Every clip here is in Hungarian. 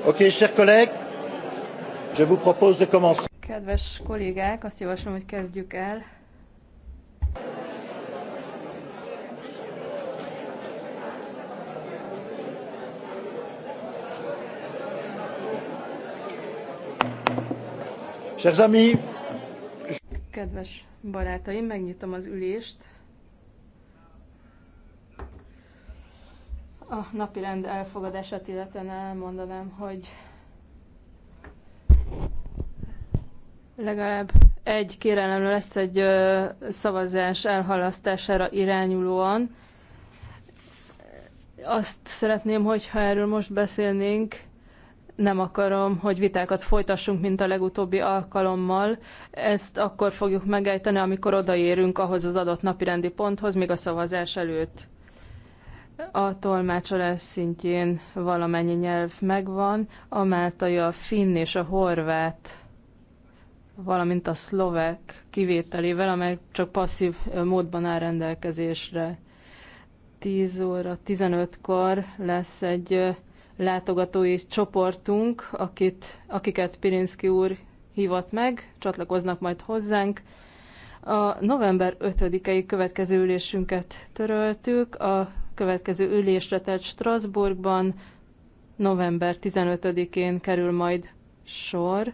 Oké, okay, chers collègues, je vous propose de commencer. Kedves kollégák, azt javaslom, hogy kezdjük el. Chers amis, kedves barátaim, megnyitom az ülést. A napi rend elfogadását illetően elmondanám, hogy legalább egy kérelem lesz egy szavazás elhalasztására irányulóan. Azt szeretném, hogyha erről most beszélnénk, nem akarom, hogy vitákat folytassunk, mint a legutóbbi alkalommal. Ezt akkor fogjuk megejteni, amikor odaérünk ahhoz az adott napirendi ponthoz, még a szavazás előtt. A tolmácsolás szintjén valamennyi nyelv megvan, a máltai, a finn és a horvát, valamint a szlovek kivételével, amely csak passzív módban áll rendelkezésre. 10 óra 15-kor lesz egy látogatói csoportunk, akit, akiket Pirinszki úr hívott meg, csatlakoznak majd hozzánk. A november 5-i következő ülésünket töröltük, a következő ülésre, tehát Strasbourgban november 15-én kerül majd sor.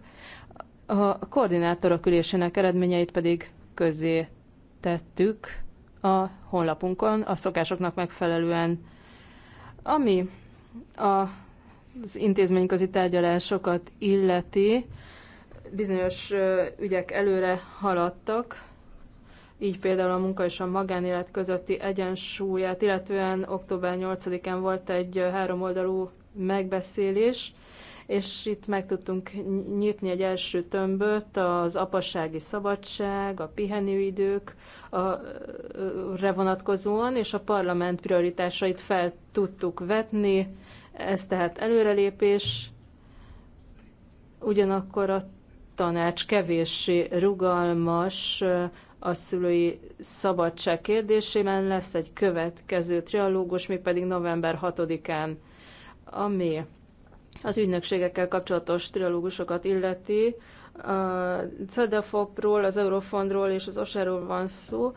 A koordinátorok ülésének eredményeit pedig közé tettük a honlapunkon a szokásoknak megfelelően. Ami a, az intézményközi tárgyalásokat illeti, bizonyos ügyek előre haladtak, így például a munka és a magánélet közötti egyensúlyát, illetően október 8-án volt egy háromoldalú megbeszélés, és itt meg tudtunk nyitni egy első tömböt, az apassági szabadság, a pihenőidők a vonatkozóan, és a parlament prioritásait fel tudtuk vetni, ez tehát előrelépés, ugyanakkor a tanács kevéssé rugalmas a szülői szabadság kérdésében lesz egy következő trialógus, mégpedig november 6-án, ami az ügynökségekkel kapcsolatos trialógusokat illeti. A CEDEFOP-ról, az Eurofondról és az OSER-ról van szó.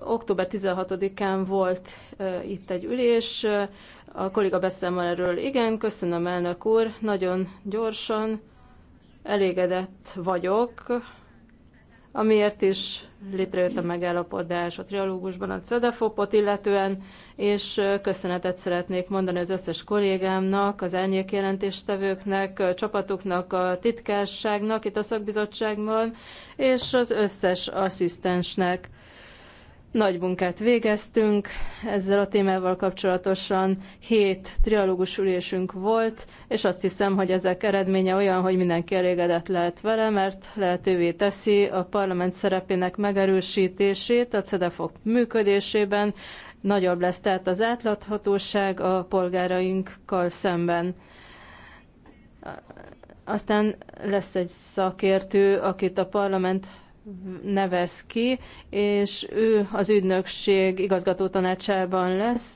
Október 16-án volt itt egy ülés, a kolléga beszámol erről. Igen, köszönöm elnök úr, nagyon gyorsan elégedett vagyok amiért is létrejött a megállapodás a trialógusban a CEDEFOP-ot illetően, és köszönetet szeretnék mondani az összes kollégámnak, az a csapatuknak, a titkárságnak itt a szakbizottságban, és az összes asszisztensnek. Nagy munkát végeztünk, ezzel a témával kapcsolatosan hét trialógus ülésünk volt, és azt hiszem, hogy ezek eredménye olyan, hogy mindenki elégedett lehet vele, mert lehetővé teszi a parlament szerepének megerősítését a CEDEFOK működésében, nagyobb lesz tehát az átláthatóság a polgárainkkal szemben. Aztán lesz egy szakértő, akit a parlament nevez ki, és ő az ügynökség igazgató tanácsában lesz,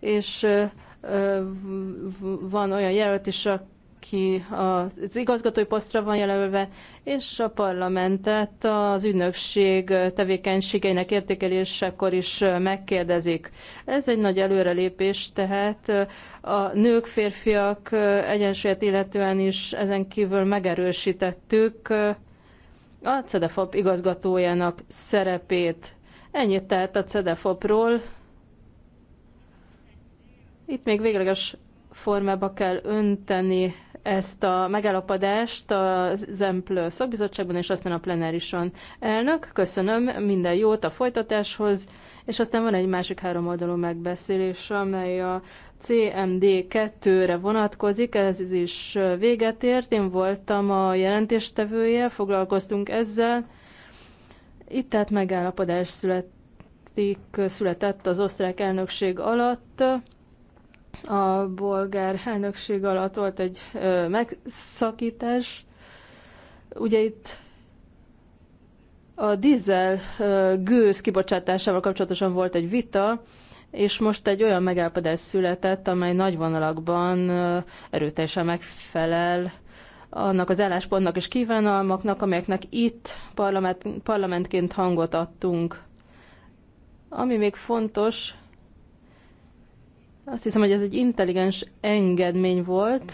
és van olyan jelölt is, aki az igazgatói posztra van jelölve, és a parlamentet az ügynökség tevékenységeinek értékelésekor is megkérdezik. Ez egy nagy előrelépés, tehát a nők, férfiak egyensúlyát illetően is ezen kívül megerősítettük, a CEDEFOP igazgatójának szerepét. Ennyit tehet a CEDEFOPról. Itt még végleges formába kell önteni ezt a megállapodást a Zempl szakbizottságban, és aztán a plenárison. Elnök, köszönöm minden jót a folytatáshoz, és aztán van egy másik három oldalú megbeszélés, amely a CMD2-re vonatkozik, ez is véget ért. Én voltam a jelentéstevője, foglalkoztunk ezzel. Itt tehát megállapodás születik, született az osztrák elnökség alatt. A bolgár elnökség alatt volt egy megszakítás. Ugye itt a dízel gőz kibocsátásával kapcsolatosan volt egy vita, és most egy olyan megállapodás született, amely nagy vonalakban erőteljesen megfelel annak az álláspontnak és kívánalmaknak, amelyeknek itt parlament, parlamentként hangot adtunk. Ami még fontos, azt hiszem, hogy ez egy intelligens engedmény volt,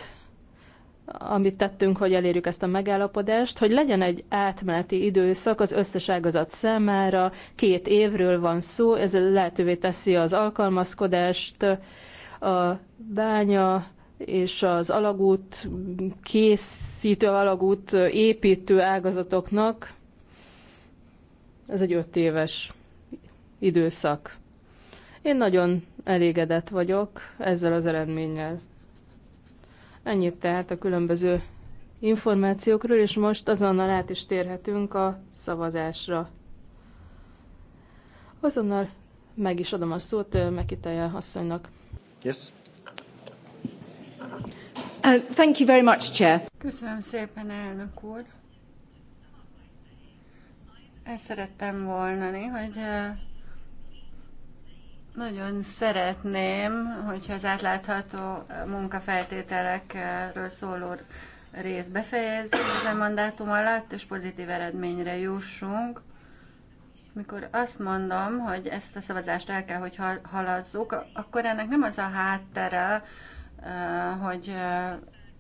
amit tettünk, hogy elérjük ezt a megállapodást, hogy legyen egy átmeneti időszak az összes ágazat számára, két évről van szó, ez lehetővé teszi az alkalmazkodást, a bánya és az alagút készítő, alagút építő ágazatoknak, ez egy öt éves időszak. Én nagyon elégedett vagyok ezzel az eredménnyel. Ennyit tehát a különböző információkról, és most azonnal át is térhetünk a szavazásra. Azonnal meg is adom a szót Mekitaja asszonynak. Yes. Uh, thank you very much, Chair. Köszönöm szépen, elnök úr. El szerettem volna, hogy nagyon szeretném, hogyha az átlátható munkafeltételekről szóló rész befejezzük ezen mandátum alatt, és pozitív eredményre jussunk. Mikor azt mondom, hogy ezt a szavazást el kell, hogy halazzuk, akkor ennek nem az a háttere, eh, hogy eh,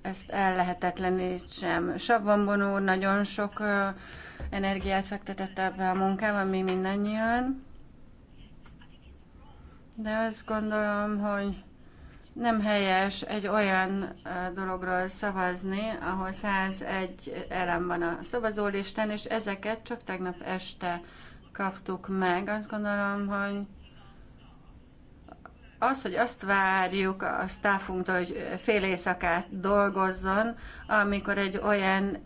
ezt el lehetetlenítsem. Savvambon úr nagyon sok eh, energiát fektetett ebbe a munkába, mi mindannyian de azt gondolom, hogy nem helyes egy olyan dologról szavazni, ahol 101 elem van a szavazólistán, és ezeket csak tegnap este kaptuk meg. Azt gondolom, hogy az, hogy azt várjuk a staffunktól, hogy fél éjszakát dolgozzon, amikor egy olyan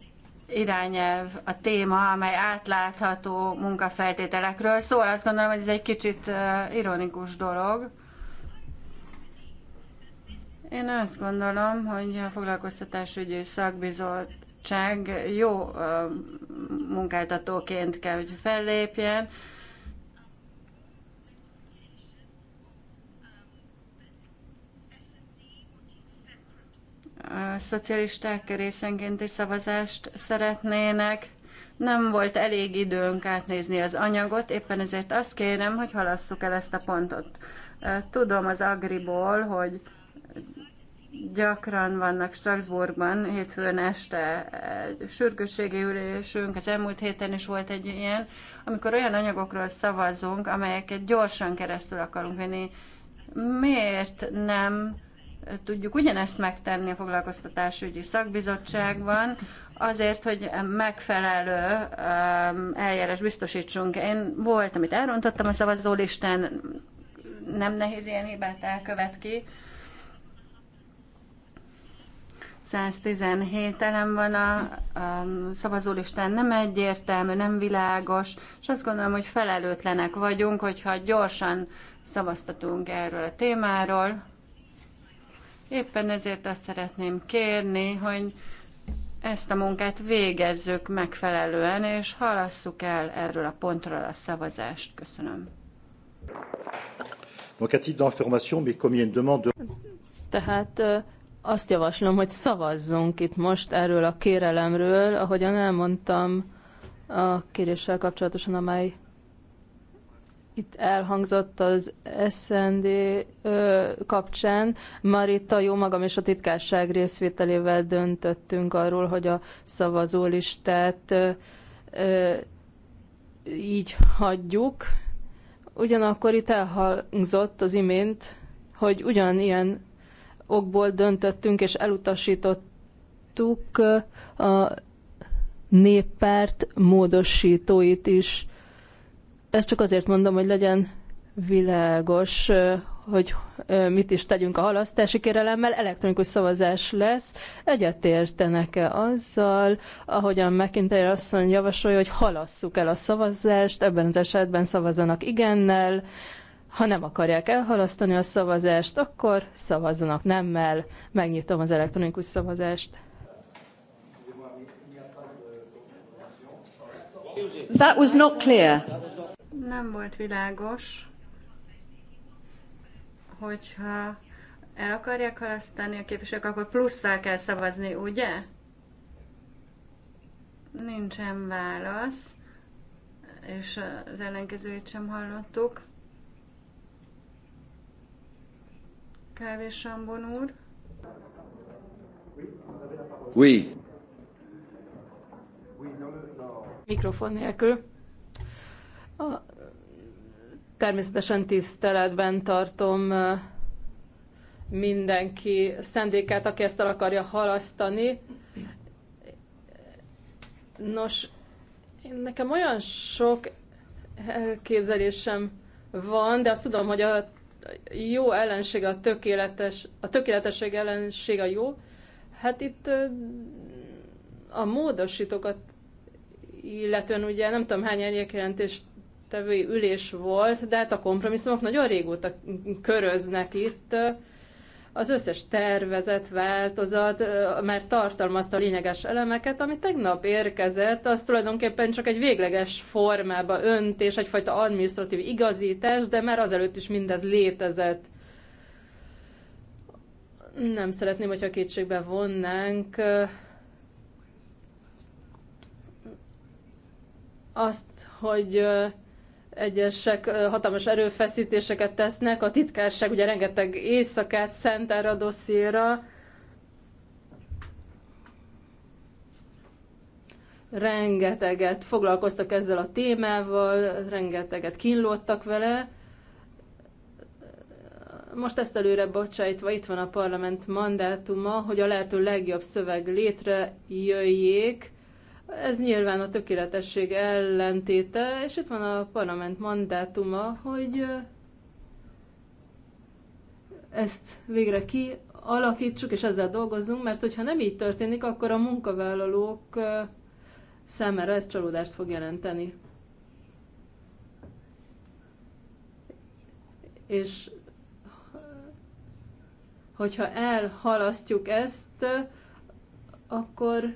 irányelv a téma, amely átlátható munkafeltételekről szól. Azt gondolom, hogy ez egy kicsit ironikus dolog. Én azt gondolom, hogy a foglalkoztatásügyi szakbizottság jó munkáltatóként kell, hogy fellépjen, szocialisták szocialisták részenkénti szavazást szeretnének. Nem volt elég időnk átnézni az anyagot, éppen ezért azt kérem, hogy halasszuk el ezt a pontot. Tudom az Agriból, hogy gyakran vannak Strasbourgban, hétfőn este egy sürgősségi ülésünk, az elmúlt héten is volt egy ilyen, amikor olyan anyagokról szavazunk, amelyeket gyorsan keresztül akarunk venni. Miért nem tudjuk ugyanezt megtenni a foglalkoztatásügyi szakbizottságban, azért, hogy megfelelő um, eljárás biztosítsunk. Én volt, amit elrontottam a szavazólistán, nem nehéz ilyen hibát elkövet ki. 117 elem van a, a szavazólistán, nem egyértelmű, nem világos, és azt gondolom, hogy felelőtlenek vagyunk, hogyha gyorsan szavaztatunk erről a témáról. Éppen ezért azt szeretném kérni, hogy ezt a munkát végezzük megfelelően, és halasszuk el erről a pontról a szavazást. Köszönöm. Tehát azt javaslom, hogy szavazzunk itt most erről a kérelemről, ahogyan elmondtam a kéréssel kapcsolatosan, amely itt elhangzott az SND ö, kapcsán. Marita, jó magam és a titkárság részvételével döntöttünk arról, hogy a szavazólistát ö, ö, így hagyjuk. Ugyanakkor itt elhangzott az imént, hogy ugyanilyen okból döntöttünk és elutasítottuk a néppárt módosítóit is ezt csak azért mondom, hogy legyen világos, hogy mit is tegyünk a halasztási kérelemmel. Elektronikus szavazás lesz. Egyetértenek-e azzal, ahogyan McIntyre asszony javasolja, hogy halasszuk el a szavazást, ebben az esetben szavazanak igennel, ha nem akarják elhalasztani a szavazást, akkor szavazzanak nemmel. Megnyitom az elektronikus szavazást. That was not clear nem volt világos, hogyha el akarják halasztani a képviselők, akkor plusszal kell szavazni, ugye? Nincsen válasz, és az ellenkezőjét sem hallottuk. Kávés Sambon úr. Oui. Mikrofon nélkül. A, természetesen tiszteletben tartom mindenki szendékát, aki ezt el akarja halasztani. Nos, nekem olyan sok elképzelésem van, de azt tudom, hogy a jó ellenség a tökéletes, a tökéletesség ellenség a jó. Hát itt a módosítókat illetően ugye nem tudom hány jelentést tevői ülés volt, de hát a kompromisszumok nagyon régóta köröznek itt. Az összes tervezet változat már tartalmazta a lényeges elemeket, ami tegnap érkezett, az tulajdonképpen csak egy végleges formába önt és egyfajta administratív igazítás, de már azelőtt is mindez létezett nem szeretném, hogyha kétségbe vonnánk azt, hogy egyesek hatalmas erőfeszítéseket tesznek. A titkárság ugye rengeteg éjszakát szent erre a dossziéra. Rengeteget foglalkoztak ezzel a témával, rengeteget kínlódtak vele. Most ezt előre bocsájtva, itt van a parlament mandátuma, hogy a lehető legjobb szöveg létrejöjjék, ez nyilván a tökéletesség ellentéte, és itt van a parlament mandátuma, hogy ezt végre ki alakítsuk, és ezzel dolgozzunk, mert hogyha nem így történik, akkor a munkavállalók számára ez csalódást fog jelenteni. És hogyha elhalasztjuk ezt, akkor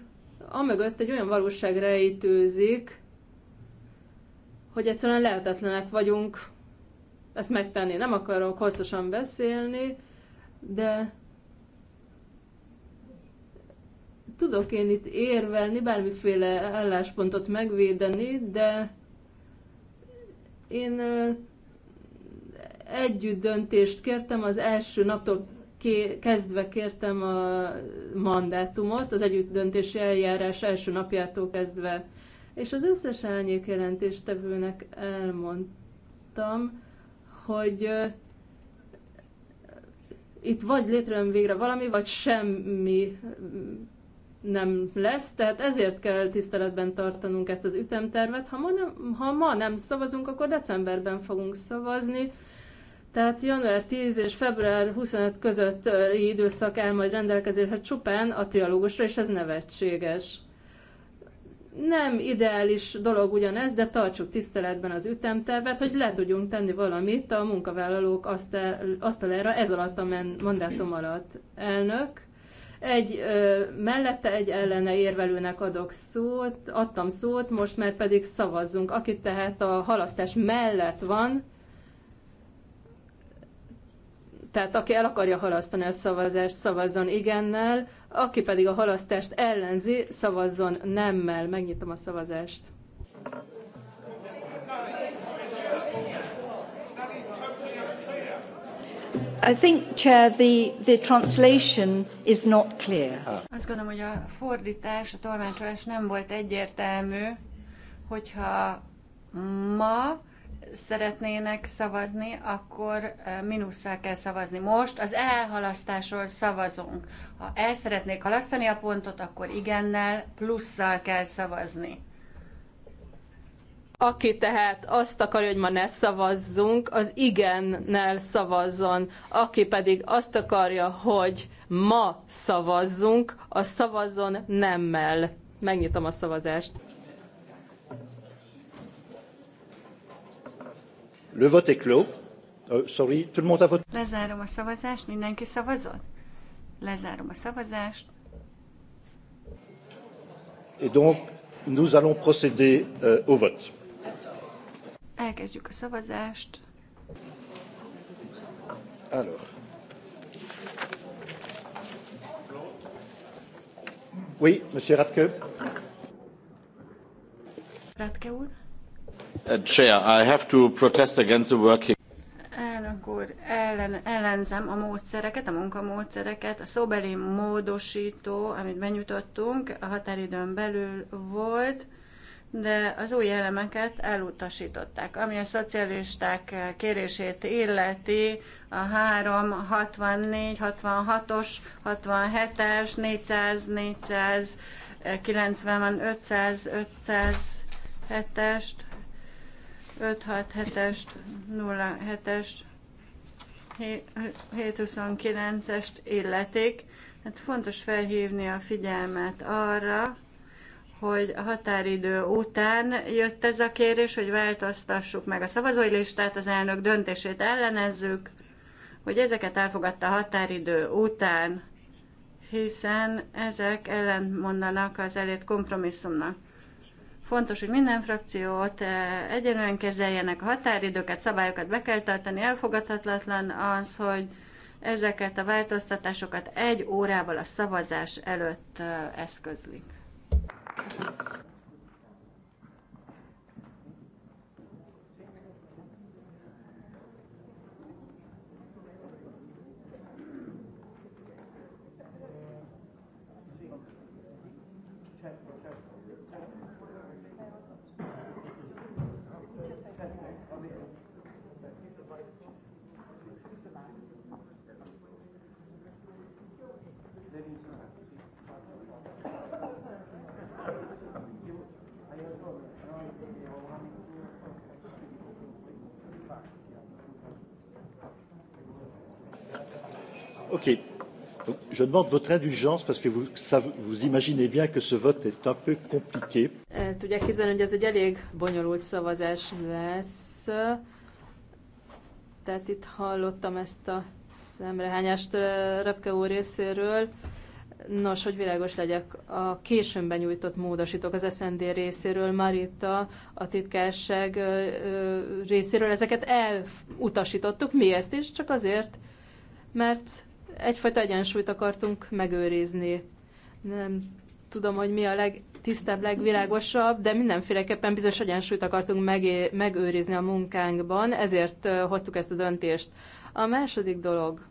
amögött egy olyan valóság rejtőzik, hogy egyszerűen lehetetlenek vagyunk ezt megtenni. Nem akarok hosszasan beszélni, de tudok én itt érvelni, bármiféle álláspontot megvédeni, de én együtt döntést kértem az első naptól kezdve kértem a mandátumot, az együtt döntési eljárás első napjától kezdve, és az összes elnyék jelentéstevőnek elmondtam, hogy itt vagy létrejön végre valami, vagy semmi mm, nem lesz, tehát ezért kell tiszteletben tartanunk ezt az ütemtervet. Ha ma nem, ha ma nem szavazunk, akkor decemberben fogunk szavazni, tehát január 10 és február 25 között időszak el majd rendelkezésre hát csupán a trialógusra, és ez nevetséges. Nem ideális dolog ugyanez, de tartsuk tiszteletben az ütemtervet, hogy le tudjunk tenni valamit a munkavállalók asztalára ez alatt a mandátum alatt. Elnök, egy ö, mellette, egy ellene érvelőnek adok szót, adtam szót, most már pedig szavazzunk. Aki tehát a halasztás mellett van, tehát aki el akarja halasztani a szavazást, szavazzon igennel, aki pedig a halasztást ellenzi, szavazzon nemmel. Megnyitom a szavazást. I think, Chair, the, the translation is not clear. Ah. Azt gondolom, hogy a fordítás, a tolmácsolás nem volt egyértelmű, hogyha ma szeretnének szavazni, akkor minusszal kell szavazni. Most az elhalasztásról szavazunk. Ha el szeretnék halasztani a pontot, akkor igennel, plusszal kell szavazni. Aki tehát azt akarja, hogy ma ne szavazzunk, az igennel szavazzon. Aki pedig azt akarja, hogy ma szavazzunk, az szavazzon nemmel. Megnyitom a szavazást. Le vote est clos. Uh, sorry, tout le monde a voté. Lezárom a szavazást, mindenki szavazott? Lezárom a szavazást. Et donc, nous allons procéder euh, au vote. Elkezdjük a szavazást. Alors. Oui, monsieur Radke. Radke úr. Uh, Chair, I have to protest against the working. Elnök úr, ellen, ellenzem a módszereket, a munkamódszereket. A szóbeli módosító, amit benyújtottunk, a határidőn belül volt, de az új elemeket elutasították. Ami a szocialisták kérését illeti, a 3, 64, 66-os, 67-es, 400, 400, 90, 500, 7 est 567-est, 07-est, 729-est illetik. Hát fontos felhívni a figyelmet arra, hogy a határidő után jött ez a kérés, hogy változtassuk meg a szavazói listát, az elnök döntését ellenezzük, hogy ezeket elfogadta a határidő után, hiszen ezek ellentmondanak az elért kompromisszumnak. Fontos, hogy minden frakciót eh, egyenlően kezeljenek a határidőket, szabályokat be kell tartani. Elfogadhatatlan az, hogy ezeket a változtatásokat egy órával a szavazás előtt eh, eszközlik. Je demande votre indulgence parce que vous, ça, vous imaginez bien que ce vote est un peu compliqué. tudják képzelni, hogy ez egy elég bonyolult szavazás lesz. Tehát itt hallottam ezt a szemrehányást Röpke úr részéről. Nos, hogy világos legyek, a későn benyújtott módosítók az SND részéről, Marita, a titkárság részéről, ezeket elutasítottuk. Miért is? Csak azért, mert egyfajta egyensúlyt akartunk megőrizni. Nem tudom, hogy mi a legtisztább, legvilágosabb, de mindenféleképpen bizonyos egyensúlyt akartunk megé- megőrizni a munkánkban, ezért hoztuk ezt a döntést. A második dolog,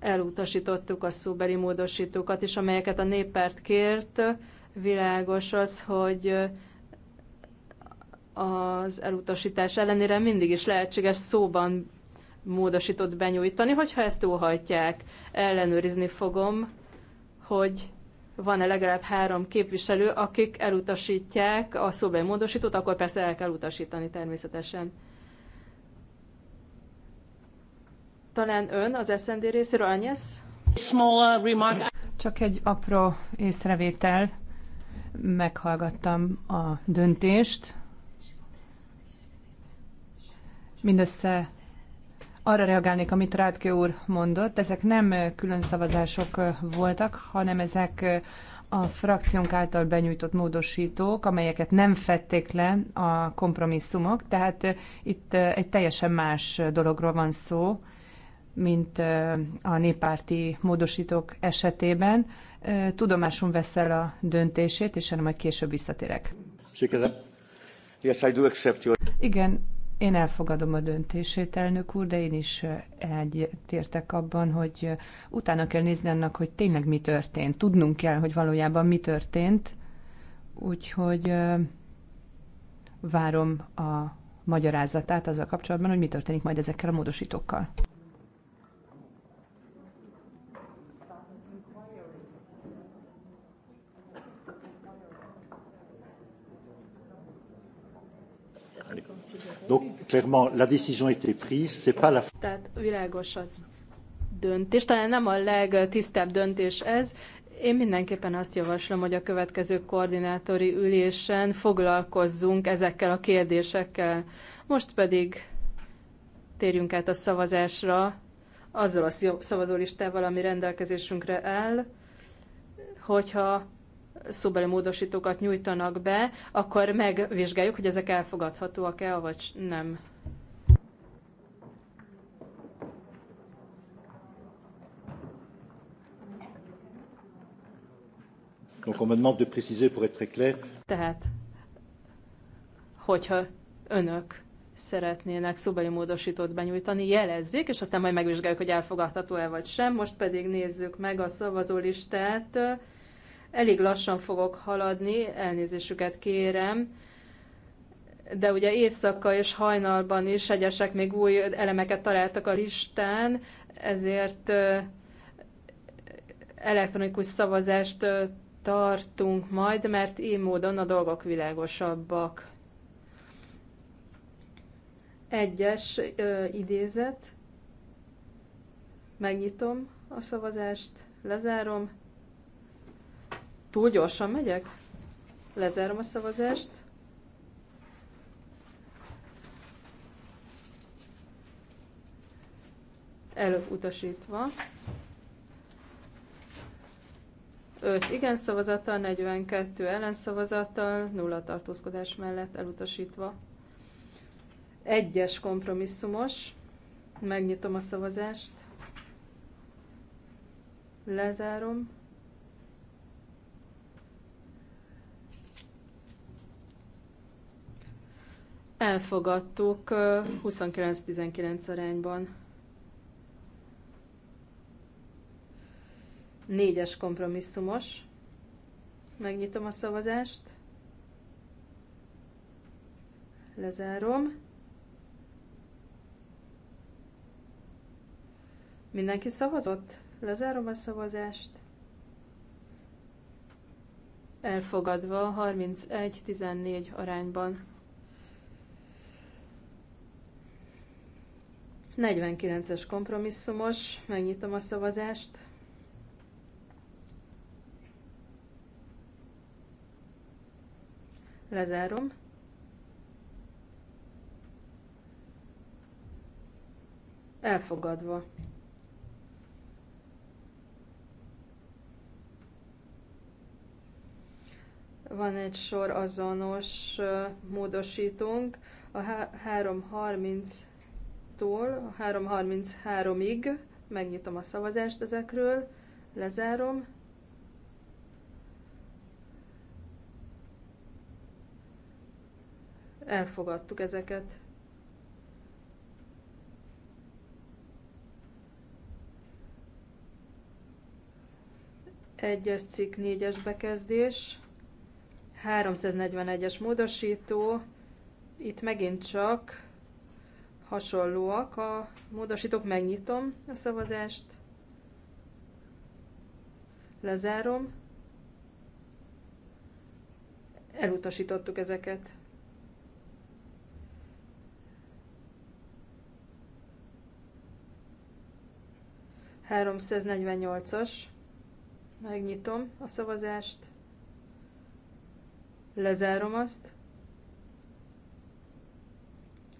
elutasítottuk a szóbeli módosítókat is, amelyeket a néppárt kért. Világos az, hogy az elutasítás ellenére mindig is lehetséges szóban módosított benyújtani, hogyha ezt túlhajtják. Ellenőrizni fogom, hogy van-e legalább három képviselő, akik elutasítják a szóbeli módosítót, akkor persze el kell utasítani természetesen. Talán ön az SZND részéről, Anyesz? Csak egy apró észrevétel. Meghallgattam a döntést. Mindössze arra reagálnék, amit Rádke úr mondott. Ezek nem külön szavazások voltak, hanem ezek a frakciónk által benyújtott módosítók, amelyeket nem fették le a kompromisszumok, tehát itt egy teljesen más dologról van szó, mint a néppárti módosítók esetében. Tudomásom veszel a döntését, és erre majd később visszatérek. Yes, I do accept your... Igen, én elfogadom a döntését, elnök úr, de én is egyetértek abban, hogy utána kell nézni annak, hogy tényleg mi történt. Tudnunk kell, hogy valójában mi történt, úgyhogy várom a magyarázatát azzal kapcsolatban, hogy mi történik majd ezekkel a módosítókkal. Donc, clairement, la décision a été prise, c'est pas la... Tehát világos a döntés, talán nem a legtisztább döntés ez. Én mindenképpen azt javaslom, hogy a következő koordinátori ülésen foglalkozzunk ezekkel a kérdésekkel. Most pedig térjünk át a szavazásra, azzal a szavazólistával, ami rendelkezésünkre áll, hogyha szóbeli módosítókat nyújtanak be, akkor megvizsgáljuk, hogy ezek elfogadhatóak-e, vagy nem. Donc on me demande de préciser pour être très clair. Tehát, hogyha önök szeretnének szóbeli módosítót benyújtani, jelezzék, és aztán majd megvizsgáljuk, hogy elfogadható-e vagy sem. Most pedig nézzük meg a szavazólistát. listát. Elég lassan fogok haladni, elnézésüket kérem, de ugye éjszaka és hajnalban is egyesek még új elemeket találtak a listán, ezért elektronikus szavazást tartunk majd, mert így módon a dolgok világosabbak. Egyes ö, idézet. Megnyitom a szavazást, lezárom. Túl gyorsan megyek? Lezárom a szavazást. Előbb utasítva. 5 igen szavazattal, 42 szavazattal, 0 tartózkodás mellett elutasítva. Egyes kompromisszumos. Megnyitom a szavazást. Lezárom. Elfogadtuk 29-19 arányban. Négyes kompromisszumos. Megnyitom a szavazást. Lezárom. Mindenki szavazott? Lezárom a szavazást. Elfogadva 31-14 arányban. 49-es kompromisszumos, megnyitom a szavazást. Lezárom. Elfogadva. Van egy sor azonos módosítunk, a 330 3-tól 3.33-ig. Megnyitom a szavazást ezekről, lezárom. Elfogadtuk ezeket. Egyes cikk, négyes bekezdés, 341-es módosító, itt megint csak hasonlóak a módosítók. Megnyitom a szavazást, lezárom, elutasítottuk ezeket. as megnyitom a szavazást, lezárom azt,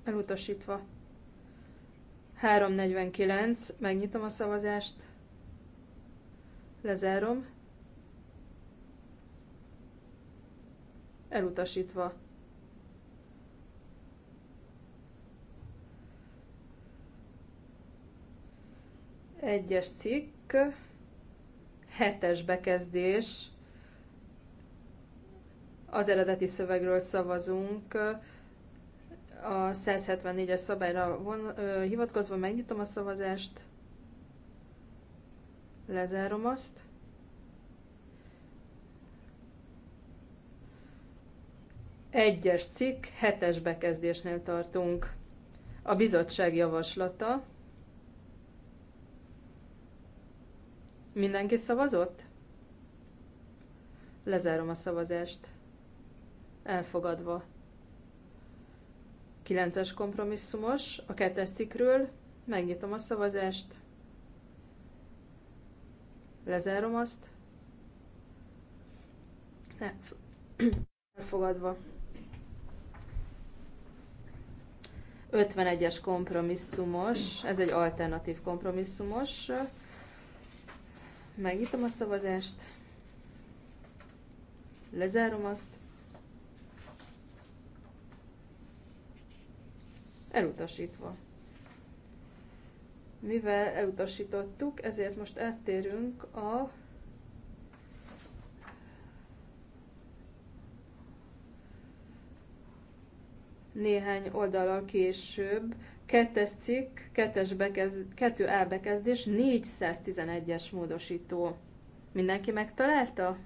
elutasítva. 349, megnyitom a szavazást, lezárom, elutasítva. Egyes cikk, hetes bekezdés, az eredeti szövegről szavazunk, a 174-es szabályra von, ö, hivatkozva megnyitom a szavazást, lezárom azt. Egyes cikk, hetes bekezdésnél tartunk. A bizottság javaslata. Mindenki szavazott? Lezárom a szavazást. Elfogadva. 9-es kompromisszumos, a kettes cikről. megnyitom a szavazást, lezárom azt, elfogadva. 51-es kompromisszumos, ez egy alternatív kompromisszumos. Megnyitom a szavazást, lezárom azt, elutasítva. Mivel elutasítottuk, ezért most áttérünk a néhány oldalal később, kettes cikk, kettes bekez, kettő A bekezdés, 411-es módosító. Mindenki megtalálta?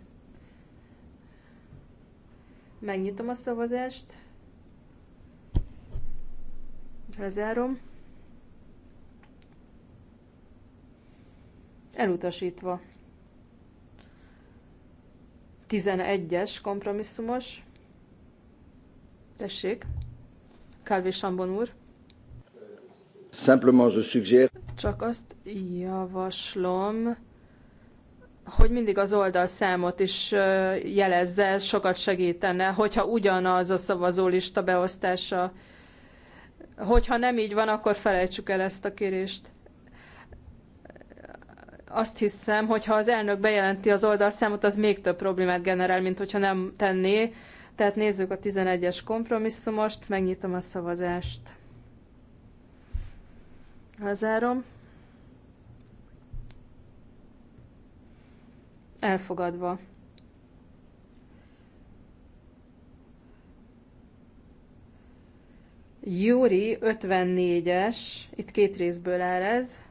Megnyitom a szavazást. Lezárom. Elutasítva. 11-es kompromisszumos. Tessék. Kálvé Sambon úr. Simplement je suggère. Csak azt javaslom, hogy mindig az oldalszámot is jelezze, ez sokat segítene, hogyha ugyanaz a szavazólista beosztása Hogyha nem így van, akkor felejtsük el ezt a kérést. Azt hiszem, hogy ha az elnök bejelenti az oldalszámot, az még több problémát generál, mint hogyha nem tenné. Tehát nézzük a 11-es kompromisszumost, megnyitom a szavazást. Lezárom. Elfogadva. Júri 54-es, itt két részből áll ez.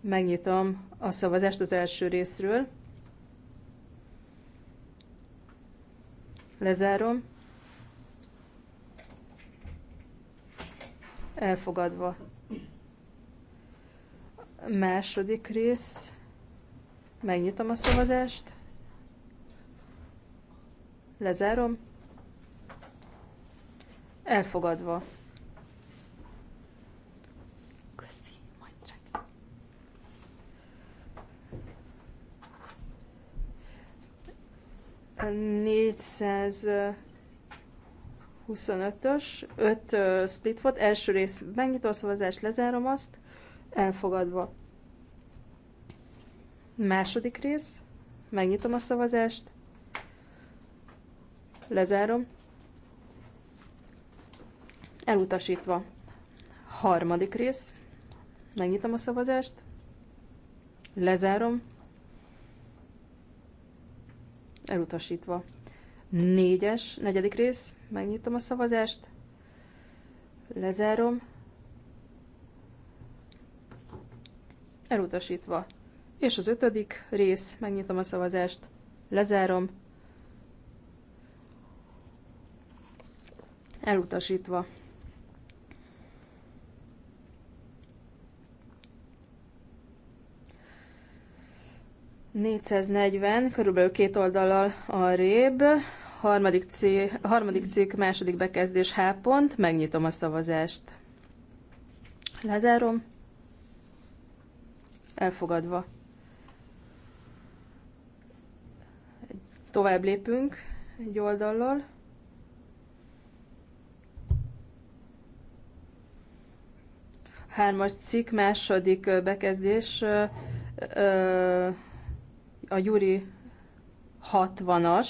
Megnyitom a szavazást az első részről. Lezárom. Elfogadva. Második rész. Megnyitom a szavazást. Lezárom. Elfogadva. Köszi, majd A 425-ös, 5 split volt, első rész megnyitó a szavazást, lezárom azt, elfogadva. Második rész, megnyitom a szavazást, lezárom, Elutasítva. Harmadik rész. Megnyitom a szavazást. Lezárom. Elutasítva. Négyes, negyedik rész. Megnyitom a szavazást. Lezárom. Elutasítva. És az ötödik rész. Megnyitom a szavazást. Lezárom. Elutasítva. 440, körülbelül két oldalal arrébb, harmadik, cí, harmadik cikk, második bekezdés H pont, megnyitom a szavazást. Lezárom. Elfogadva. Tovább lépünk egy oldallal. Hármas cikk, második bekezdés, ö, ö, a Juri 60-as,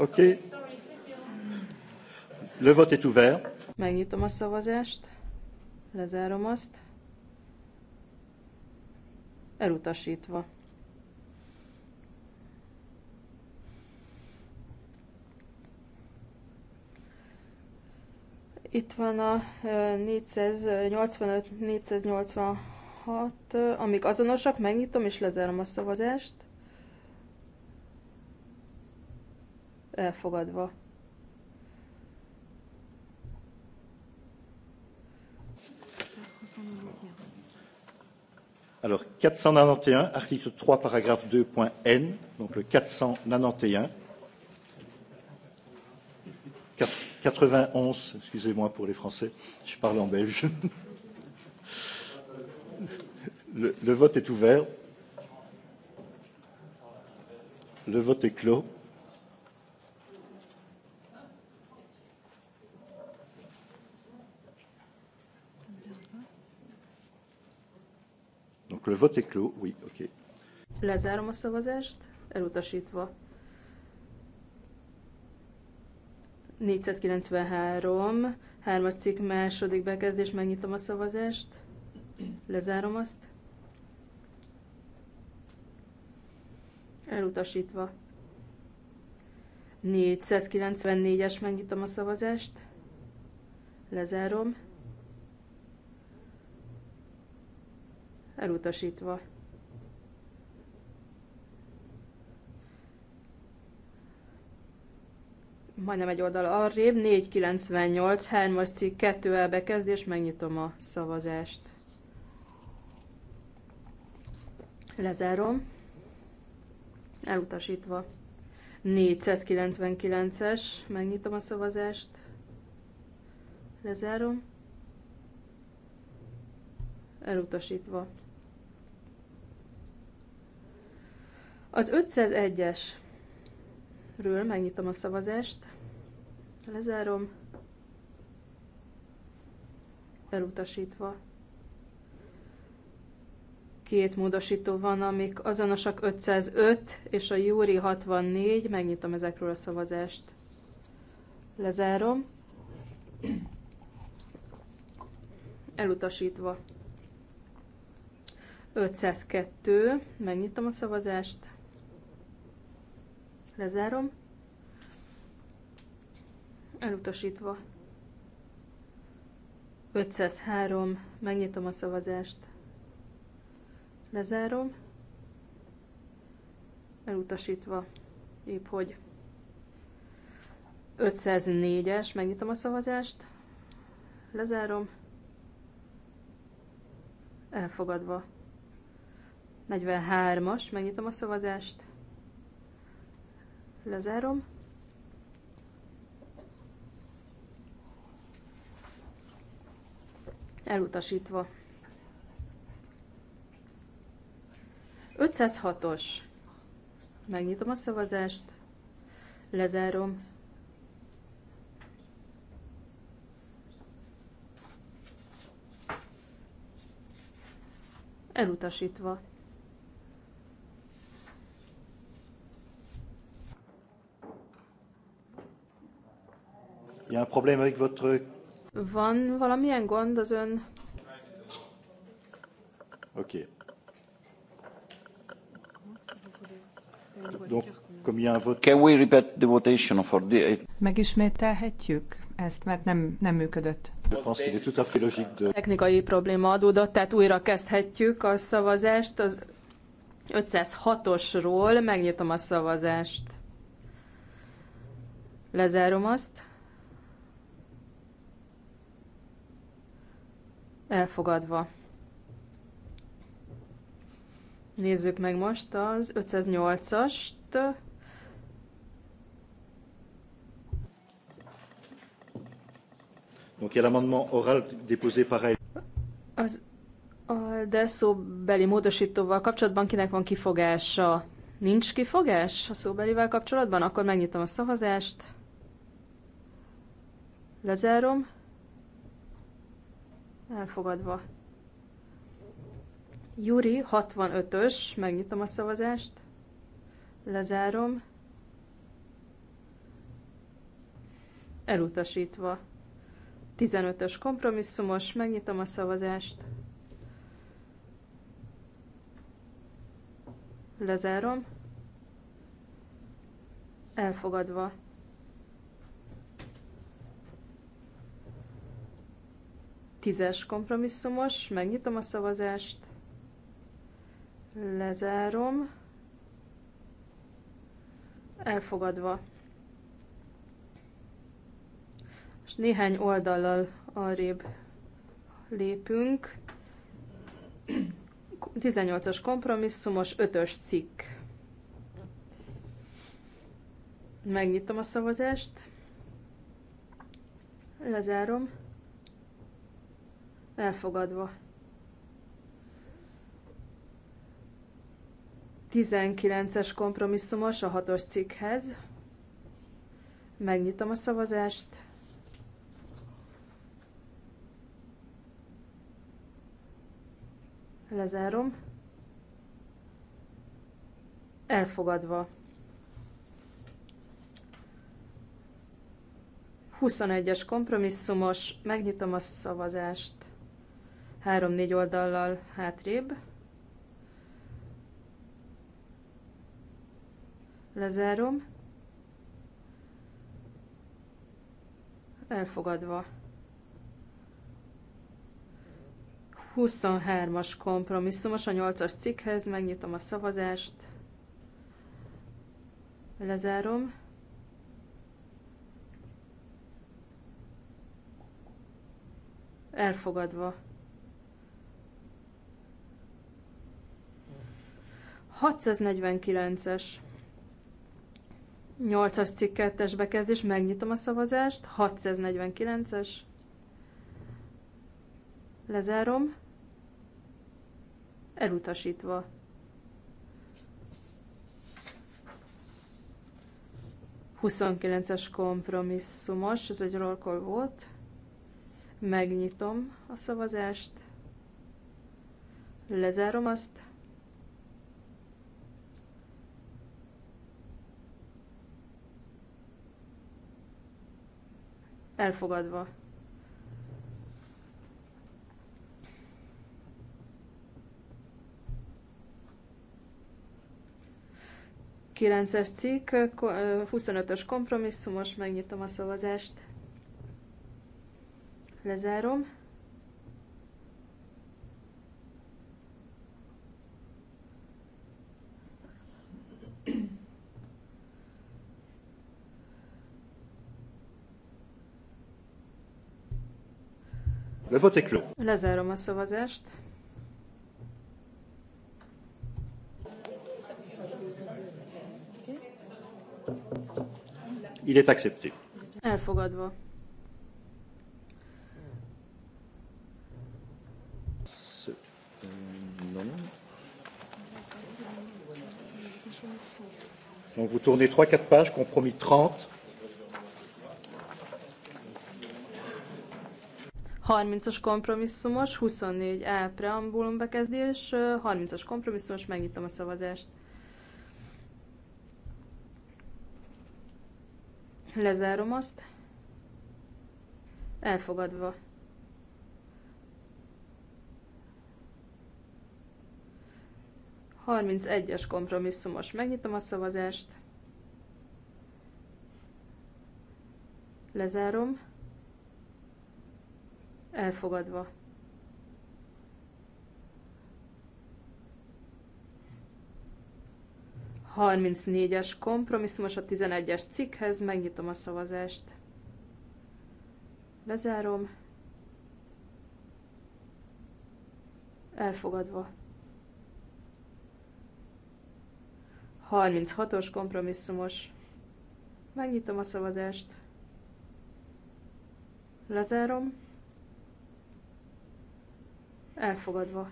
Oké. Okay. Le vote est ouvert. Megnyitom a szavazást. Lezárom azt. Elutasítva. Itt van a 485-486, amik azonosak, megnyitom és lezárom a szavazást. Elfogadva. Alors 491, article 3, paragraphe 2.n, donc le 491. 91, excusez-moi pour les Français, je parle en belge. Le, le vote est ouvert. Le vote est clos. Donc le vote est clos, oui, ok. Lezárom a szavazást, elutasítva. 493, hármas cikk második bekezdés, megnyitom a szavazást, lezárom azt. Elutasítva. 494-es, megnyitom a szavazást, lezárom. Elutasítva. majdnem egy oldal arrébb, 498, 3 cikk, 2 elbekezdés, megnyitom a szavazást. Lezárom. Elutasítva. 499-es, megnyitom a szavazást. Lezárom. Elutasítva. Az 501-esről megnyitom a szavazást. Lezárom. Elutasítva. Két módosító van, amik azonosak 505 és a Júri 64. Megnyitom ezekről a szavazást. Lezárom. Elutasítva. 502. Megnyitom a szavazást. Lezárom. Elutasítva. 503. Megnyitom a szavazást. Lezárom. Elutasítva. Épp hogy. 504-es. Megnyitom a szavazást. Lezárom. Elfogadva. 43-as. Megnyitom a szavazást. Lezárom. elutasítva. 506-os. Megnyitom a szavazást, lezárom. Elutasítva. Il y a un problème avec votre van valamilyen gond az ön? Oké. Okay. Can we repeat the votation for the... Megismételhetjük ezt, mert nem, nem működött. Technikai probléma adódott, tehát újra kezdhetjük a szavazást. Az 506-osról megnyitom a szavazást. Lezárom azt. elfogadva. Nézzük meg most az 508-ast. Donc il y a l'amendement oral déposé par Az de szóbeli módosítóval kapcsolatban kinek van kifogása? Nincs kifogás a szóbelivel kapcsolatban? Akkor megnyitom a szavazást. Lezárom. Elfogadva. Juri 65-ös, megnyitom a szavazást, lezárom. Elutasítva. 15-ös kompromisszumos, megnyitom a szavazást. Lezárom. Elfogadva. Tízes kompromisszumos, megnyitom a szavazást, lezárom, elfogadva. Most néhány oldallal arrébb lépünk. 18-as kompromisszumos, 5-ös cikk. Megnyitom a szavazást, lezárom, elfogadva. 19-es kompromisszumos a 6-os cikkhez. Megnyitom a szavazást. Lezárom. Elfogadva. 21-es kompromisszumos, megnyitom a szavazást. 3-4 oldallal hátrébb. Lezárom. Elfogadva. 23-as kompromisszumos a 8-as cikkhez, megnyitom a szavazást, lezárom. Elfogadva. 649-es 8-as cikk 2 bekezdés, megnyitom a szavazást, 649-es, lezárom, elutasítva. Huszonkilences kompromisszumos, ez egy rollkol volt. Megnyitom a szavazást, lezárom azt, elfogadva. Kilences cikk, 25-ös kompromisszumos, megnyitom a szavazást. Lezárom. vote est clos. Lezárom a szavazást. Il est accepté. Elfogadva. Donc vous tournez 3-4 pages, compromis 30. 30-as kompromisszumos, 24 E preambulum bekezdés, 30-as kompromisszumos, megnyitom a szavazást. Lezárom azt. Elfogadva. Harminc egyes kompromisszumos. Megnyitom a szavazást. Lezárom elfogadva. 34-es kompromisszumos a 11-es cikkhez, megnyitom a szavazást. Lezárom. Elfogadva. 36-os kompromisszumos. Megnyitom a szavazást. Lezárom elfogadva.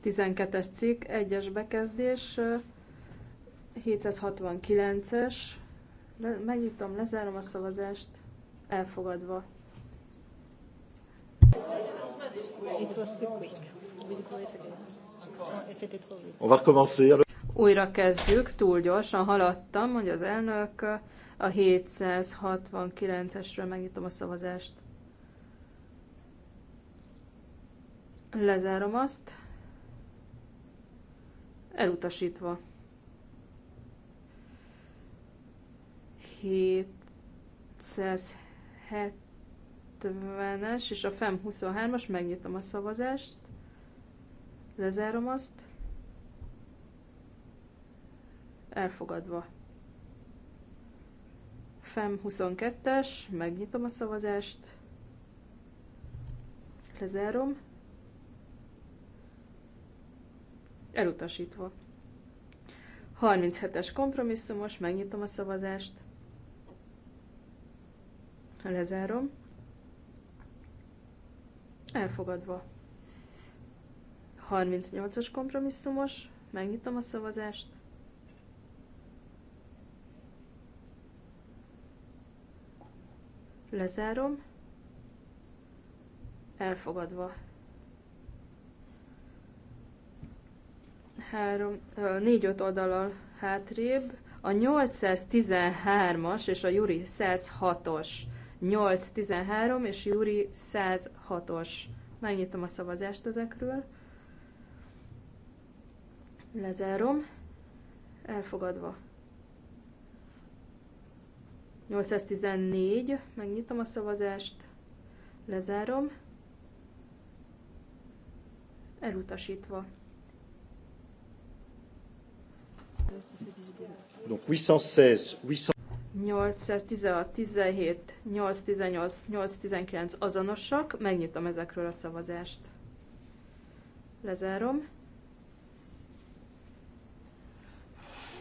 Tizenkettes cikk, egyes bekezdés, 769-es, megnyitom, lezárom a szavazást, elfogadva. On va recommencer. Újra kezdjük, túl gyorsan haladtam, hogy az elnök a 769-esről megnyitom a szavazást. Lezárom azt. Elutasítva. 770-es és a FEM 23-as, megnyitom a szavazást. Lezárom azt elfogadva. FEM 22-es, megnyitom a szavazást, lezárom, elutasítva. 37-es kompromisszumos, megnyitom a szavazást, lezárom, elfogadva. 38-as kompromisszumos, megnyitom a szavazást, Lezárom. Elfogadva. 3, 4-5 oldalal hátrébb. A 813-as és a Juri 106-os. 813 és Juri 106-os. Megnyitom a szavazást ezekről. Lezárom. Elfogadva. 814, megnyitom a szavazást, lezárom, elutasítva. Donc 816, 800... 816, 17, 818, 819 azonosak, megnyitom ezekről a szavazást. Lezárom.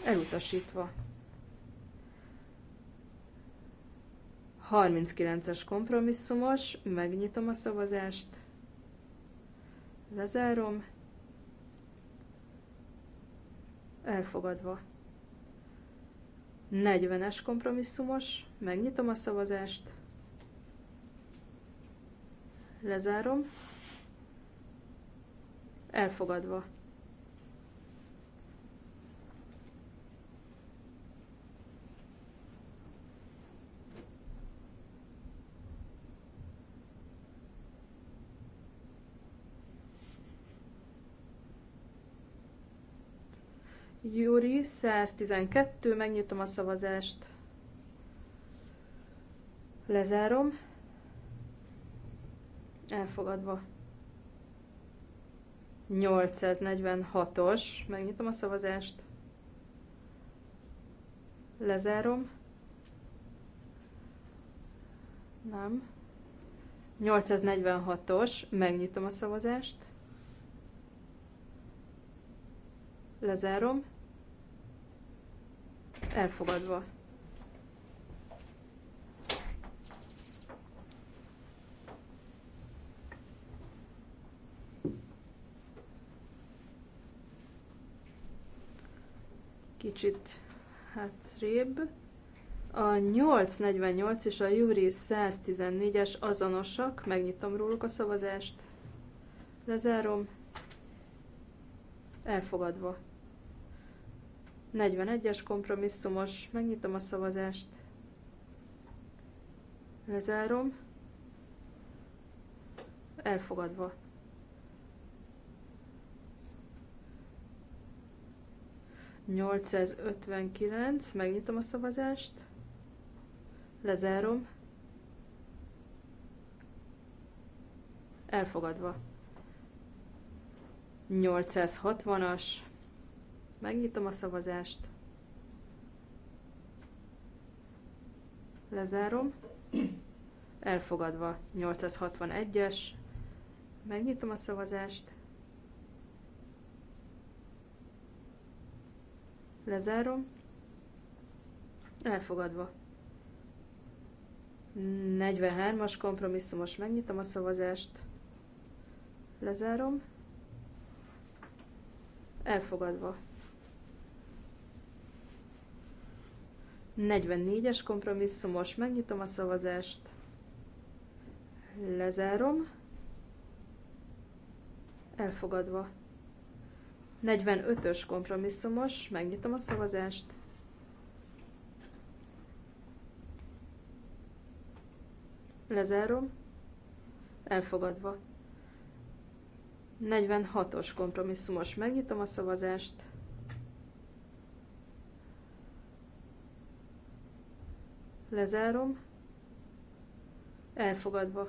Elutasítva. 39-es kompromisszumos, megnyitom a szavazást, lezárom, elfogadva. 40-es kompromisszumos, megnyitom a szavazást, lezárom, elfogadva. Júri 112, megnyitom a szavazást. Lezárom. Elfogadva. 846-os, megnyitom a szavazást. Lezárom. Nem. 846-os, megnyitom a szavazást. Lezárom. Elfogadva. Kicsit hátrébb. A 848 és a Júri 114-es azonosak, megnyitom róluk a szavazást, lezárom, elfogadva. 41-es kompromisszumos, megnyitom a szavazást, lezárom, elfogadva. Nyolcszázötvenkilenc, megnyitom a szavazást, lezárom, elfogadva. 860-as, Megnyitom a szavazást. Lezárom. Elfogadva 861-es. Megnyitom a szavazást. Lezárom. Elfogadva. 43-as kompromisszumos, megnyitom a szavazást, lezárom, elfogadva. 44-es kompromisszumos, megnyitom a szavazást, lezárom, elfogadva. 45-ös kompromisszumos, megnyitom a szavazást, lezárom, elfogadva. 46-os kompromisszumos, megnyitom a szavazást, Lezárom. Elfogadva.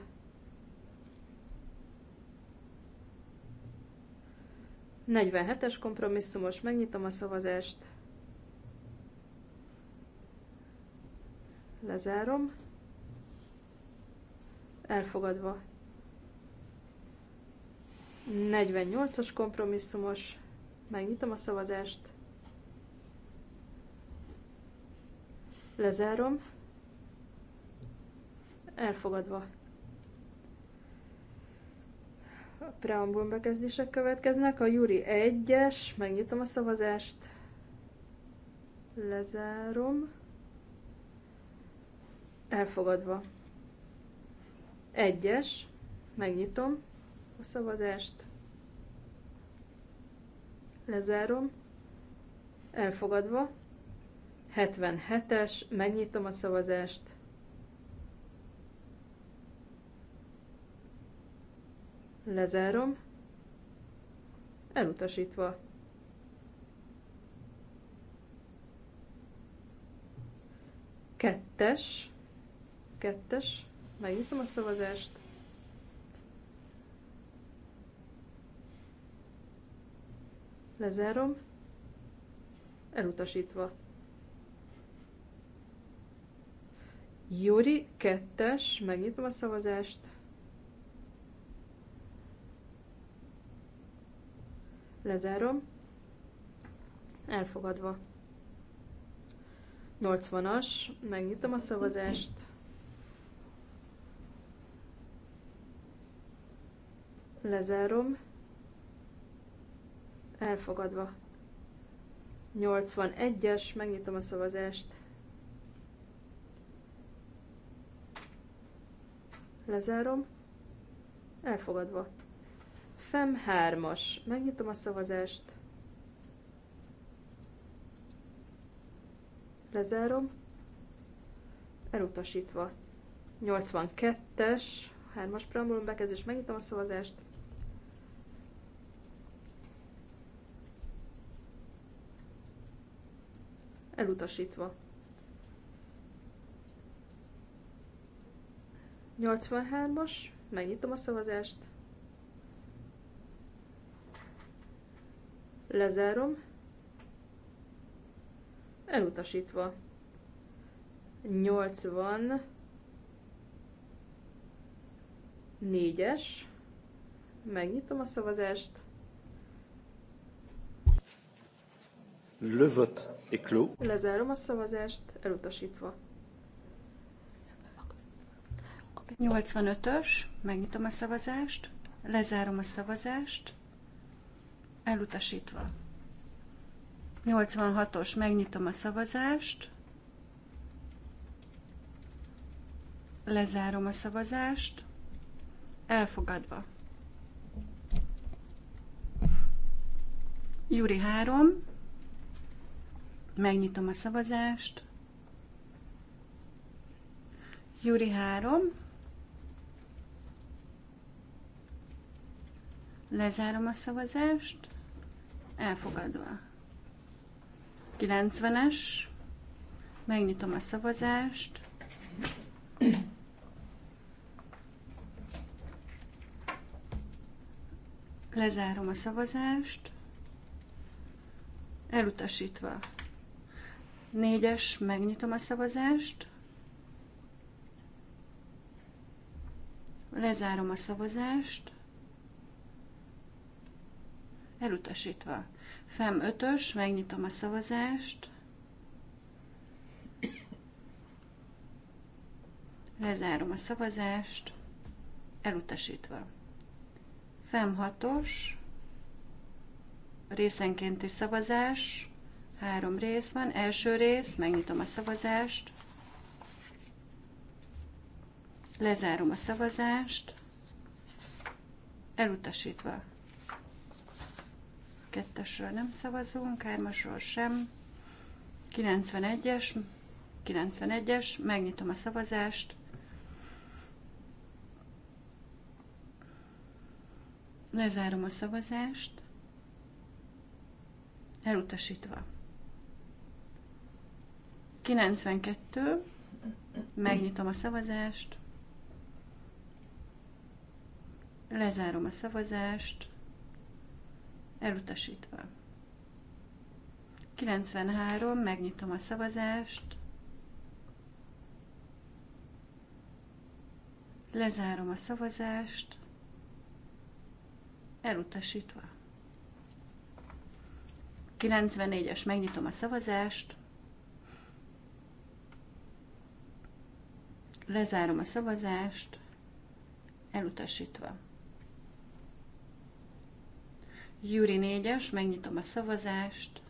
Negyvenhetes kompromisszumos, megnyitom a szavazást. Lezárom. Elfogadva. 48-as kompromisszumos, megnyitom a szavazást. Lezárom elfogadva. A preambul bekezdések következnek. A Júri 1-es, megnyitom a szavazást, lezárom, elfogadva. 1-es, megnyitom a szavazást, lezárom, elfogadva. 77-es, megnyitom a szavazást, Lezárom. Elutasítva. Kettes. Kettes. Megnyitom a szavazást. Lezárom. Elutasítva. Júri, kettes, megnyitom a szavazást. Lezárom. Elfogadva. 80-as. Megnyitom a szavazást. Lezárom. Elfogadva. 81-es. Megnyitom a szavazást. Lezárom. Elfogadva. FEM 3-as. Megnyitom a szavazást. Lezárom. Elutasítva. 82-es. 3-as preambulum bekezdés. Megnyitom a szavazást. Elutasítva. 83-as, megnyitom a szavazást. Lezárom. Elutasítva. 80. Négyes. Megnyitom a szavazást. Le vote est clos. Lezárom a szavazást, elutasítva. 85-ös, megnyitom a szavazást, lezárom a szavazást, elutasítva. 86-os, megnyitom a szavazást, lezárom a szavazást, elfogadva. Júri 3, megnyitom a szavazást, Júri 3, lezárom a szavazást, elfogadva. 90-es, megnyitom a szavazást. Lezárom a szavazást. Elutasítva. Négyes, megnyitom a szavazást. Lezárom a szavazást. Elutasítva. Fem 5-ös, megnyitom a szavazást. Lezárom a szavazást. Elutasítva. Fem 6-os, részenkénti szavazás. Három rész van. Első rész, megnyitom a szavazást. Lezárom a szavazást. Elutasítva kettesről nem szavazunk, hármasról sem. 91-es, 91-es, megnyitom a szavazást. Lezárom a szavazást. Elutasítva. 92. Megnyitom a szavazást. Lezárom a szavazást elutasítva. 93, megnyitom a szavazást, lezárom a szavazást, elutasítva. 94-es, megnyitom a szavazást, lezárom a szavazást, elutasítva. Júri 4-es, megnyitom a szavazást.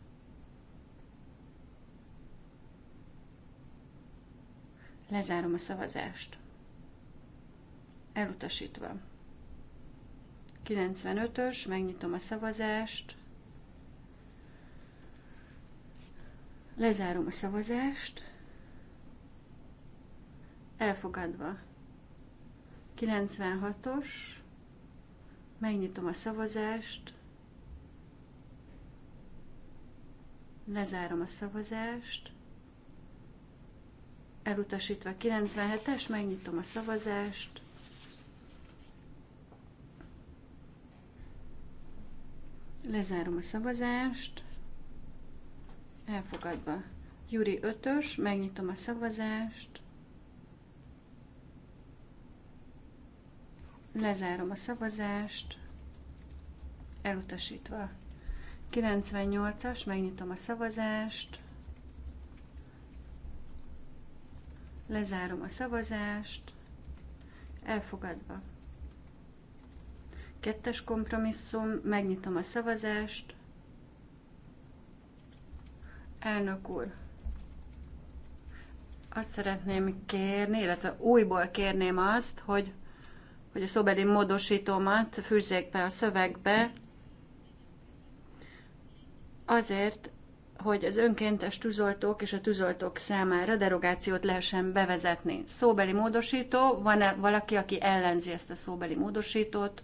Lezárom a szavazást. Elutasítva. 95-ös, megnyitom a szavazást. Lezárom a szavazást. Elfogadva. 96-os. Megnyitom a szavazást. Lezárom a szavazást. Elutasítva 97-es, megnyitom a szavazást. Lezárom a szavazást. Elfogadva. Júri 5-ös, megnyitom a szavazást. Lezárom a szavazást. Elutasítva. 98-as, megnyitom a szavazást. Lezárom a szavazást. Elfogadva. Kettes kompromisszum, megnyitom a szavazást. Elnök úr, azt szeretném kérni, illetve újból kérném azt, hogy, hogy a szóbeli módosítómat fűzzék be a szövegbe, azért, hogy az önkéntes tűzoltók és a tűzoltók számára derogációt lehessen bevezetni. Szóbeli módosító, van-e valaki, aki ellenzi ezt a szóbeli módosítót?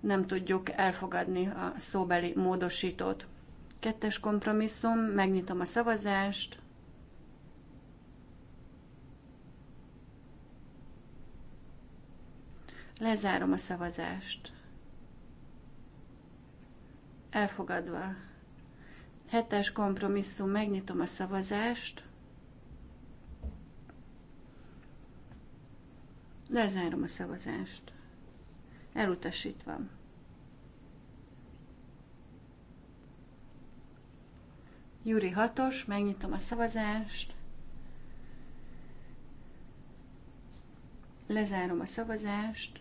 Nem tudjuk elfogadni a szóbeli módosítót. Kettes kompromisszum, megnyitom a szavazást. Lezárom a szavazást elfogadva. Hetes kompromisszum, megnyitom a szavazást. Lezárom a szavazást. Elutasítva. Júri Hatos, megnyitom a szavazást. Lezárom a szavazást.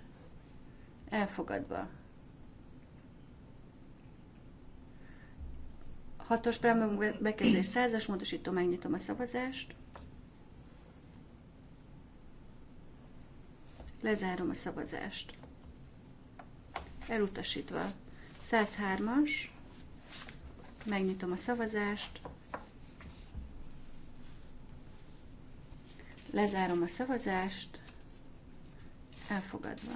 Elfogadva. Hatos preambulum bekezdés százas módosító, megnyitom a szavazást. Lezárom a szavazást. Elutasítva. 103-as. Megnyitom a szavazást. Lezárom a szavazást. Elfogadva.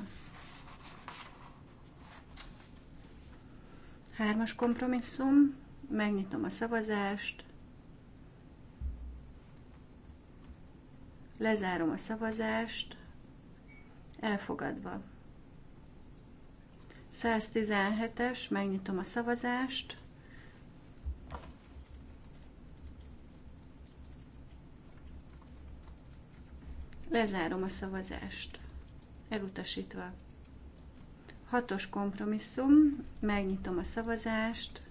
Hármas kompromisszum Megnyitom a szavazást. Lezárom a szavazást. Elfogadva. 117-es, megnyitom a szavazást. Lezárom a szavazást. Elutasítva. Hatos kompromisszum, megnyitom a szavazást.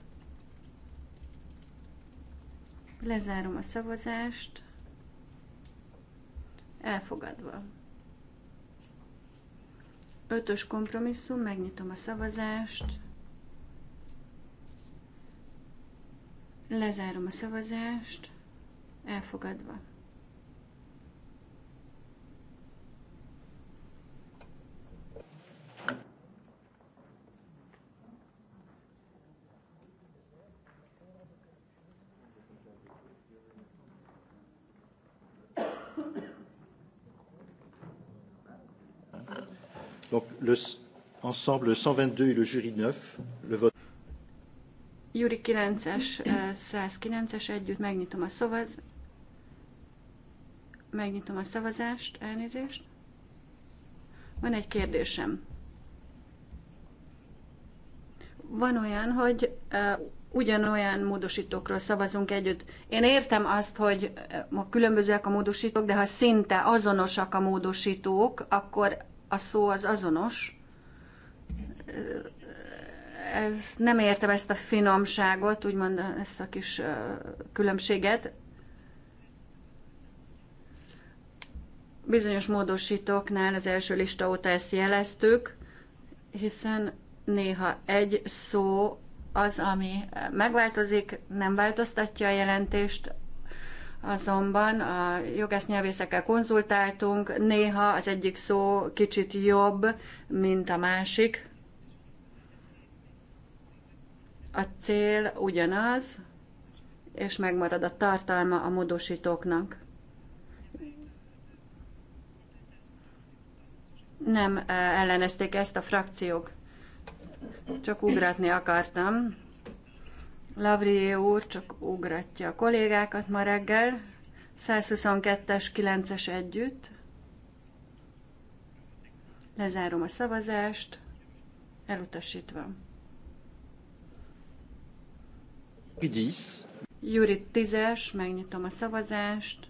Lezárom a szavazást. Elfogadva. Ötös kompromisszum, megnyitom a szavazást. Lezárom a szavazást. Elfogadva. Donc le, ensemble le 122 et le jury 9, le vote. Júri 9-es, 109-es eh, együtt megnyitom a szavaz... Megnyitom a szavazást, elnézést. Van egy kérdésem. Van olyan, hogy uh, ugyanolyan módosítókról szavazunk együtt. Én értem azt, hogy eh, ma különbözőek a módosítók, de ha szinte azonosak a módosítók, akkor a szó az azonos. Ez, nem értem ezt a finomságot, úgymond ezt a kis különbséget. Bizonyos módosítóknál az első lista óta ezt jeleztük, hiszen néha egy szó az, ami megváltozik, nem változtatja a jelentést, Azonban a jogásznyelvészekkel konzultáltunk, néha az egyik szó kicsit jobb, mint a másik. A cél ugyanaz, és megmarad a tartalma a módosítóknak. Nem eh, ellenezték ezt a frakciók. Csak ugratni akartam. Lavrié úr csak ugratja a kollégákat ma reggel, 122-es, 9-es együtt. Lezárom a szavazást, elutasítva. Juri 10-es, megnyitom a szavazást.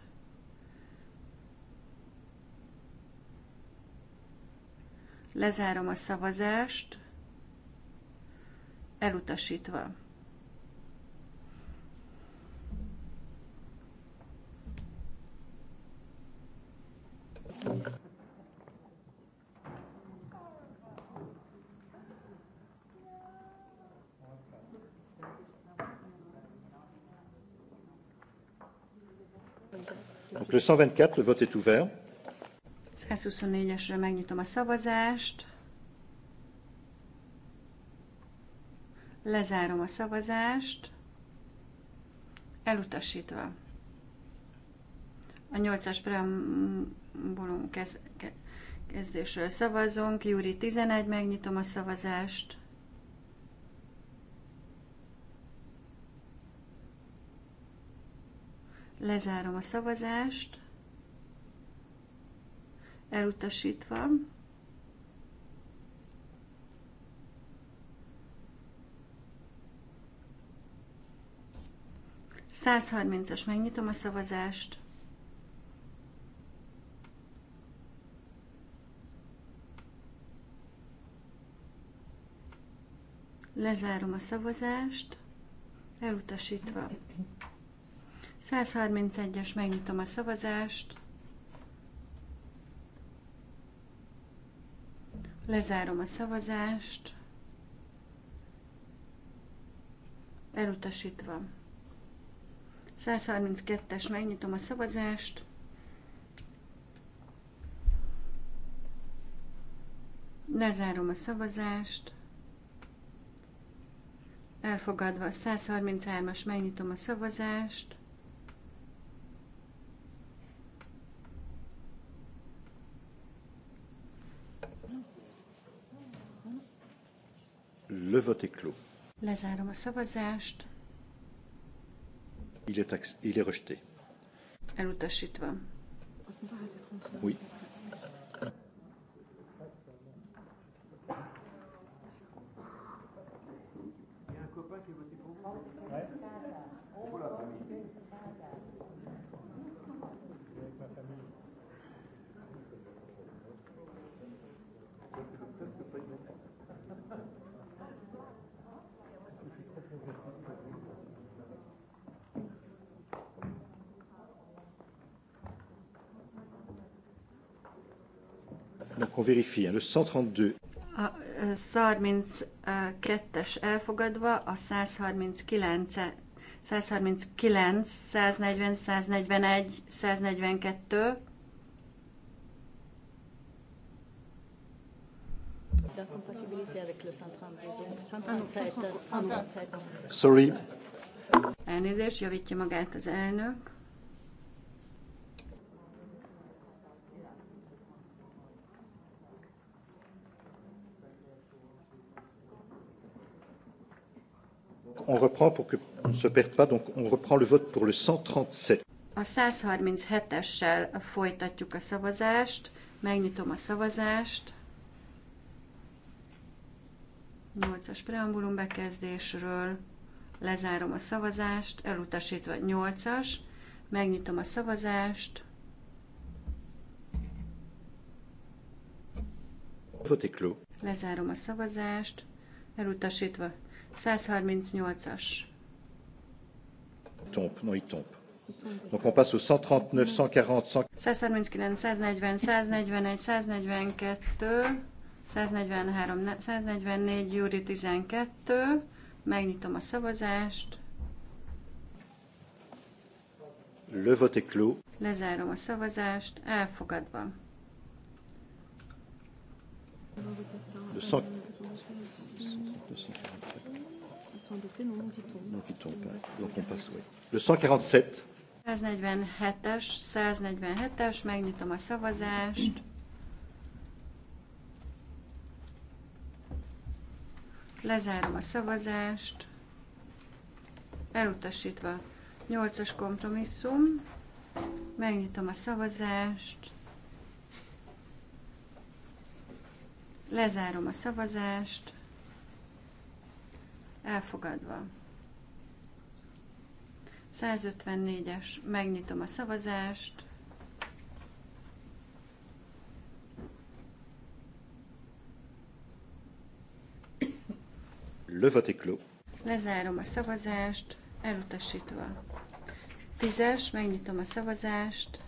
Lezárom a szavazást, elutasítva. Donc le 124, le vote est ouvert. 124-esről megnyitom a szavazást. Lezárom a szavazást. Elutasítva. A 8-as preambulum kez, kezdésről szavazunk. Júri 11, megnyitom a szavazást. Lezárom a szavazást. Elutasítva. Százharmincas megnyitom a szavazást. Lezárom a szavazást, elutasítva. 131-es, megnyitom a szavazást. Lezárom a szavazást. Elutasítva. 132-es, megnyitom a szavazást. Lezárom a szavazást. Elfogadva 133-as, megnyitom a szavazást. Le vote est clos. Lezárom a szavazást. Il est, il est rejeté. Elutasítva. Oui. qu'on vérifie, le 132. A 132-es elfogadva, a 139 139, 140, 141, 142. Sorry. Elnézést, javítja magát az elnök. on reprend pour que on se perde pas, donc on reprend le vote pour le 137. A 137-essel folytatjuk a szavazást, megnyitom a szavazást. 8-as preambulum bekezdésről, lezárom a szavazást, elutasítva 8-as, megnyitom a szavazást. Lezárom a szavazást, elutasítva 138-as. Tombe, non, il tombe. Donc on passe au 139, 140, 100... 139, 140, 141, 142, 143, 144, júri 12. Megnyitom a szavazást. Le vote est clos. Lezárom a szavazást. Elfogadva. Le 100 sont adoptés, non, Donc Donc on passe, oui. Le 147. 147-es, 147-es, megnyitom a szavazást. Lezárom a szavazást. Elutasítva. 8-as kompromisszum. Megnyitom a szavazást. Lezárom a szavazást. Elfogadva. 154-es. Megnyitom a szavazást. Le Lezárom a szavazást, elutasítva. Tízes, megnyitom a szavazást.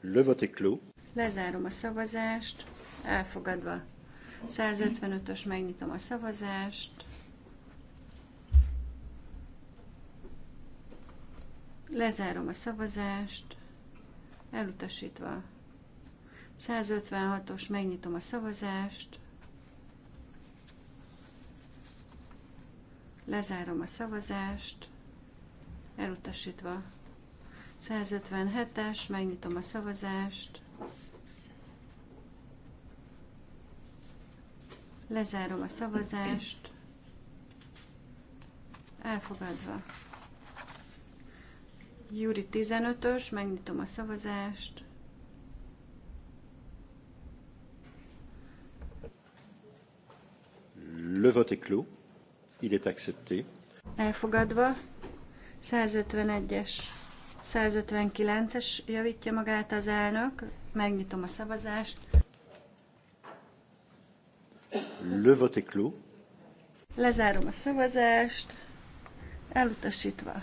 Le Lezárom a szavazást, elfogadva. 155-ös, megnyitom a szavazást. Lezárom a szavazást, elutasítva. 156-os, megnyitom a szavazást. Lezárom a szavazást, elutasítva. 157-es, megnyitom a szavazást. Lezárom a szavazást. Elfogadva. Júri 15-ös, megnyitom a szavazást. Le vote est clos. Il est accepté. Elfogadva. 151-es, 159-es javítja magát az elnök. Megnyitom a szavazást. Le vote est clos. Lezárom a szavazást, elutasítva.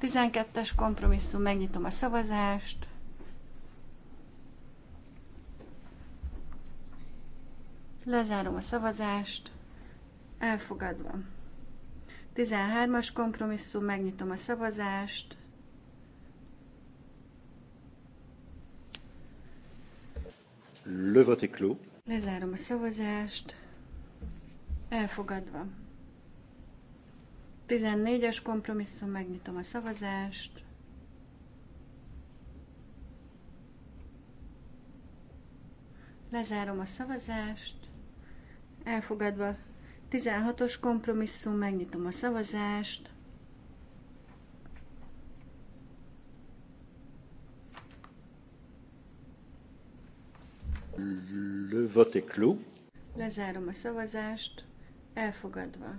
12-es kompromisszum, megnyitom a szavazást. Lezárom a szavazást, elfogadva. 13-as kompromisszum, megnyitom a szavazást. Le vote est clos. Lezárom a szavazást. Elfogadva. 14-es kompromisszum, megnyitom a szavazást. Lezárom a szavazást. Elfogadva. 16-os kompromisszum, megnyitom a szavazást. Le vote est clos. Lezárom a szavazást. Elfogadva.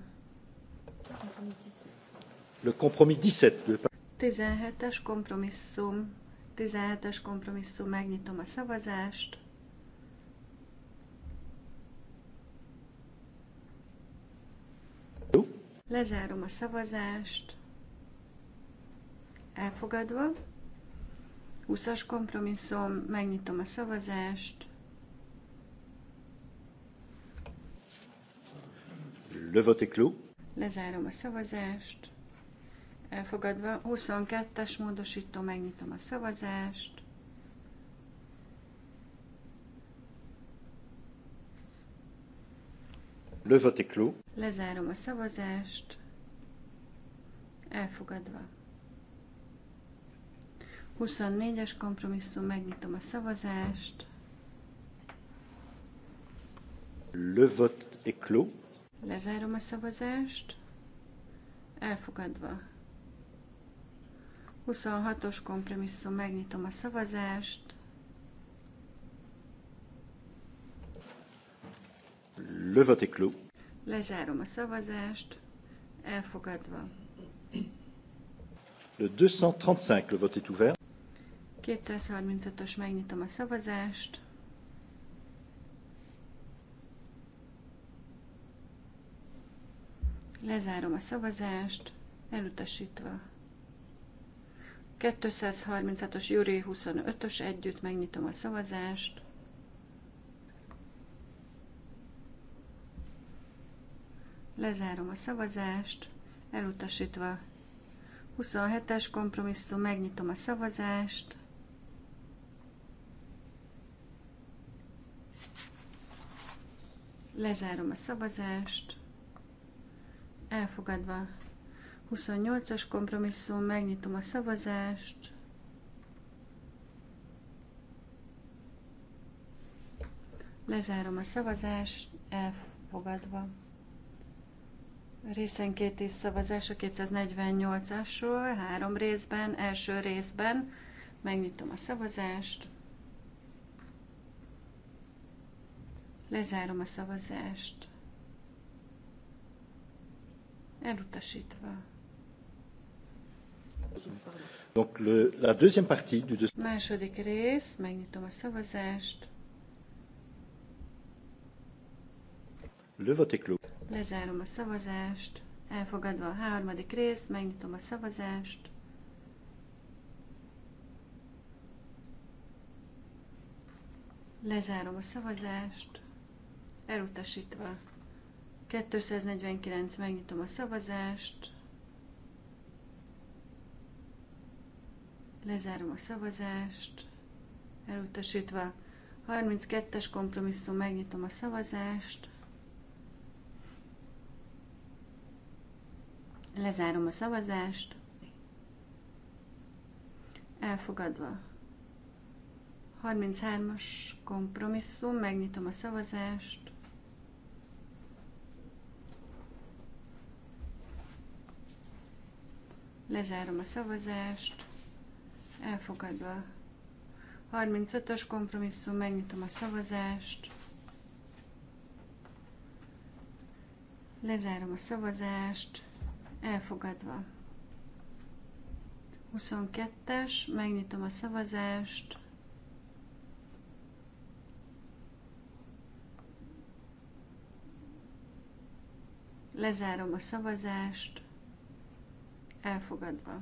Le compromis 17. 17-es kompromisszum. 17-es kompromisszum. Megnyitom a szavazást. Lezárom a szavazást. Elfogadva. 20-as kompromisszum, megnyitom a szavazást. Le vote est clos. Lezárom a szavazást. Elfogadva 22-es módosító, megnyitom a szavazást. Le vote est clos. Lezárom a szavazást. Elfogadva. 24-es kompromisszum, megnyitom a szavazást. Le vote est clos. Lezárom a szavazást. Elfogadva. 26-os kompromisszum, megnyitom a szavazást. Le Lezárom a szavazást. Elfogadva. Le 235, le vote est ouvert. 235-ös megnyitom a szavazást. Lezárom a szavazást, elutasítva. 236-os Júri 25-ös együtt megnyitom a szavazást. Lezárom a szavazást, elutasítva. 27-es kompromisszum, megnyitom a szavazást. Lezárom a szavazást elfogadva. 28-as kompromisszum, megnyitom a szavazást. Lezárom a szavazást, elfogadva. Részenként is szavazás a 248-asról, három részben, első részben. Megnyitom a szavazást. Lezárom a szavazást. Elutasítva. Donc le, la deuxième partie du deux... Második rész, megnyitom a szavazást. Le vote est clos. Lezárom a szavazást. Elfogadva a harmadik rész, megnyitom a szavazást. Lezárom a szavazást. Elutasítva. 249, megnyitom a szavazást. Lezárom a szavazást. Elutasítva 32-es kompromisszum, megnyitom a szavazást. Lezárom a szavazást. Elfogadva. 33-as kompromisszum, megnyitom a szavazást. Lezárom a szavazást. Elfogadva. 35-ös kompromisszum, megnyitom a szavazást. Lezárom a szavazást. Elfogadva. 22-es, megnyitom a szavazást. Lezárom a szavazást elfogadva.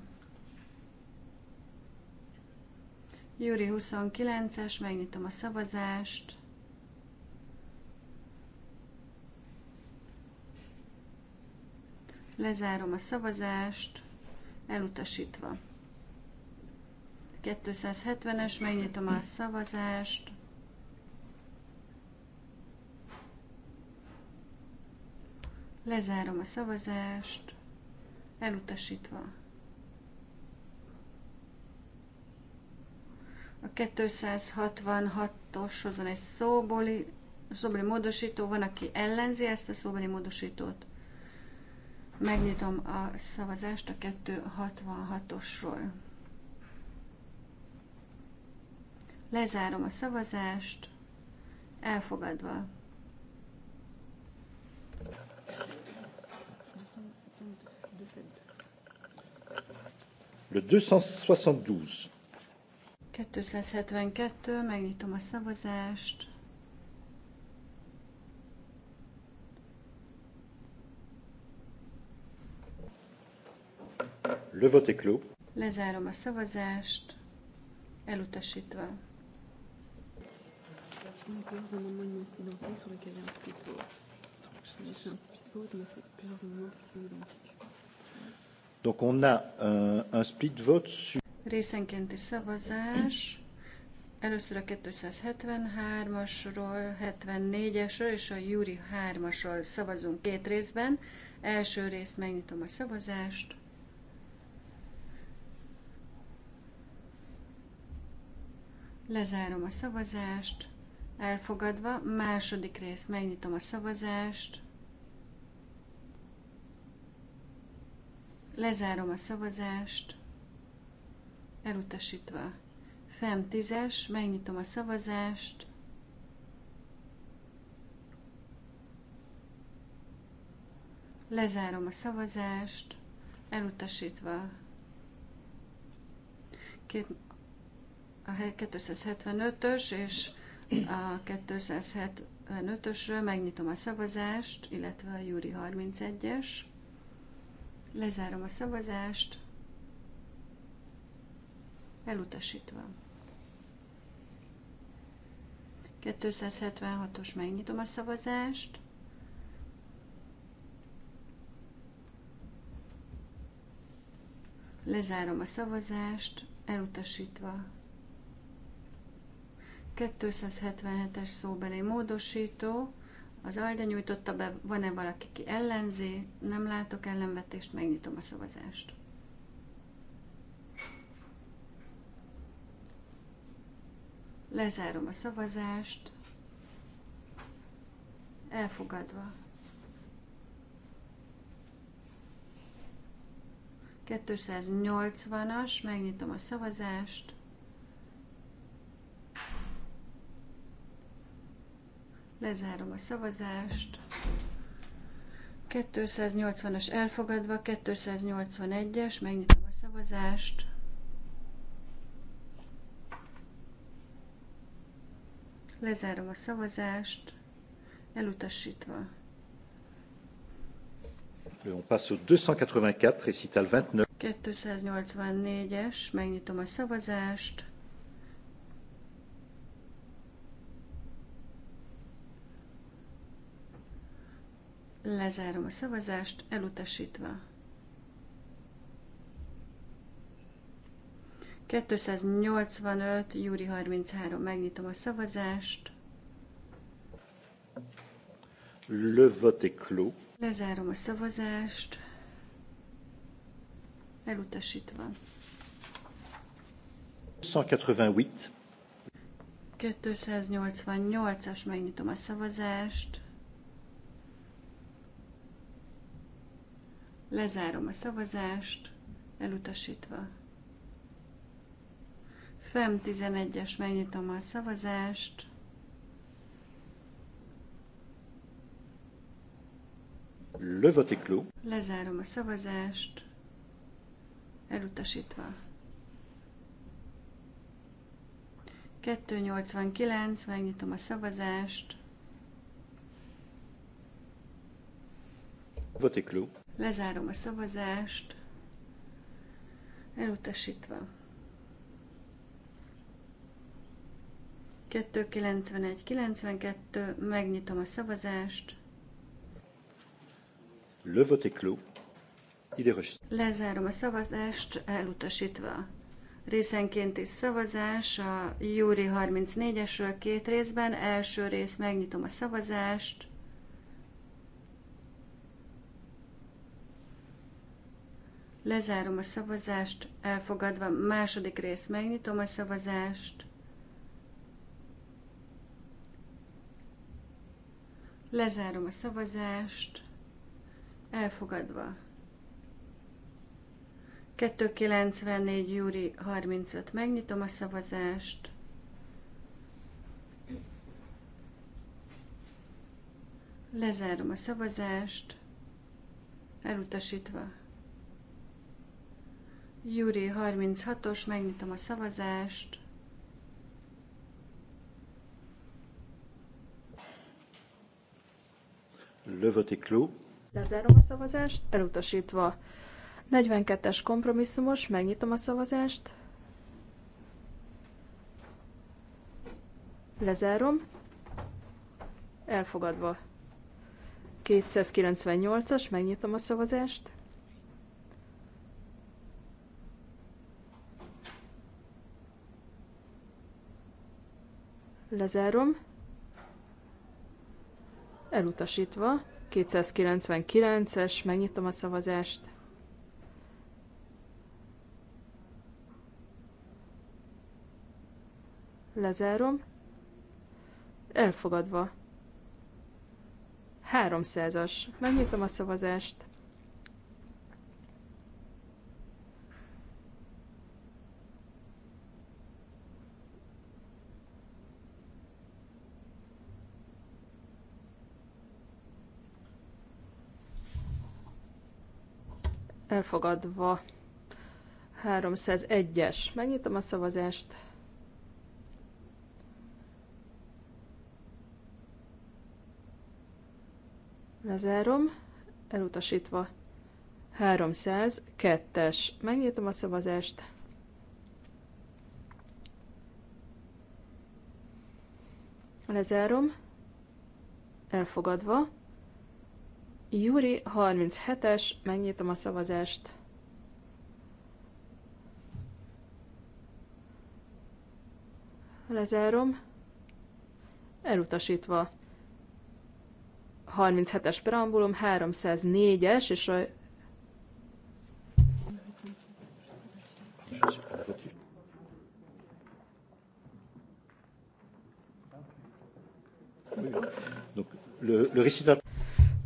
Júri 29-es, megnyitom a szavazást. Lezárom a szavazást, elutasítva. 270-es, megnyitom a szavazást. Lezárom a szavazást, elutasítva. A 266-os hozzon egy szóbóli, szóbeli módosító, van, aki ellenzi ezt a szóbeli módosítót. Megnyitom a szavazást a 266-osról. Lezárom a szavazást, elfogadva. Le 272. 272, megnyitom a szavazást. Le vote est clos. Lezárom a szavazást, elutasítva. Plusieurs Donc on a un, un split vote sur... Részenkénti szavazás. Először a 273-asról, 74-esről és a Júri 3-asról szavazunk két részben. Első részt megnyitom a szavazást. Lezárom a szavazást. Elfogadva. Második rész megnyitom a szavazást. Lezárom a szavazást, elutasítva. FEM 10-es, megnyitom a szavazást, lezárom a szavazást, elutasítva. Két, a 275-ös és a 275-ösről megnyitom a szavazást, illetve a Júri 31-es. Lezárom a szavazást. Elutasítva. 276-os megnyitom a szavazást. Lezárom a szavazást, elutasítva. 277-es szóbeli módosító, az Alde nyújtotta be, van-e valaki, ki ellenzi? Nem látok ellenvetést, megnyitom a szavazást. Lezárom a szavazást. Elfogadva. 280-as, megnyitom a szavazást. Lezárom a szavazást. 280-as elfogadva, 281-es, megnyitom a szavazást. Lezárom a szavazást, elutasítva. On passe au 284, récital 29. 284-es, megnyitom a szavazást. Lezárom a szavazást, elutasítva. 285, Júri 33, megnyitom a szavazást. Le vote est clos. Lezárom a szavazást. Elutasítva. 188. 288-as, megnyitom a szavazást. Lezárom a szavazást, elutasítva. FEM 11-es, megnyitom a szavazást. Le Lezárom a szavazást, elutasítva. 289, megnyitom a szavazást. Vote clos. Lezárom a szavazást, elutasítva. 291-92, megnyitom a szavazást. Le vote est clos. Il est rejeté. Lezárom a szavazást, elutasítva. Részenkénti szavazás a Júri 34-esről két részben. Első rész, megnyitom a szavazást. Lezárom a szavazást, elfogadva. Második rész, megnyitom a szavazást. Lezárom a szavazást, elfogadva. 294 júri 35, megnyitom a szavazást. Lezárom a szavazást, elutasítva. Júri 36-os, megnyitom a szavazást. Lövöti Klú. Lezárom a szavazást, elutasítva. 42-es kompromisszumos, megnyitom a szavazást. Lezárom. Elfogadva. 298-as, megnyitom a szavazást. Lezárom. Elutasítva. 299-es, megnyitom a szavazást. Lezárom. Elfogadva. 300-as. Megnyitom a szavazást. elfogadva. 301-es. Megnyitom a szavazást. Lezárom. Elutasítva. 302-es. Megnyitom a szavazást. Lezárom. Elfogadva. Júri 37-es, megnyitom a szavazást. Lezárom. Elutasítva. 37-es preambulum, 304-es, és a... le, le récital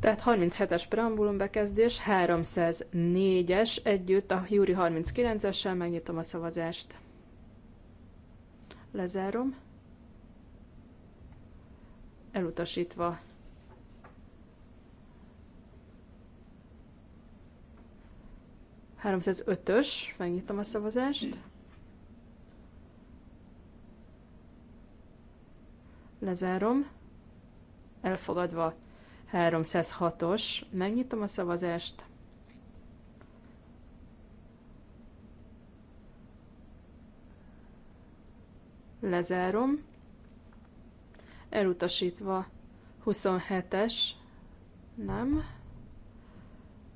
tehát 37-es preambulum bekezdés, 304-es együtt a Júri 39-essel megnyitom a szavazást. Lezárom. Elutasítva. ös megnyitom a szavazást. Lezárom. Elfogadva. 306-os. Megnyitom a szavazást. Lezárom. Elutasítva 27-es. Nem.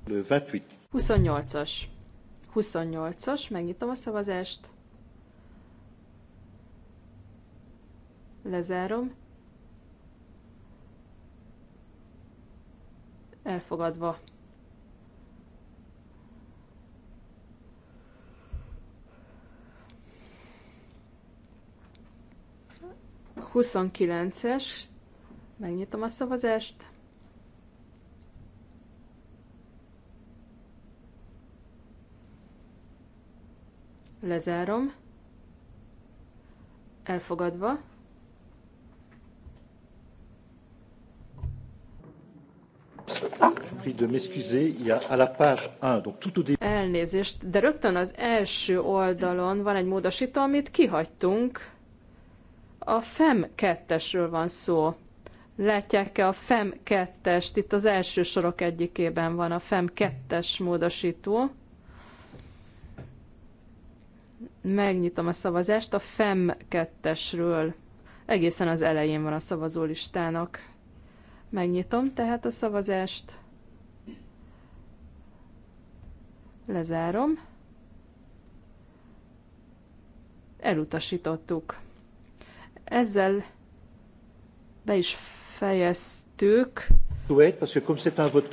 28-as. 28-as. Megnyitom a szavazást. Lezárom elfogadva. A 29-es, megnyitom a szavazást. Lezárom. Elfogadva. prie de m'excuser, il y a à la page 1, donc tout au début. Elnézést, de rögtön az első oldalon van egy módosító, amit kihagytunk. A FEM 2-esről van szó. Látják-e a FEM 2-est? Itt az első sorok egyikében van a FEM 2-es módosító. Megnyitom a szavazást a FEM 2-esről. Egészen az elején van a szavazólistának. Megnyitom tehát a szavazást. Lezárom. Elutasítottuk. Ezzel be is fejeztük.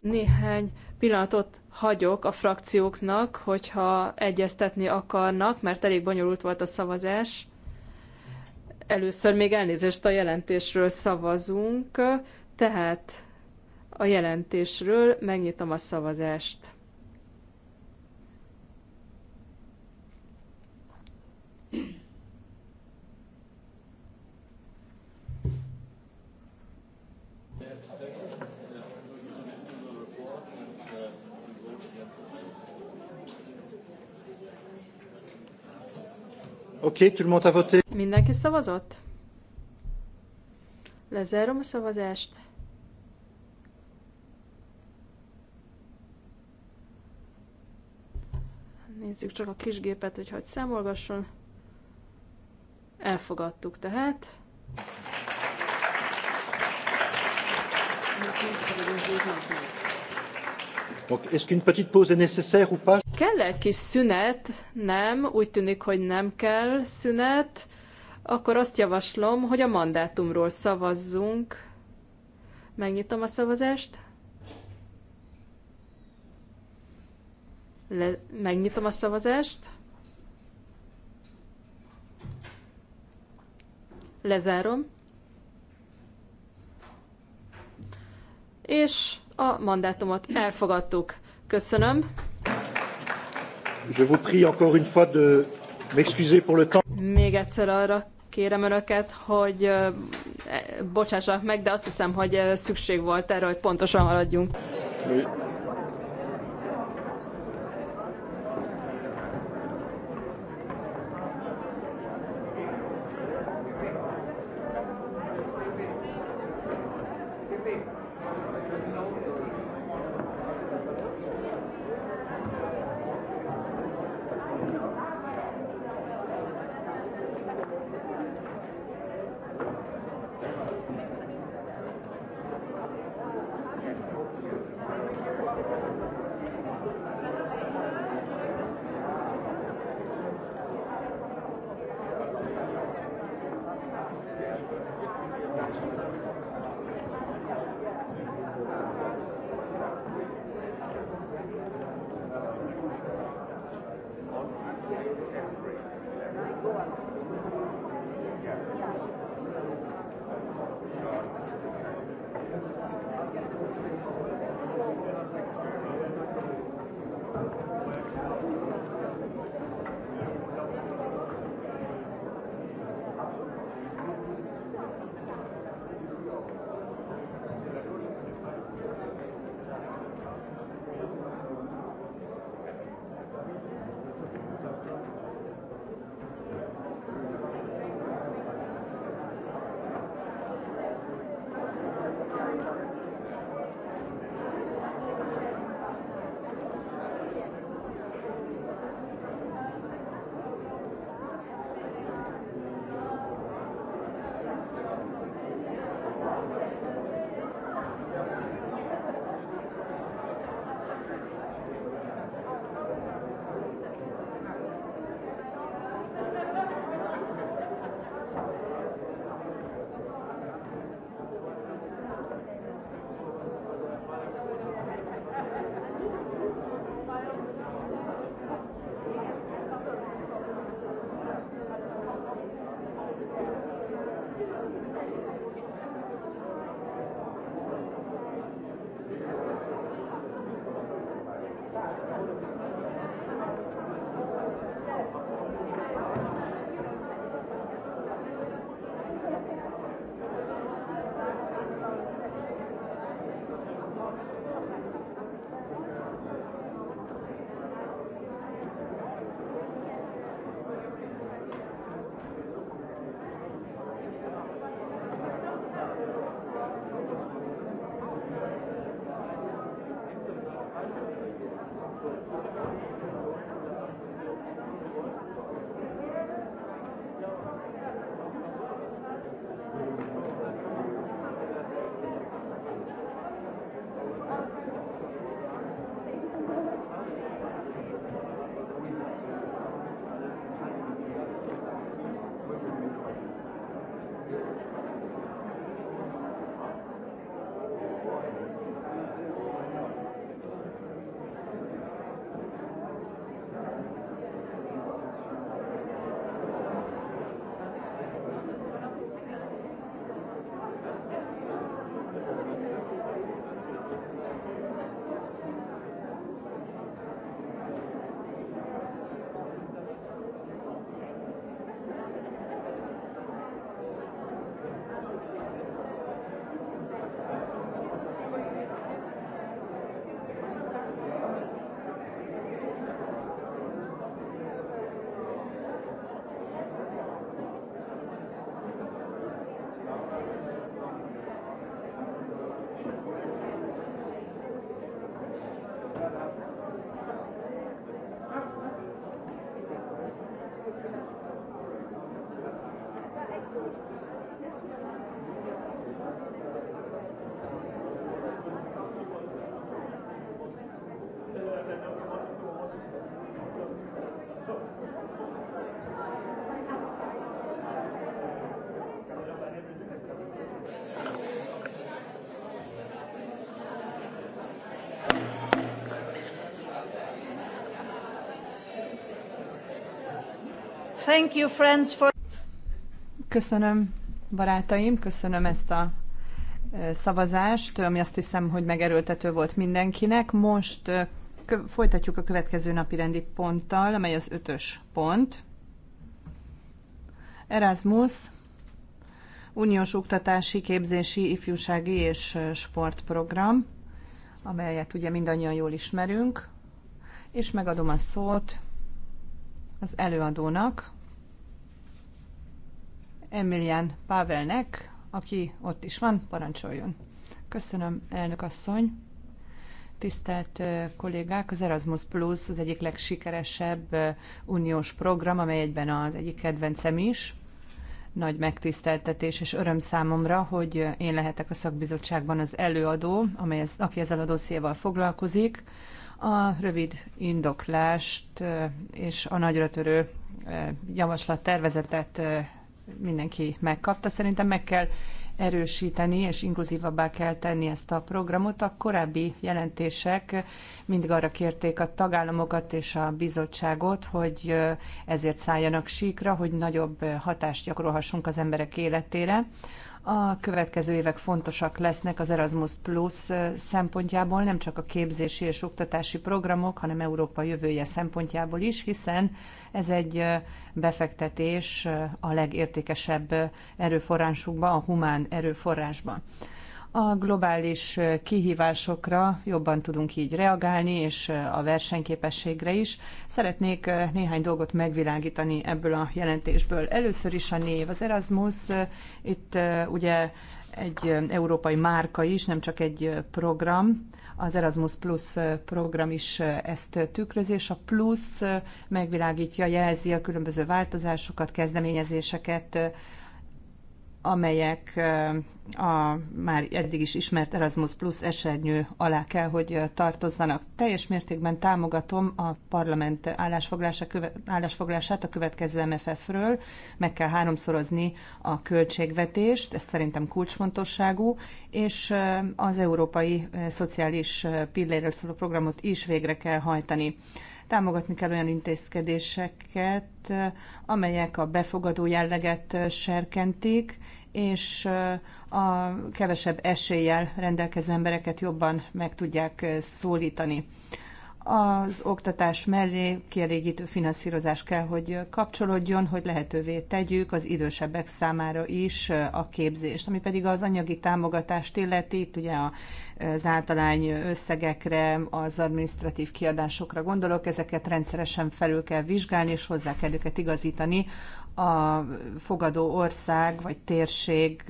Néhány pillanatot hagyok a frakcióknak, hogyha egyeztetni akarnak, mert elég bonyolult volt a szavazás. Először még elnézést a jelentésről szavazunk, tehát a jelentésről megnyitom a szavazást. Oké, tout le Mindenki szavazott? Lezárom a szavazást. Nézzük csak a kisgépet, hogy hogy számolgasson. Elfogadtuk tehát. Donc, est-ce qu'une petite pause est nécessaire ou pas? Kell egy kis szünet? Nem, úgy tűnik, hogy nem kell szünet. Akkor azt javaslom, hogy a mandátumról szavazzunk. Megnyitom a szavazást. Le, megnyitom a szavazást. Lezárom. És a mandátumot elfogadtuk. Köszönöm. Je vous prie encore une fois de m'excuser pour le temps. Még egyszer arra kérem önöket, hogy e, bocsássanak meg, de azt hiszem, hogy szükség volt erre, hogy pontosan haladjunk. Oui. Thank you, friends, for... Köszönöm, barátaim, köszönöm ezt a szavazást, ami azt hiszem, hogy megerőltető volt mindenkinek. Most folytatjuk a következő napi rendi ponttal, amely az ötös pont. Erasmus, uniós oktatási, képzési, ifjúsági és sportprogram, amelyet ugye mindannyian jól ismerünk, és megadom a szót az előadónak, Emilian Pavelnek, aki ott is van, parancsoljon. Köszönöm, elnök asszony. Tisztelt kollégák, az Erasmus Plus az egyik legsikeresebb uniós program, amely egyben az egyik kedvencem is. Nagy megtiszteltetés és öröm számomra, hogy én lehetek a szakbizottságban az előadó, amely ez, aki ezzel a dossziéval foglalkozik. A rövid indoklást és a nagyra törő javaslattervezetet mindenki megkapta. Szerintem meg kell erősíteni és inkluzívabbá kell tenni ezt a programot. A korábbi jelentések mindig arra kérték a tagállamokat és a bizottságot, hogy ezért szálljanak síkra, hogy nagyobb hatást gyakorolhassunk az emberek életére a következő évek fontosak lesznek az Erasmus Plus szempontjából, nem csak a képzési és oktatási programok, hanem Európa jövője szempontjából is, hiszen ez egy befektetés a legértékesebb erőforrásukba, a humán erőforrásba a globális kihívásokra jobban tudunk így reagálni, és a versenyképességre is. Szeretnék néhány dolgot megvilágítani ebből a jelentésből. Először is a név, az Erasmus, itt ugye egy európai márka is, nem csak egy program, az Erasmus Plus program is ezt tükrözi, és a Plus megvilágítja, jelzi a különböző változásokat, kezdeményezéseket, amelyek a már eddig is ismert Erasmus Plus esernyő alá kell, hogy tartozzanak. Teljes mértékben támogatom a parlament állásfoglását a következő MFF-ről. Meg kell háromszorozni a költségvetést, ez szerintem kulcsfontosságú, és az európai szociális pilléről szóló programot is végre kell hajtani támogatni kell olyan intézkedéseket, amelyek a befogadó jelleget serkentik, és a kevesebb eséllyel rendelkező embereket jobban meg tudják szólítani. Az oktatás mellé kielégítő finanszírozás kell, hogy kapcsolódjon, hogy lehetővé tegyük az idősebbek számára is a képzést. Ami pedig az anyagi támogatást illeti, itt ugye az általány összegekre, az administratív kiadásokra gondolok, ezeket rendszeresen felül kell vizsgálni, és hozzá kell őket igazítani a fogadó ország vagy térség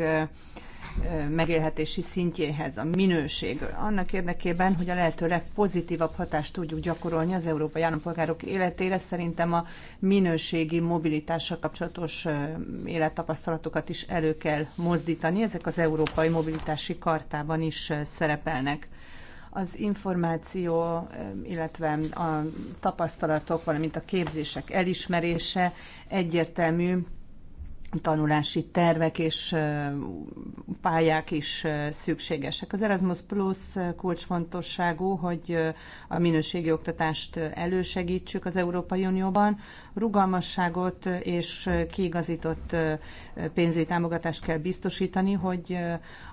megélhetési szintjéhez, a minőség, annak érdekében, hogy a lehető legpozitívabb hatást tudjuk gyakorolni az európai állampolgárok életére, szerintem a minőségi mobilitással kapcsolatos élettapasztalatokat is elő kell mozdítani. Ezek az európai mobilitási kartában is szerepelnek az információ, illetve a tapasztalatok, valamint a képzések elismerése egyértelmű tanulási tervek és pályák is szükségesek. Az Erasmus Plus kulcsfontosságú, hogy a minőségi oktatást elősegítsük az Európai Unióban. Rugalmasságot és kiigazított pénzügyi támogatást kell biztosítani, hogy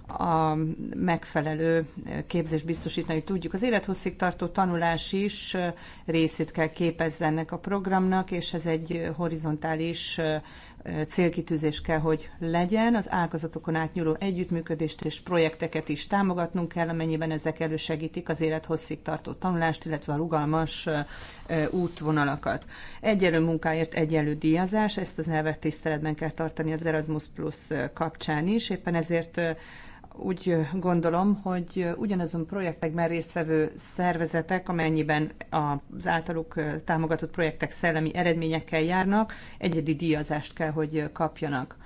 a megfelelő képzést biztosítani tudjuk. Az élethosszig tartó tanulás is részét kell képezzenek a programnak, és ez egy horizontális célkitűzés kell, hogy legyen. Az ágazatokon átnyúló együttműködést és projekteket is támogatnunk kell, amennyiben ezek elősegítik az élet tartó tanulást, illetve a rugalmas útvonalakat. Egyelő munkáért egyelő díjazás, ezt az elvet tiszteletben kell tartani az Erasmus Plus kapcsán is, éppen ezért úgy gondolom, hogy ugyanazon projektekben résztvevő szervezetek, amennyiben az általuk támogatott projektek szellemi eredményekkel járnak, egyedi díjazást kell, hogy kapjanak.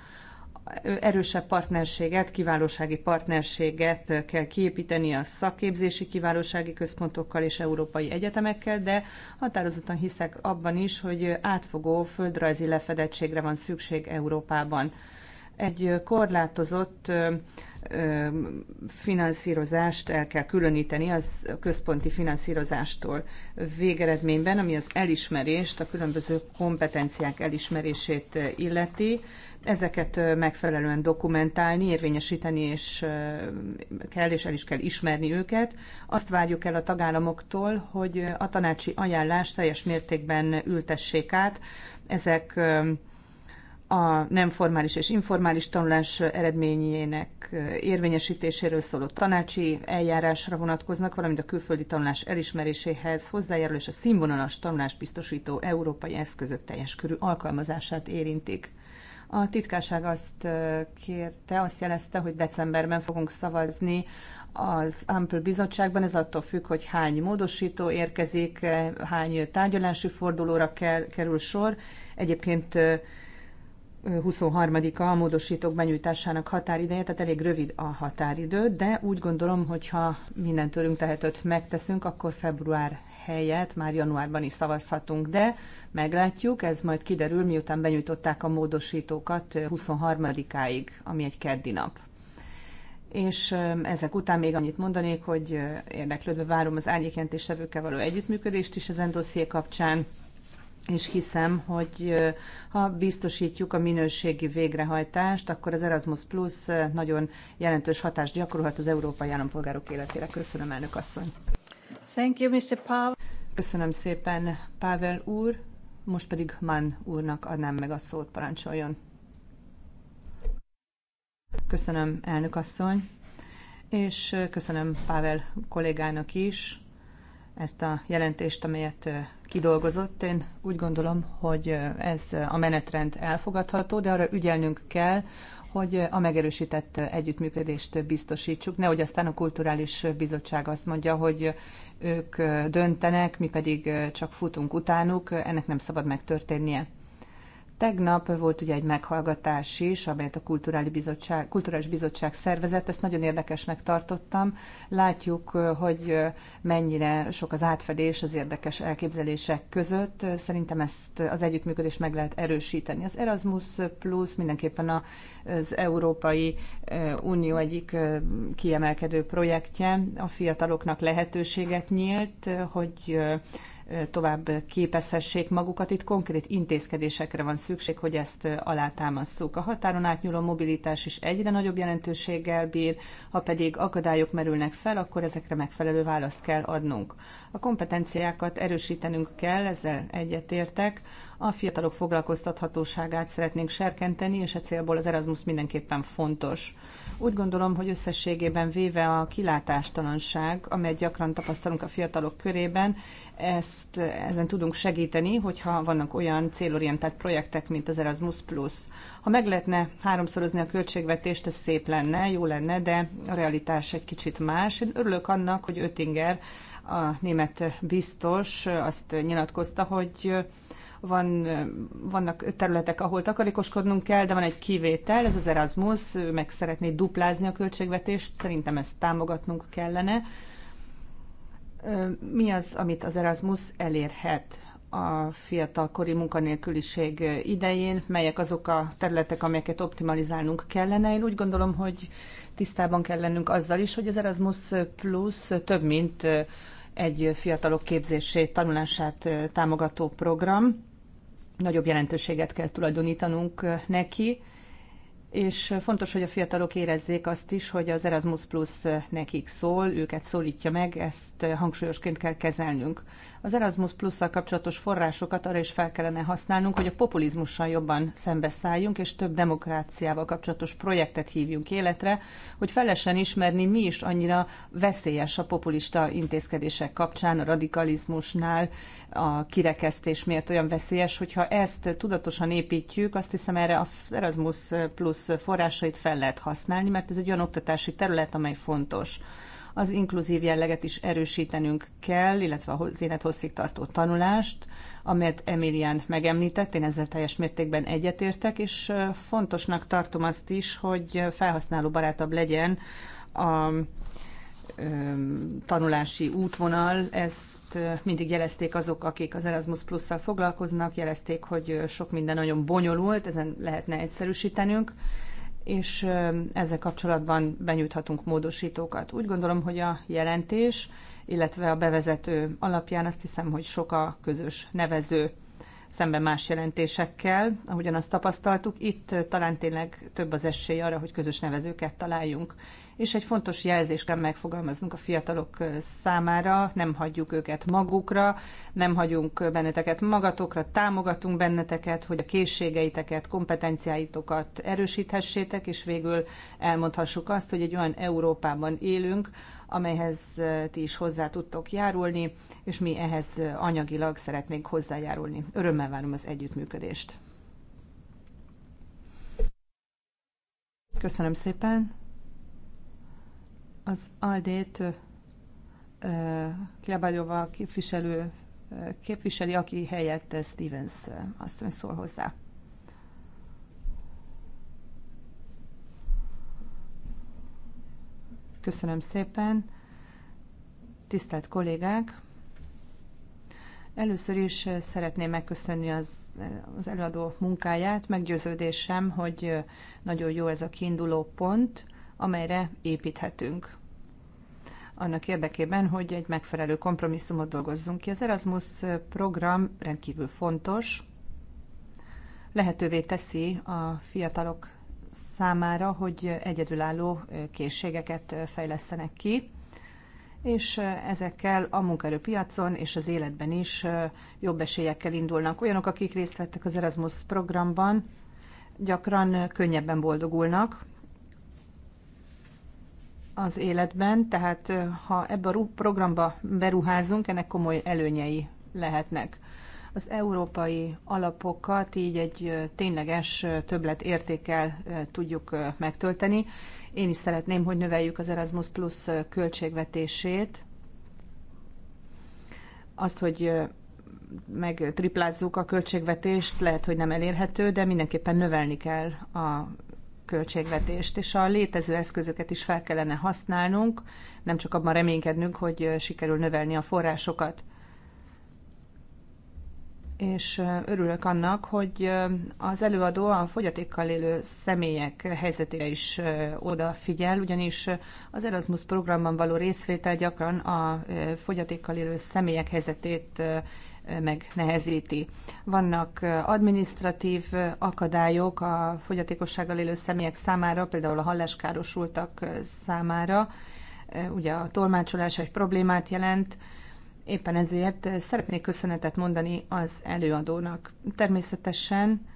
Erősebb partnerséget, kiválósági partnerséget kell kiépíteni a szakképzési kiválósági központokkal és európai egyetemekkel, de határozottan hiszek abban is, hogy átfogó földrajzi lefedettségre van szükség Európában. Egy korlátozott finanszírozást el kell különíteni az központi finanszírozástól végeredményben, ami az elismerést, a különböző kompetenciák elismerését illeti. Ezeket megfelelően dokumentálni, érvényesíteni és kell, és el is kell ismerni őket. Azt várjuk el a tagállamoktól, hogy a tanácsi ajánlást teljes mértékben ültessék át. Ezek a nem formális és informális tanulás eredményének érvényesítéséről szóló tanácsi eljárásra vonatkoznak, valamint a külföldi tanulás elismeréséhez és a színvonalas tanulás biztosító európai eszközök teljes körű alkalmazását érintik. A titkárság azt kérte, azt jelezte, hogy decemberben fogunk szavazni az Ample Bizottságban. Ez attól függ, hogy hány módosító érkezik, hány tárgyalási fordulóra kerül sor. Egyébként 23-a a módosítók benyújtásának határideje, tehát elég rövid a határidő, de úgy gondolom, hogyha minden tőlünk tehetőt megteszünk, akkor február helyett már januárban is szavazhatunk, de meglátjuk, ez majd kiderül, miután benyújtották a módosítókat 23-áig, ami egy keddi nap. És ezek után még annyit mondanék, hogy érdeklődve várom az árnyékjelentéstevőkkel való együttműködést is az endosszié kapcsán, és hiszem, hogy ha biztosítjuk a minőségi végrehajtást, akkor az Erasmus Plus nagyon jelentős hatást gyakorolhat az európai állampolgárok életére. Köszönöm, elnök asszony. Thank you, Mr. Pavel. Köszönöm szépen, Pavel úr. Most pedig Mann úrnak adnám meg a szót, parancsoljon. Köszönöm, elnök asszony, és köszönöm Pavel kollégának is ezt a jelentést, amelyet kidolgozott. Én úgy gondolom, hogy ez a menetrend elfogadható, de arra ügyelnünk kell, hogy a megerősített együttműködést biztosítsuk, nehogy aztán a kulturális bizottság azt mondja, hogy ők döntenek, mi pedig csak futunk utánuk, ennek nem szabad megtörténnie. Tegnap volt ugye egy meghallgatás is, amelyet a Kulturális Bizottság, Kulturális Bizottság szervezett, ezt nagyon érdekesnek tartottam. Látjuk, hogy mennyire sok az átfedés az érdekes elképzelések között. Szerintem ezt az együttműködést meg lehet erősíteni. Az Erasmus Plus mindenképpen az Európai Unió egyik kiemelkedő projektje. A fiataloknak lehetőséget nyílt, hogy tovább képezhessék magukat. Itt konkrét intézkedésekre van szükség, hogy ezt alátámasszuk. A határon átnyúló mobilitás is egyre nagyobb jelentőséggel bír, ha pedig akadályok merülnek fel, akkor ezekre megfelelő választ kell adnunk. A kompetenciákat erősítenünk kell, ezzel egyetértek, a fiatalok foglalkoztathatóságát szeretnénk serkenteni, és e célból az Erasmus mindenképpen fontos. Úgy gondolom, hogy összességében véve a kilátástalanság, amelyet gyakran tapasztalunk a fiatalok körében, ezt ezen tudunk segíteni, hogyha vannak olyan célorientált projektek, mint az Erasmus+. Plus. Ha meg lehetne háromszorozni a költségvetést, ez szép lenne, jó lenne, de a realitás egy kicsit más. Én örülök annak, hogy Öttinger, a német biztos azt nyilatkozta, hogy van, vannak területek, ahol takarékoskodnunk kell, de van egy kivétel, ez az Erasmus, meg szeretné duplázni a költségvetést, szerintem ezt támogatnunk kellene. Mi az, amit az Erasmus elérhet? a fiatalkori munkanélküliség idején, melyek azok a területek, amelyeket optimalizálnunk kellene. Én úgy gondolom, hogy tisztában kell lennünk azzal is, hogy az Erasmus Plus több, mint egy fiatalok képzését, tanulását támogató program nagyobb jelentőséget kell tulajdonítanunk neki, és fontos, hogy a fiatalok érezzék azt is, hogy az Erasmus Plus nekik szól, őket szólítja meg, ezt hangsúlyosként kell kezelnünk. Az Erasmus Plus-szal kapcsolatos forrásokat arra is fel kellene használnunk, hogy a populizmussal jobban szembeszálljunk, és több demokráciával kapcsolatos projektet hívjunk életre, hogy felesen ismerni, mi is annyira veszélyes a populista intézkedések kapcsán, a radikalizmusnál, a kirekesztés miért olyan veszélyes, hogyha ezt tudatosan építjük, azt hiszem erre az Erasmus Plus forrásait fel lehet használni, mert ez egy olyan oktatási terület, amely fontos az inkluzív jelleget is erősítenünk kell, illetve az élethosszig tartó tanulást, amelyet Emilián megemlített, én ezzel teljes mértékben egyetértek, és fontosnak tartom azt is, hogy felhasználó barátabb legyen a tanulási útvonal, ezt mindig jelezték azok, akik az Erasmus Plus-szal foglalkoznak, jelezték, hogy sok minden nagyon bonyolult, ezen lehetne egyszerűsítenünk, és ezzel kapcsolatban benyújthatunk módosítókat. Úgy gondolom, hogy a jelentés, illetve a bevezető alapján azt hiszem, hogy sok a közös nevező szemben más jelentésekkel, ahogyan azt tapasztaltuk. Itt talán tényleg több az esély arra, hogy közös nevezőket találjunk és egy fontos jelzést kell megfogalmaznunk a fiatalok számára, nem hagyjuk őket magukra, nem hagyunk benneteket magatokra, támogatunk benneteket, hogy a készségeiteket, kompetenciáitokat erősíthessétek, és végül elmondhassuk azt, hogy egy olyan Európában élünk, amelyhez ti is hozzá tudtok járulni, és mi ehhez anyagilag szeretnénk hozzájárulni. Örömmel várom az együttműködést. Köszönöm szépen! Az Aldét Kiabágyóval képviselő képviseli, aki helyett Stevens asszony szól hozzá. Köszönöm szépen. Tisztelt kollégák! Először is szeretném megköszönni az, az előadó munkáját. Meggyőződésem, hogy nagyon jó ez a kiinduló pont amelyre építhetünk annak érdekében, hogy egy megfelelő kompromisszumot dolgozzunk ki. Az Erasmus program rendkívül fontos, lehetővé teszi a fiatalok számára, hogy egyedülálló készségeket fejlesztenek ki, és ezekkel a munkaerőpiacon és az életben is jobb esélyekkel indulnak. Olyanok, akik részt vettek az Erasmus programban, gyakran könnyebben boldogulnak, az életben, tehát ha ebbe a programba beruházunk, ennek komoly előnyei lehetnek. Az európai alapokat így egy tényleges többlet értékkel tudjuk megtölteni. Én is szeretném, hogy növeljük az Erasmus Plus költségvetését, azt, hogy megtriplázzuk a költségvetést, lehet, hogy nem elérhető, de mindenképpen növelni kell a költségvetést, és a létező eszközöket is fel kellene használnunk, nem csak abban reménykednünk, hogy sikerül növelni a forrásokat. És örülök annak, hogy az előadó a fogyatékkal élő személyek helyzetére is odafigyel, ugyanis az Erasmus programban való részvétel gyakran a fogyatékkal élő személyek helyzetét megnehezíti. Vannak administratív akadályok a fogyatékossággal élő személyek számára, például a halláskárosultak számára. Ugye a tolmácsolás egy problémát jelent, éppen ezért szeretnék köszönetet mondani az előadónak. Természetesen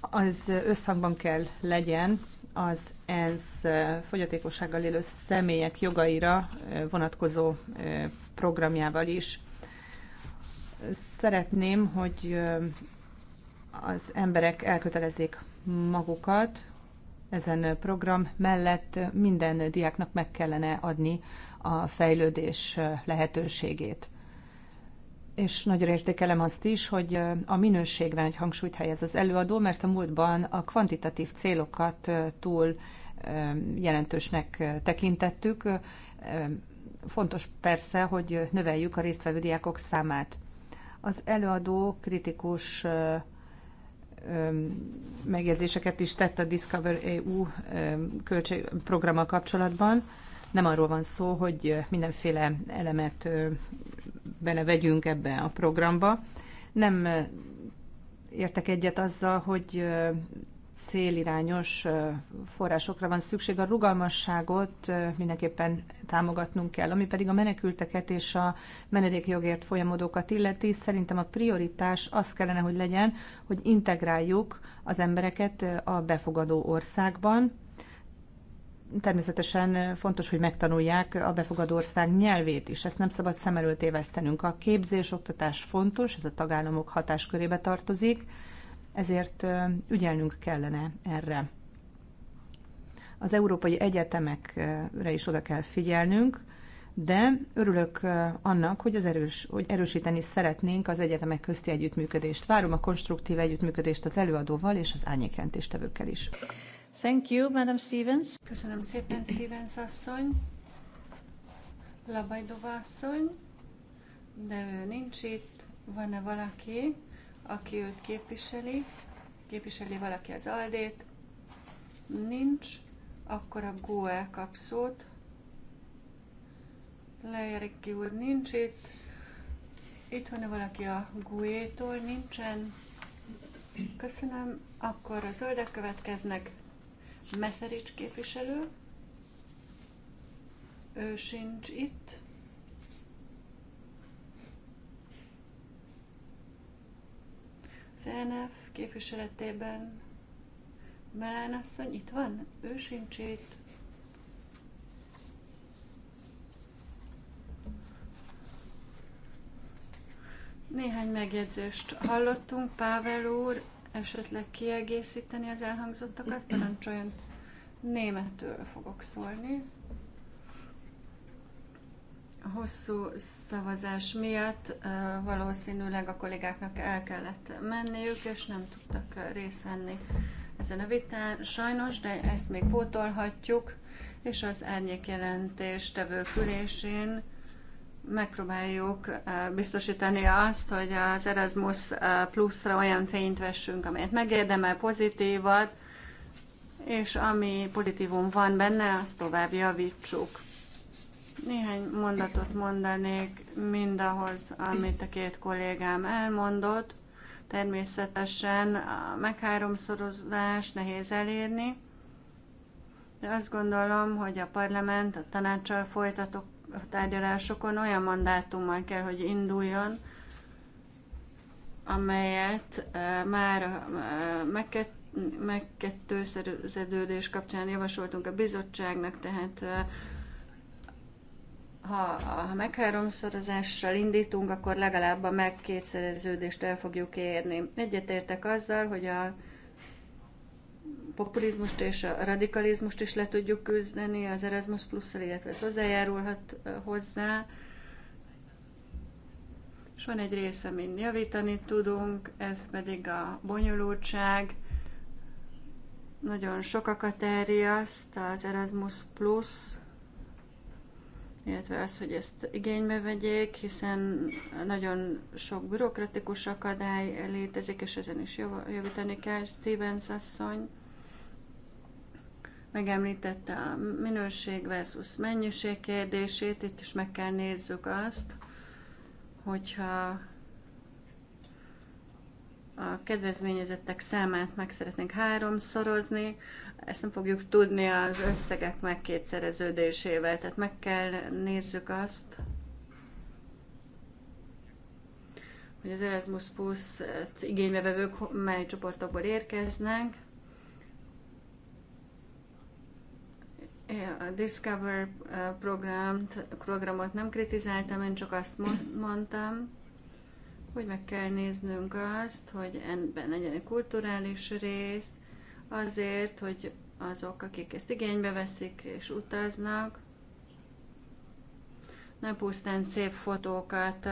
az összhangban kell legyen az ENSZ fogyatékossággal élő személyek jogaira vonatkozó programjával is. Szeretném, hogy az emberek elkötelezzék magukat ezen program mellett minden diáknak meg kellene adni a fejlődés lehetőségét. És nagyon értékelem azt is, hogy a minőségre egy hangsúlyt helyez az előadó, mert a múltban a kvantitatív célokat túl jelentősnek tekintettük. Fontos persze, hogy növeljük a résztvevő diákok számát. Az előadó kritikus megjegyzéseket is tett a Discover EU költségprogrammal kapcsolatban. Nem arról van szó, hogy mindenféle elemet belevegyünk ebbe a programba. Nem értek egyet azzal, hogy célirányos forrásokra van szükség. A rugalmasságot mindenképpen támogatnunk kell, ami pedig a menekülteket és a menedékjogért folyamodókat illeti. Szerintem a prioritás az kellene, hogy legyen, hogy integráljuk az embereket a befogadó országban. Természetesen fontos, hogy megtanulják a befogadó ország nyelvét is. Ezt nem szabad szem előtt évesztenünk. A képzés, oktatás fontos, ez a tagállamok hatáskörébe tartozik ezért ügyelnünk kellene erre. Az európai egyetemekre is oda kell figyelnünk, de örülök annak, hogy, az erős, hogy erősíteni szeretnénk az egyetemek közti együttműködést. Várom a konstruktív együttműködést az előadóval és az árnyékrendéstevőkkel is. Thank you, Madam Stevens. Köszönöm szépen, Stevens asszony. Labajdova asszony, de ő nincs itt. Van-e valaki, aki őt képviseli, képviseli valaki az Aldét, nincs, akkor a GUE kap szót. Lejeriki úr nincs itt, itt van -e valaki a Guétól nincsen. Köszönöm, akkor a zöldek következnek. Meszerics képviselő, ő sincs itt. CNF képviseletében Melán asszony itt van? Ő sincs itt. Néhány megjegyzést hallottunk. Pável úr, esetleg kiegészíteni az elhangzottakat? Parancsoljon. Németül fogok szólni hosszú szavazás miatt valószínűleg a kollégáknak el kellett menniük, és nem tudtak részt venni ezen a vitán. Sajnos, de ezt még pótolhatjuk, és az árnyékjelentés tevő ülésén megpróbáljuk biztosítani azt, hogy az Erasmus pluszra olyan fényt vessünk, amelyet megérdemel, pozitívat, és ami pozitívum van benne, azt tovább javítsuk. Néhány mondatot mondanék mindahhoz, amit a két kollégám elmondott. Természetesen a megháromszorozás nehéz elérni, de azt gondolom, hogy a parlament a tanácssal folytatott tárgyalásokon olyan mandátummal kell, hogy induljon, amelyet már megkett, megkettőszerződés kapcsán javasoltunk a bizottságnak, tehát ha, ha megháromszorozással indítunk, akkor legalább a megkétszereződést el fogjuk érni. Egyetértek azzal, hogy a populizmust és a radikalizmust is le tudjuk küzdeni az Erasmus plusz illetve ez hozzájárulhat hozzá. És van egy része, amit javítani tudunk, ez pedig a bonyolultság. Nagyon sokakat terjeszt az Erasmus plusz illetve az, hogy ezt igénybe vegyék, hiszen nagyon sok bürokratikus akadály létezik, és ezen is javítani kell. Stevens asszony megemlítette a minőség versus mennyiség kérdését, itt is meg kell nézzük azt, hogyha a kedvezményezettek számát meg szeretnénk háromszorozni, ezt nem fogjuk tudni az összegek megkétszereződésével, tehát meg kell nézzük azt, hogy az Erasmus Plus eh, igénybevevők mely csoportokból érkeznek. Eh, a Discover eh, programt, programot nem kritizáltam, én csak azt mondtam, hogy meg kell néznünk azt, hogy ebben legyen egy kulturális rész, azért, hogy azok, akik ezt igénybe veszik és utaznak, ne pusztán szép fotókat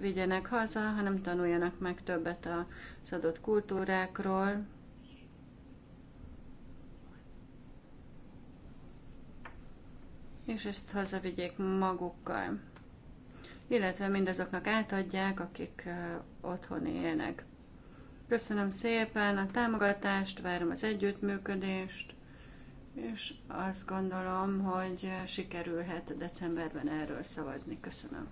vigyenek haza, hanem tanuljanak meg többet az adott kultúrákról. És ezt hazavigyék magukkal illetve mindazoknak átadják, akik otthon élnek. Köszönöm szépen a támogatást, várom az együttműködést, és azt gondolom, hogy sikerülhet decemberben erről szavazni. Köszönöm.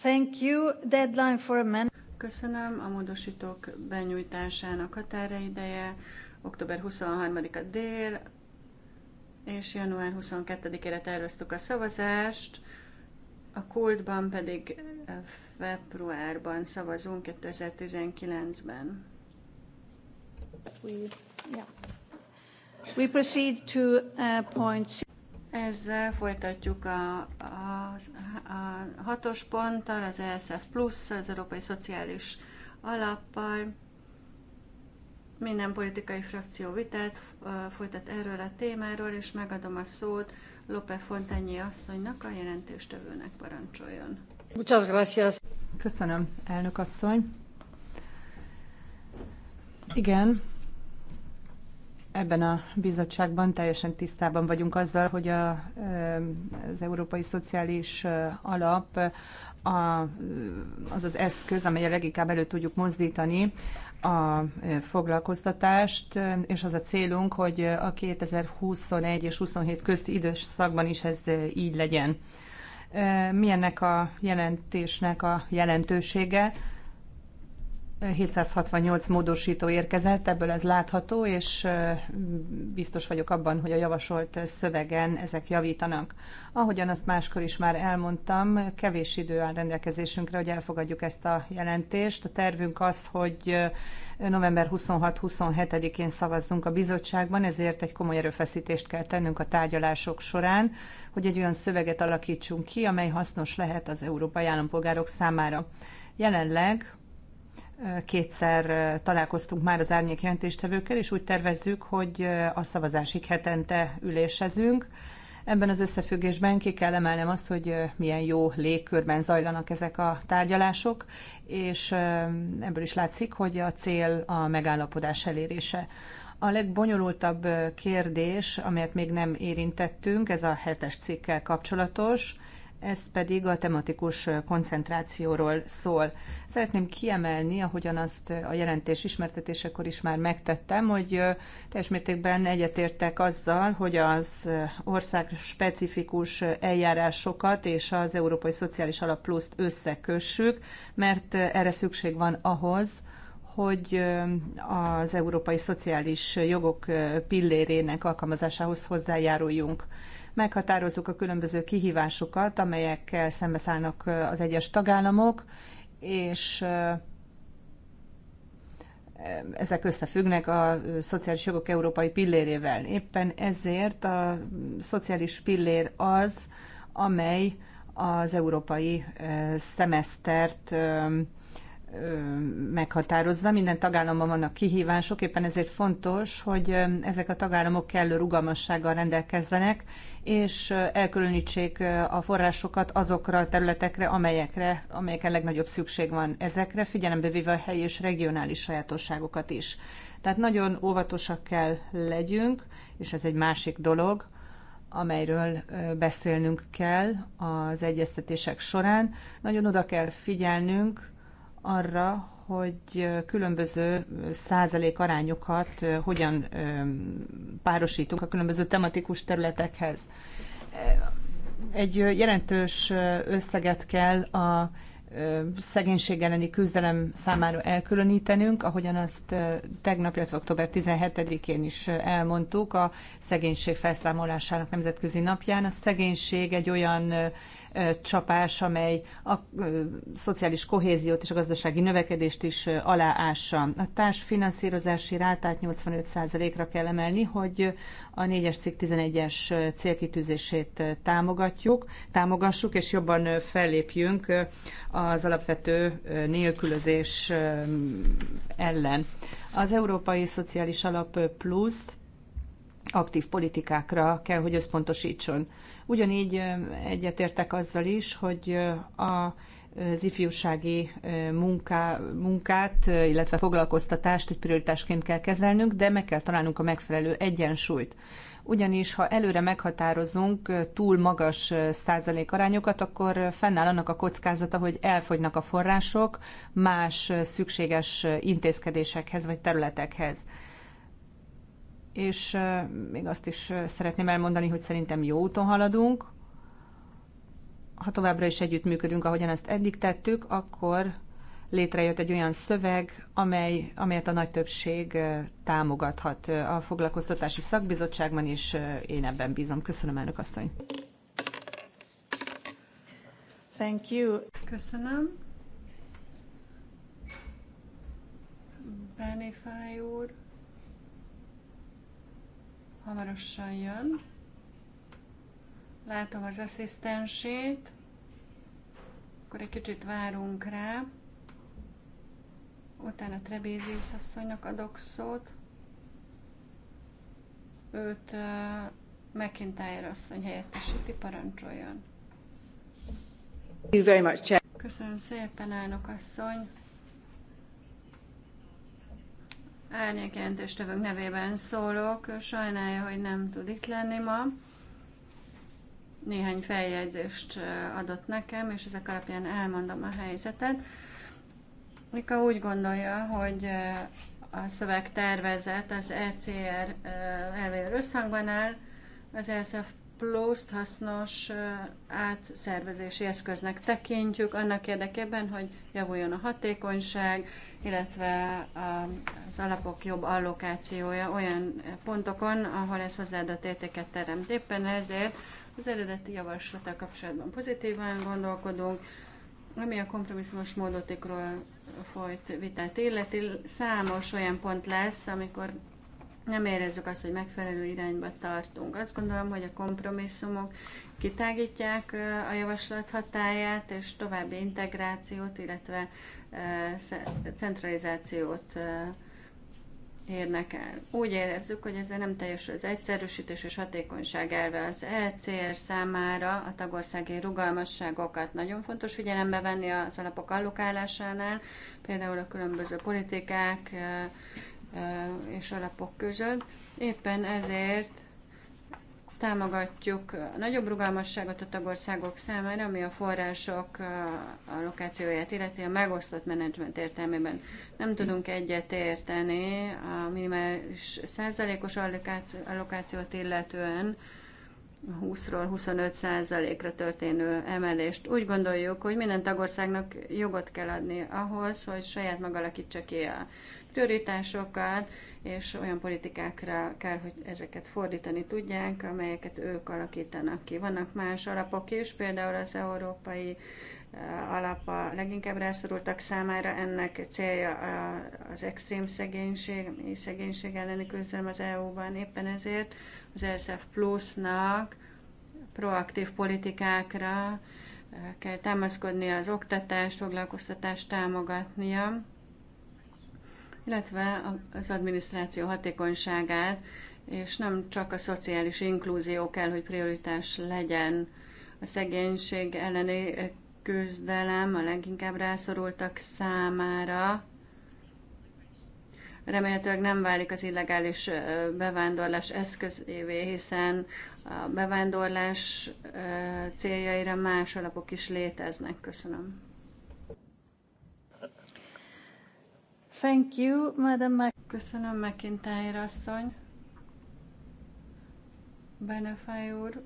Thank you. Deadline for a man. Köszönöm. A módosítók benyújtásának határideje október 23-a dél, és január 22-ére terveztük a szavazást. A kultban pedig februárban szavazunk 2019-ben. We, yeah. We proceed to uh, point ezzel folytatjuk a, a, a hatos ponttal, az ESF plusz, az Európai Szociális Alappal. Minden politikai frakció vitát folytat erről a témáról, és megadom a szót Lope Fontányi asszonynak, a jelentéstevőnek parancsoljon. Muchas gracias. Köszönöm, elnök asszony. Igen, ebben a bizottságban teljesen tisztában vagyunk azzal, hogy a, az Európai Szociális Alap a, az az eszköz, amelyet leginkább elő tudjuk mozdítani a foglalkoztatást, és az a célunk, hogy a 2021 és 27 közti időszakban is ez így legyen. Milyennek a jelentésnek a jelentősége? 768 módosító érkezett, ebből ez látható, és biztos vagyok abban, hogy a javasolt szövegen ezek javítanak. Ahogyan azt máskor is már elmondtam, kevés idő áll rendelkezésünkre, hogy elfogadjuk ezt a jelentést. A tervünk az, hogy november 26-27-én szavazzunk a bizottságban, ezért egy komoly erőfeszítést kell tennünk a tárgyalások során, hogy egy olyan szöveget alakítsunk ki, amely hasznos lehet az európai állampolgárok számára. Jelenleg Kétszer találkoztunk már az árnyék jelentéstevőkkel, és úgy tervezzük, hogy a szavazásig hetente ülésezünk. Ebben az összefüggésben ki kell emelnem azt, hogy milyen jó légkörben zajlanak ezek a tárgyalások, és ebből is látszik, hogy a cél a megállapodás elérése. A legbonyolultabb kérdés, amelyet még nem érintettünk, ez a hetes cikkkel kapcsolatos ez pedig a tematikus koncentrációról szól. Szeretném kiemelni, ahogyan azt a jelentés ismertetésekor is már megtettem, hogy teljes mértékben egyetértek azzal, hogy az ország specifikus eljárásokat és az Európai Szociális Alap Pluszt összekössük, mert erre szükség van ahhoz, hogy az európai szociális jogok pillérének alkalmazásához hozzájáruljunk meghatározzuk a különböző kihívásokat, amelyekkel szembeszállnak az egyes tagállamok, és ezek összefüggnek a szociális jogok európai pillérével. Éppen ezért a szociális pillér az, amely az európai szemesztert meghatározza. Minden tagállamban vannak kihívások, éppen ezért fontos, hogy ezek a tagállamok kellő rugalmassággal rendelkezzenek, és elkülönítsék a forrásokat azokra a területekre, amelyekre, amelyeken legnagyobb szükség van ezekre, figyelembe véve a helyi és regionális sajátosságokat is. Tehát nagyon óvatosak kell legyünk, és ez egy másik dolog, amelyről beszélnünk kell az egyeztetések során. Nagyon oda kell figyelnünk arra, hogy különböző százalék arányokat hogyan párosítunk a különböző tematikus területekhez. Egy jelentős összeget kell a szegénység elleni küzdelem számára elkülönítenünk, ahogyan azt tegnap, illetve október 17-én is elmondtuk a szegénység felszámolásának nemzetközi napján. A szegénység egy olyan csapás, amely a szociális kohéziót és a gazdasági növekedést is aláássa. A társfinanszírozási rátát 85%-ra kell emelni, hogy a 4-es cikk 11-es célkitűzését támogatjuk, támogassuk, és jobban fellépjünk az alapvető nélkülözés ellen. Az Európai Szociális Alap Plusz aktív politikákra kell, hogy összpontosítson. Ugyanígy egyetértek azzal is, hogy a az ifjúsági munká, munkát, illetve foglalkoztatást egy prioritásként kell kezelnünk, de meg kell találnunk a megfelelő egyensúlyt. Ugyanis, ha előre meghatározunk túl magas százalékarányokat, akkor fennáll annak a kockázata, hogy elfogynak a források más szükséges intézkedésekhez vagy területekhez és még azt is szeretném elmondani, hogy szerintem jó úton haladunk. Ha továbbra is együttműködünk, ahogyan ezt eddig tettük, akkor létrejött egy olyan szöveg, amely, amelyet a nagy többség támogathat a foglalkoztatási szakbizottságban, és én ebben bízom. Köszönöm, elnök asszony. Thank you. Köszönöm. Benefáj úr hamarosan jön. Látom az asszisztensét, akkor egy kicsit várunk rá. Utána Trebézius asszonynak adok szót. Őt uh, McIntyre asszony helyettesíti, parancsoljon. Köszönöm szépen, elnök asszony! árnyékjelentős tövök nevében szólok. Sajnálja, hogy nem tud itt lenni ma. Néhány feljegyzést adott nekem, és ezek alapján elmondom a helyzetet. Mika úgy gondolja, hogy a szöveg tervezet az ECR elvér összhangban áll, az ESF Plus-t hasznos átszervezési eszköznek tekintjük, annak érdekében, hogy javuljon a hatékonyság, illetve um, az alapok jobb allokációja olyan pontokon, ahol ez hozzáadott értéket teremt. Éppen ezért az eredeti javaslata kapcsolatban pozitívan gondolkodunk, ami a kompromisszumos módotikról folyt vitát illeti, számos olyan pont lesz, amikor nem érezzük azt, hogy megfelelő irányba tartunk. Azt gondolom, hogy a kompromisszumok kitágítják uh, a javaslat hatáját, és további integrációt, illetve Eh, centralizációt eh, érnek el. Úgy érezzük, hogy ezzel nem teljes az egyszerűsítés és hatékonyság elve az ECR számára a tagországi rugalmasságokat nagyon fontos figyelembe venni az alapok allokálásánál, például a különböző politikák eh, és alapok között. Éppen ezért támogatjuk a nagyobb rugalmasságot a tagországok számára, ami a források lokációját illeti a megosztott menedzsment értelmében. Nem tudunk egyet érteni a minimális százalékos allokációt illetően, 20-ról 25 százalékra történő emelést. Úgy gondoljuk, hogy minden tagországnak jogot kell adni ahhoz, hogy saját maga alakítsa ki a prioritásokat, és olyan politikákra kell, hogy ezeket fordítani tudják, amelyeket ők alakítanak ki. Vannak más alapok is, például az európai eh, alap a leginkább rászorultak számára. Ennek célja az extrém szegénység, és szegénység elleni küzdelem az EU-ban. Éppen ezért az ESF Plusnak proaktív politikákra eh, kell támaszkodnia az oktatást, foglalkoztatást támogatnia illetve az adminisztráció hatékonyságát, és nem csak a szociális inklúzió kell, hogy prioritás legyen. A szegénység elleni küzdelem a leginkább rászorultak számára. Remélhetőleg nem válik az illegális bevándorlás eszközévé, hiszen a bevándorlás céljaira más alapok is léteznek. Köszönöm. Thank you, Madam Köszönöm, McIntyre asszony. Benefáj úr,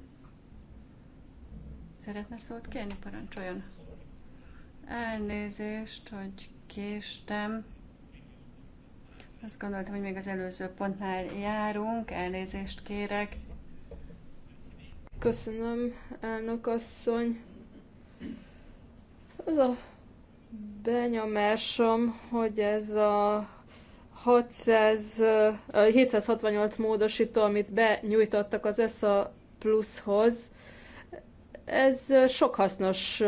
szeretne szót kérni? Parancsoljon. Elnézést, hogy késtem. Azt gondoltam, hogy még az előző pontnál járunk. Elnézést kérek. Köszönöm, elnök asszony. Az a benyomásom, hogy ez a 600, 768 módosító, amit benyújtottak az ESA pluszhoz, ez sok hasznos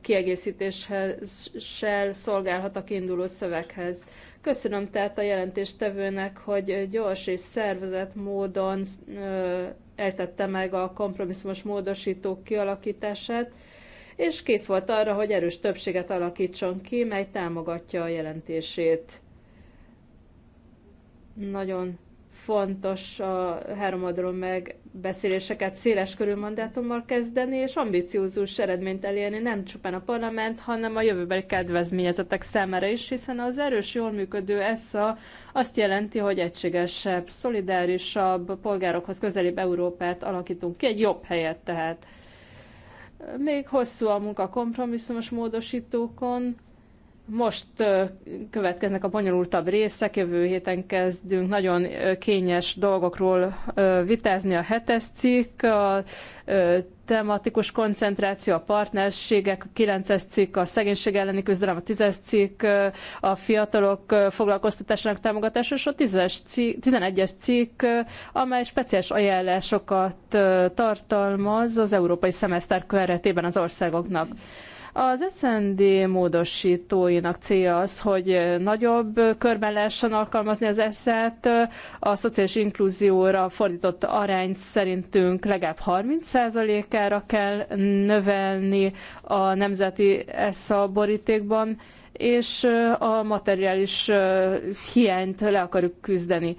kiegészítéssel szolgálhat a kiinduló szöveghez. Köszönöm tehát a jelentéstevőnek, hogy gyors és szervezett módon eltette meg a kompromisszumos módosítók kialakítását, és kész volt arra, hogy erős többséget alakítson ki, mely támogatja a jelentését. Nagyon fontos a három oldalon megbeszéléseket széles körülmandátummal kezdeni, és ambiciózus eredményt elérni nem csupán a parlament, hanem a jövőbeli kedvezményezetek számára is, hiszen az erős, jól működő ESSA azt jelenti, hogy egységesebb, szolidárisabb, polgárokhoz közelibb Európát alakítunk ki, egy jobb helyet tehát. Még hosszú a munka kompromisszumos módosítókon, most következnek a bonyolultabb részek, jövő héten kezdünk nagyon kényes dolgokról vitázni a hetes cikk, a tematikus koncentráció, a partnerségek, a kilences cikk, a szegénység elleni küzdelem, a tízes cikk, a fiatalok foglalkoztatásának támogatása, és a tizenegyes cikk, amely speciális ajánlásokat tartalmaz az európai szemeszter keretében az országoknak. Az SND módosítóinak célja az, hogy nagyobb körben lehessen alkalmazni az eszet, a szociális inkluzióra fordított arány szerintünk legalább 30%-ára kell növelni a nemzeti ESZA borítékban, és a materiális hiányt le akarjuk küzdeni.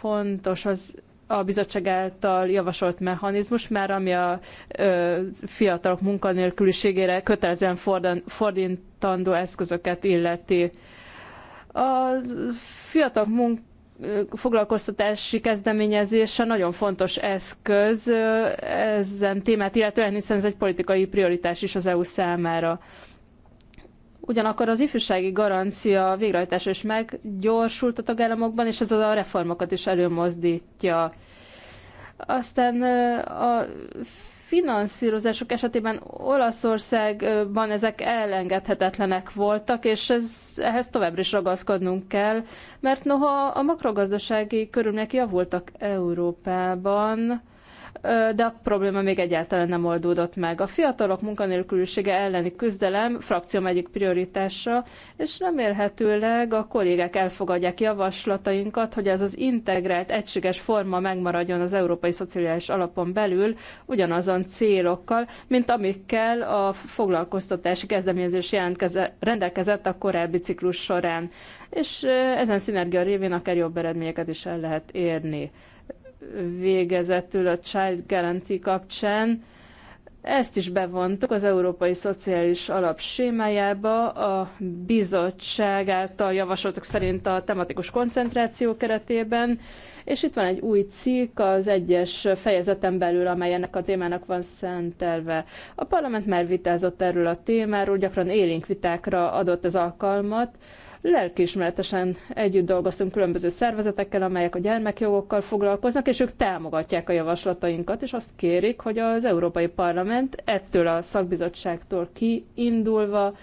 Fontos az a bizottság által javasolt mechanizmus, már ami a ö, fiatalok munkanélküliségére kötelezően fordítandó eszközöket illeti. A fiatalok munk foglalkoztatási kezdeményezése nagyon fontos eszköz ezen témát illetően, hiszen ez egy politikai prioritás is az EU számára. Ugyanakkor az ifjúsági garancia végrehajtása is meggyorsult a tagállamokban, és ez a reformokat is előmozdítja. Aztán a finanszírozások esetében Olaszországban ezek elengedhetetlenek voltak, és ez, ehhez továbbra is ragaszkodnunk kell, mert noha a makrogazdasági körülmények javultak Európában, de a probléma még egyáltalán nem oldódott meg. A fiatalok munkanélkülisége elleni küzdelem frakció egyik prioritása, és remélhetőleg a kollégák elfogadják javaslatainkat, hogy ez az integrált, egységes forma megmaradjon az Európai Szociális Alapon belül ugyanazon célokkal, mint amikkel a foglalkoztatási kezdeményezés rendelkezett a korábbi ciklus során. És ezen szinergia révén akár jobb eredményeket is el lehet érni végezetül a Child Guarantee kapcsán. Ezt is bevontuk az Európai Szociális Alap sémájába. A bizottság által javasoltak szerint a tematikus koncentráció keretében, és itt van egy új cikk az egyes fejezeten belül, amely ennek a témának van szentelve. A parlament már vitázott erről a témáról, gyakran élénk vitákra adott az alkalmat, Lelkiismeretesen együtt dolgoztunk különböző szervezetekkel, amelyek a gyermekjogokkal foglalkoznak, és ők támogatják a javaslatainkat, és azt kérik, hogy az Európai Parlament ettől a szakbizottságtól kiindulva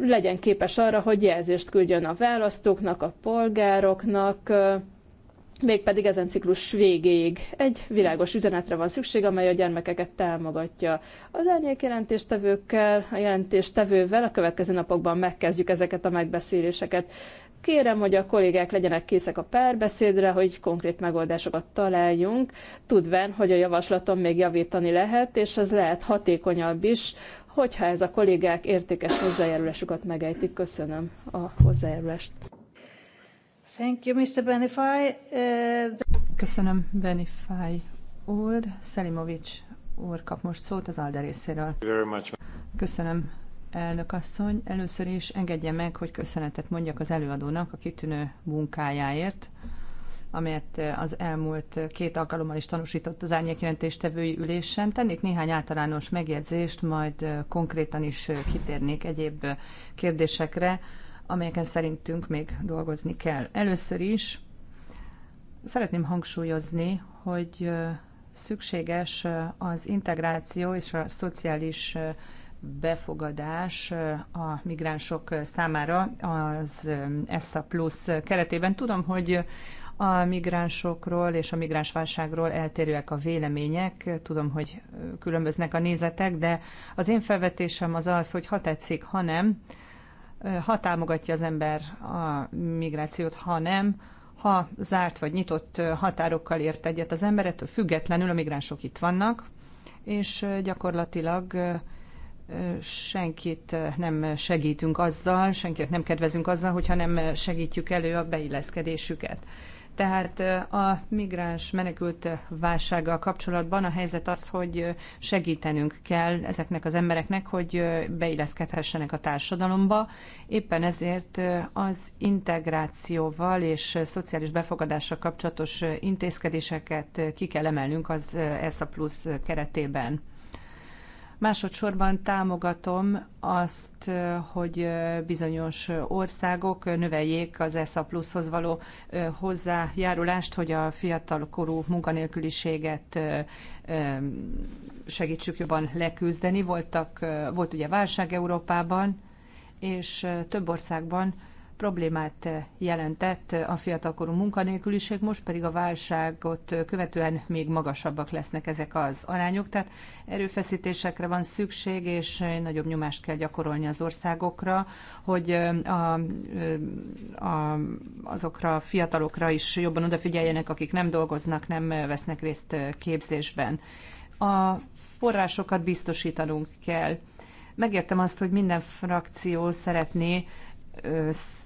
legyen képes arra, hogy jelzést küldjön a választóknak, a polgároknak, mégpedig ezen ciklus végéig. Egy világos üzenetre van szükség, amely a gyermekeket támogatja. Az elnyék jelentéstevőkkel, a jelentéstevővel a következő napokban megkezdjük ezeket a megbeszéléseket. Kérem, hogy a kollégák legyenek készek a párbeszédre, hogy konkrét megoldásokat találjunk, tudván, hogy a javaslaton még javítani lehet, és ez lehet hatékonyabb is, hogyha ez a kollégák értékes hozzájárulásukat megejtik. Köszönöm a hozzájárulást. Thank you, Mr. Benify. Uh, Köszönöm, Benify úr. Szelimovics úr kap most szót az ALDE részéről. Köszönöm, elnök asszony. Először is engedje meg, hogy köszönetet mondjak az előadónak a kitűnő munkájáért, amelyet az elmúlt két alkalommal is tanúsított az jelentéstevői ülésen. Tennék néhány általános megjegyzést, majd konkrétan is kitérnék egyéb kérdésekre, amelyeken szerintünk még dolgozni kell. Először is szeretném hangsúlyozni, hogy szükséges az integráció és a szociális befogadás a migránsok számára az ESSA Plus keretében. Tudom, hogy a migránsokról és a migránsválságról eltérőek a vélemények. Tudom, hogy különböznek a nézetek, de az én felvetésem az az, hogy ha tetszik, ha nem, ha támogatja az ember a migrációt, ha nem, ha zárt vagy nyitott határokkal ért egyet az emberet. függetlenül a migránsok itt vannak, és gyakorlatilag senkit nem segítünk azzal, senkit nem kedvezünk azzal, hogyha nem segítjük elő a beilleszkedésüket. Tehát a migráns menekült válsággal kapcsolatban a helyzet az, hogy segítenünk kell ezeknek az embereknek, hogy beilleszkedhessenek a társadalomba. Éppen ezért az integrációval és szociális befogadással kapcsolatos intézkedéseket ki kell emelnünk az ESA Plus keretében. Másodszorban támogatom azt, hogy bizonyos országok növeljék az ESA pluszhoz való hozzájárulást, hogy a fiatalkorú munkanélküliséget segítsük jobban leküzdeni. Voltak, volt ugye válság Európában, és több országban problémát jelentett a fiatalkorú munkanélküliség, most pedig a válságot követően még magasabbak lesznek ezek az arányok, tehát erőfeszítésekre van szükség, és nagyobb nyomást kell gyakorolni az országokra, hogy a, a, azokra a fiatalokra is jobban odafigyeljenek, akik nem dolgoznak, nem vesznek részt képzésben. A forrásokat biztosítanunk kell. Megértem azt, hogy minden frakció szeretné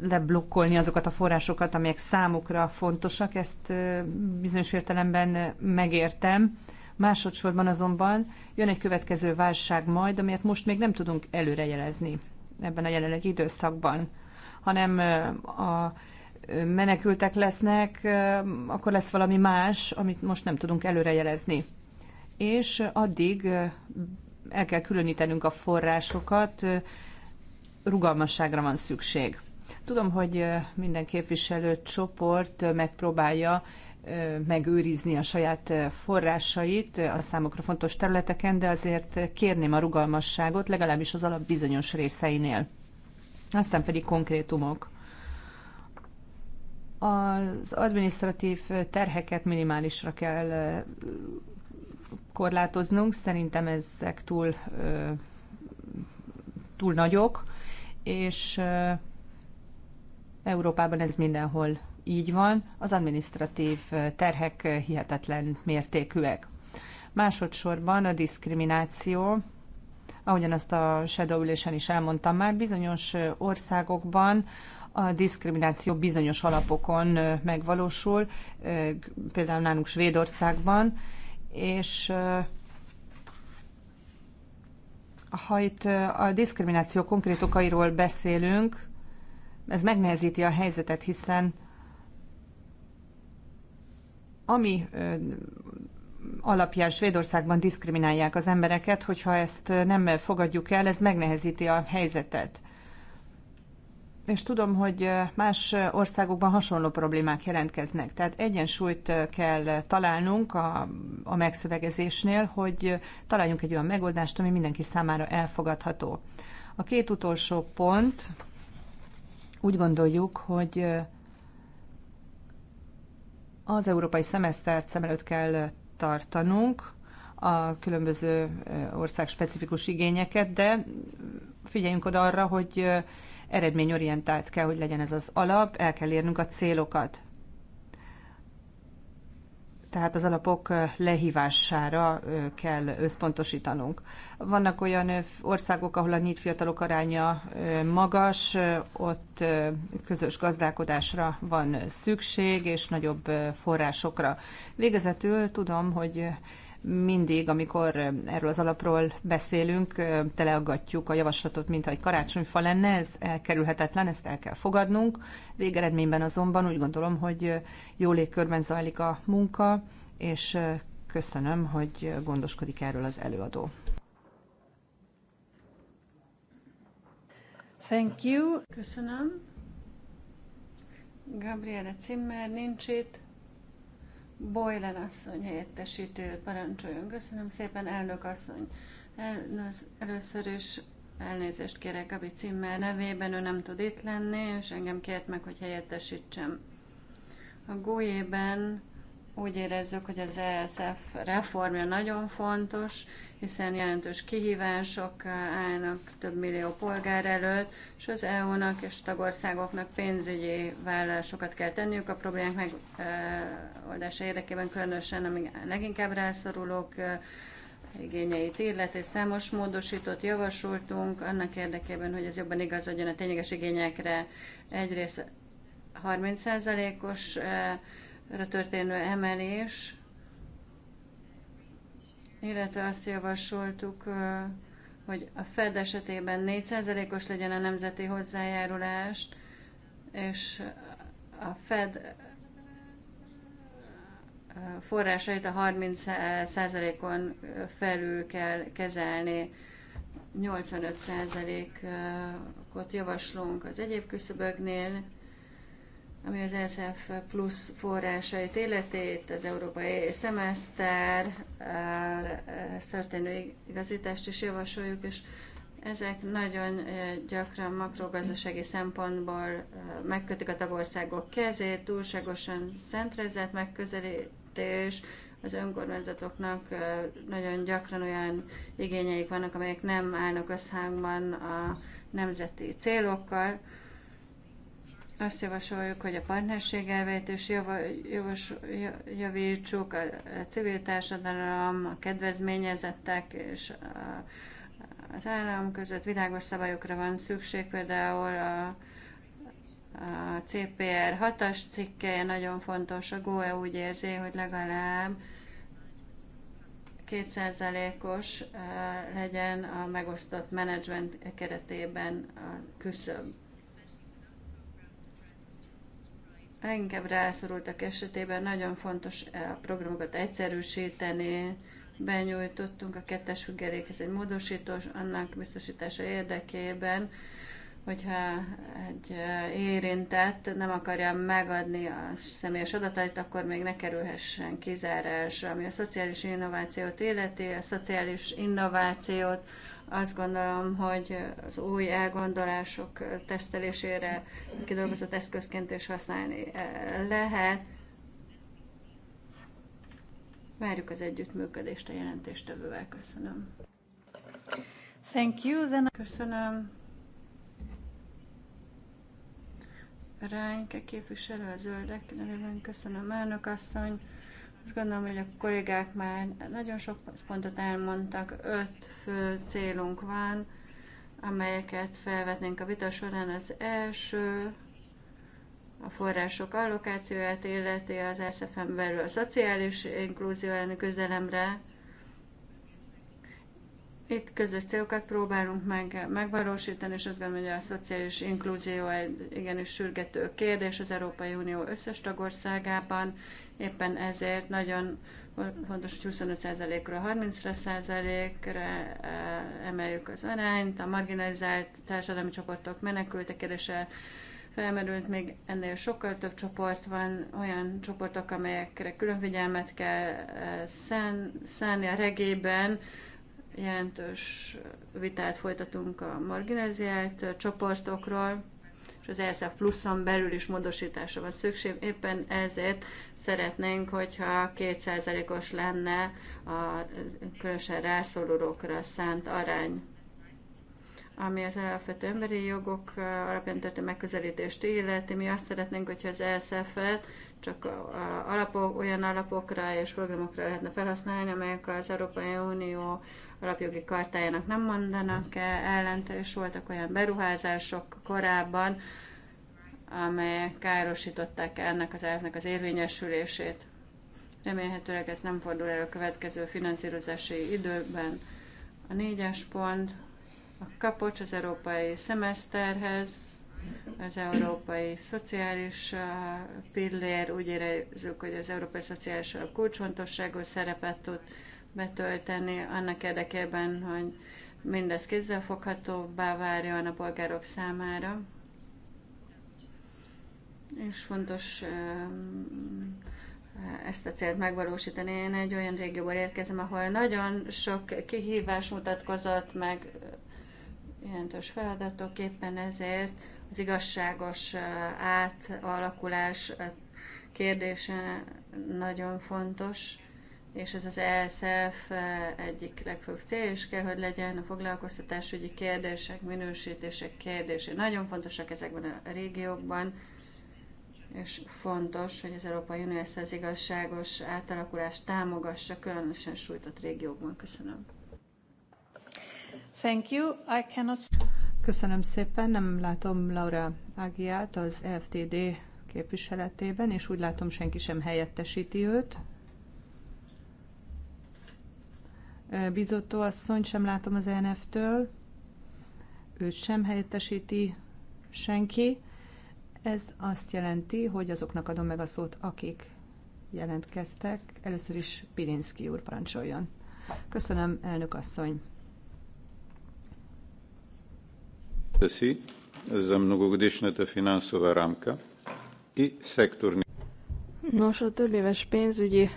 leblokkolni azokat a forrásokat, amelyek számukra fontosak, ezt bizonyos értelemben megértem. Másodszorban azonban jön egy következő válság majd, amelyet most még nem tudunk előrejelezni ebben a jelenlegi időszakban, hanem a menekültek lesznek, akkor lesz valami más, amit most nem tudunk előrejelezni. És addig el kell különítenünk a forrásokat, rugalmasságra van szükség. Tudom, hogy minden képviselő csoport megpróbálja megőrizni a saját forrásait a számokra fontos területeken, de azért kérném a rugalmasságot, legalábbis az alap bizonyos részeinél. Aztán pedig konkrétumok. Az administratív terheket minimálisra kell korlátoznunk, szerintem ezek túl, túl nagyok és Európában ez mindenhol így van, az administratív terhek hihetetlen mértékűek. Másodszorban a diszkrimináció, ahogyan azt a shadow ülésen is elmondtam már, bizonyos országokban a diszkrimináció bizonyos alapokon megvalósul, például nálunk Svédországban, és ha itt a diszkrimináció konkrét okairól beszélünk, ez megnehezíti a helyzetet, hiszen ami alapján Svédországban diszkriminálják az embereket, hogyha ezt nem fogadjuk el, ez megnehezíti a helyzetet és tudom, hogy más országokban hasonló problémák jelentkeznek. Tehát egyensúlyt kell találnunk a, a megszövegezésnél, hogy találjunk egy olyan megoldást, ami mindenki számára elfogadható. A két utolsó pont, úgy gondoljuk, hogy az európai szemesztert szem előtt kell tartanunk, a különböző ország specifikus igényeket, de figyeljünk oda arra, hogy Eredményorientált kell, hogy legyen ez az alap, el kell érnünk a célokat. Tehát az alapok lehívására kell összpontosítanunk. Vannak olyan országok, ahol a nyit fiatalok aránya magas, ott közös gazdálkodásra van szükség, és nagyobb forrásokra. Végezetül tudom, hogy mindig, amikor eh, erről az alapról beszélünk, eh, teleaggatjuk a javaslatot, mintha egy karácsonyfa lenne, ez elkerülhetetlen, ezt el kell fogadnunk. Végeredményben azonban úgy gondolom, hogy eh, jó légkörben zajlik a munka, és köszönöm, hogy gondoskodik erről az előadó. Thank you. Köszönöm. Gabriele Zimmer nincs itt. Bojlen asszony helyettesítő parancsoljon. Köszönöm szépen, elnök asszony. El, először is elnézést kérek a címmel nevében, ő nem tud itt lenni, és engem kért meg, hogy helyettesítsem. A GUE-ben úgy érezzük, hogy az ESF reformja nagyon fontos, hiszen jelentős kihívások eh, állnak több millió polgár előtt, és az EU-nak és a tagországoknak pénzügyi vállalásokat kell tenniük a problémák megoldása eh, érdekében, különösen a leginkább rászorulók eh, igényeit illeti. és számos módosított javasoltunk annak érdekében, hogy ez jobban igazodjon a tényleges igényekre. Egyrészt 30%-osra történő emelés, illetve azt javasoltuk, hogy a Fed esetében 4%-os legyen a nemzeti hozzájárulást, és a Fed forrásait a 30%-on felül kell kezelni. 85%-ot javaslunk az egyéb küszöböknél, ami az ESF plusz forrásait életét, az európai szemeszter, eh, ezt történő igazítást is javasoljuk, és ezek nagyon eh, gyakran makrogazdasági szempontból eh, megkötik a tagországok kezét, túlságosan szentrezett megközelítés, az önkormányzatoknak nagyon gyakran olyan igényeik vannak, amelyek nem állnak összhangban a nemzeti célokkal. Azt javasoljuk, hogy a partnerség elvét is javítsuk, a civil társadalom, a kedvezményezettek és az állam között világos szabályokra van szükség, például a, a CPR 6-as cikkeje nagyon fontos, a GOE úgy érzi, hogy legalább 2%-os legyen a megosztott menedzsment keretében a küszöb. leginkább rászorultak esetében nagyon fontos eh, a programokat egyszerűsíteni, benyújtottunk a kettes függelékhez egy módosítós, annak biztosítása érdekében, hogyha egy eh, érintett nem akarja megadni a személyes adatait, akkor még ne kerülhessen kizárásra, ami a szociális innovációt illeti, a szociális innovációt azt gondolom, hogy az új elgondolások tesztelésére kidolgozott eszközként is használni eh, lehet. Várjuk az együttműködést a jelentéstevővel. Köszönöm. Thank you. Then... Köszönöm. Ránke képviselő a zöldek nevében. Köszönöm, elnök asszony. Azt gondolom, hogy a kollégák már nagyon sok pontot elmondtak, öt fő célunk van, amelyeket felvetnénk a vita során. Az első a források allokációját illeti az SFM belül a szociális inkluzió elleni küzdelemre. Itt közös célokat próbálunk meg, megvalósítani, és azt gondolom, hogy a szociális inkluzió egy igenis sürgető kérdés az Európai Unió összes tagországában, Éppen ezért nagyon fontos, hogy 25 ra 30%-ra emeljük az arányt. A marginalizált társadalmi csoportok menekültek kérdése felmerült, még ennél sokkal több csoport van, olyan csoportok, amelyekre külön figyelmet kell eh, szállni a regében, jelentős vitát folytatunk a marginalizált csoportokról és az ESF pluszon belül is módosításra van szükség. Éppen ezért szeretnénk, hogyha kétszázalékos lenne a különösen rászorulókra szánt arány ami az alapvető emberi jogok alapján történő megközelítést illeti. Mi azt szeretnénk, hogyha az esf csak alapok, olyan alapokra és programokra lehetne felhasználni, amelyek az Európai Unió alapjogi kartájának nem mondanak e ellente, és voltak olyan beruházások korábban, amelyek károsították ennek az elvnek az érvényesülését. Remélhetőleg ez nem fordul elő a következő finanszírozási időben. A négyes pont a kapocs az európai szemeszterhez, az európai szociális uh, pillér, úgy érezzük, hogy az európai szociális kulcsfontosságú szerepet tud betölteni annak érdekében, hogy mindez kézzelfoghatóbbá várjon a polgárok számára. És fontos ezt a célt megvalósítani. Én egy olyan régióból érkezem, ahol nagyon sok kihívás mutatkozott meg, jelentős feladatok, éppen ezért az igazságos átalakulás kérdése nagyon fontos és ez az ESF eh, egyik legfőbb cél is kell, hogy legyen a foglalkoztatásügyi kérdések, minősítések kérdése. Nagyon fontosak ezekben a régiókban, és fontos, hogy az Európai Unió ezt az igazságos átalakulást támogassa, különösen sújtott régiókban. Köszönöm. Thank you. I cannot... Köszönöm szépen. Nem látom Laura Ágiát az FTD képviseletében, és úgy látom senki sem helyettesíti őt. Bizotto asszony, sem látom az ENF-től, őt sem helyettesíti senki. Ez azt jelenti, hogy azoknak adom meg a szót, akik jelentkeztek. Először is Pirinszki úr parancsoljon. Köszönöm, elnök asszony. Teszi za mnogогодишната финансова рамка i секторни. Nos, a több éves pénzügyi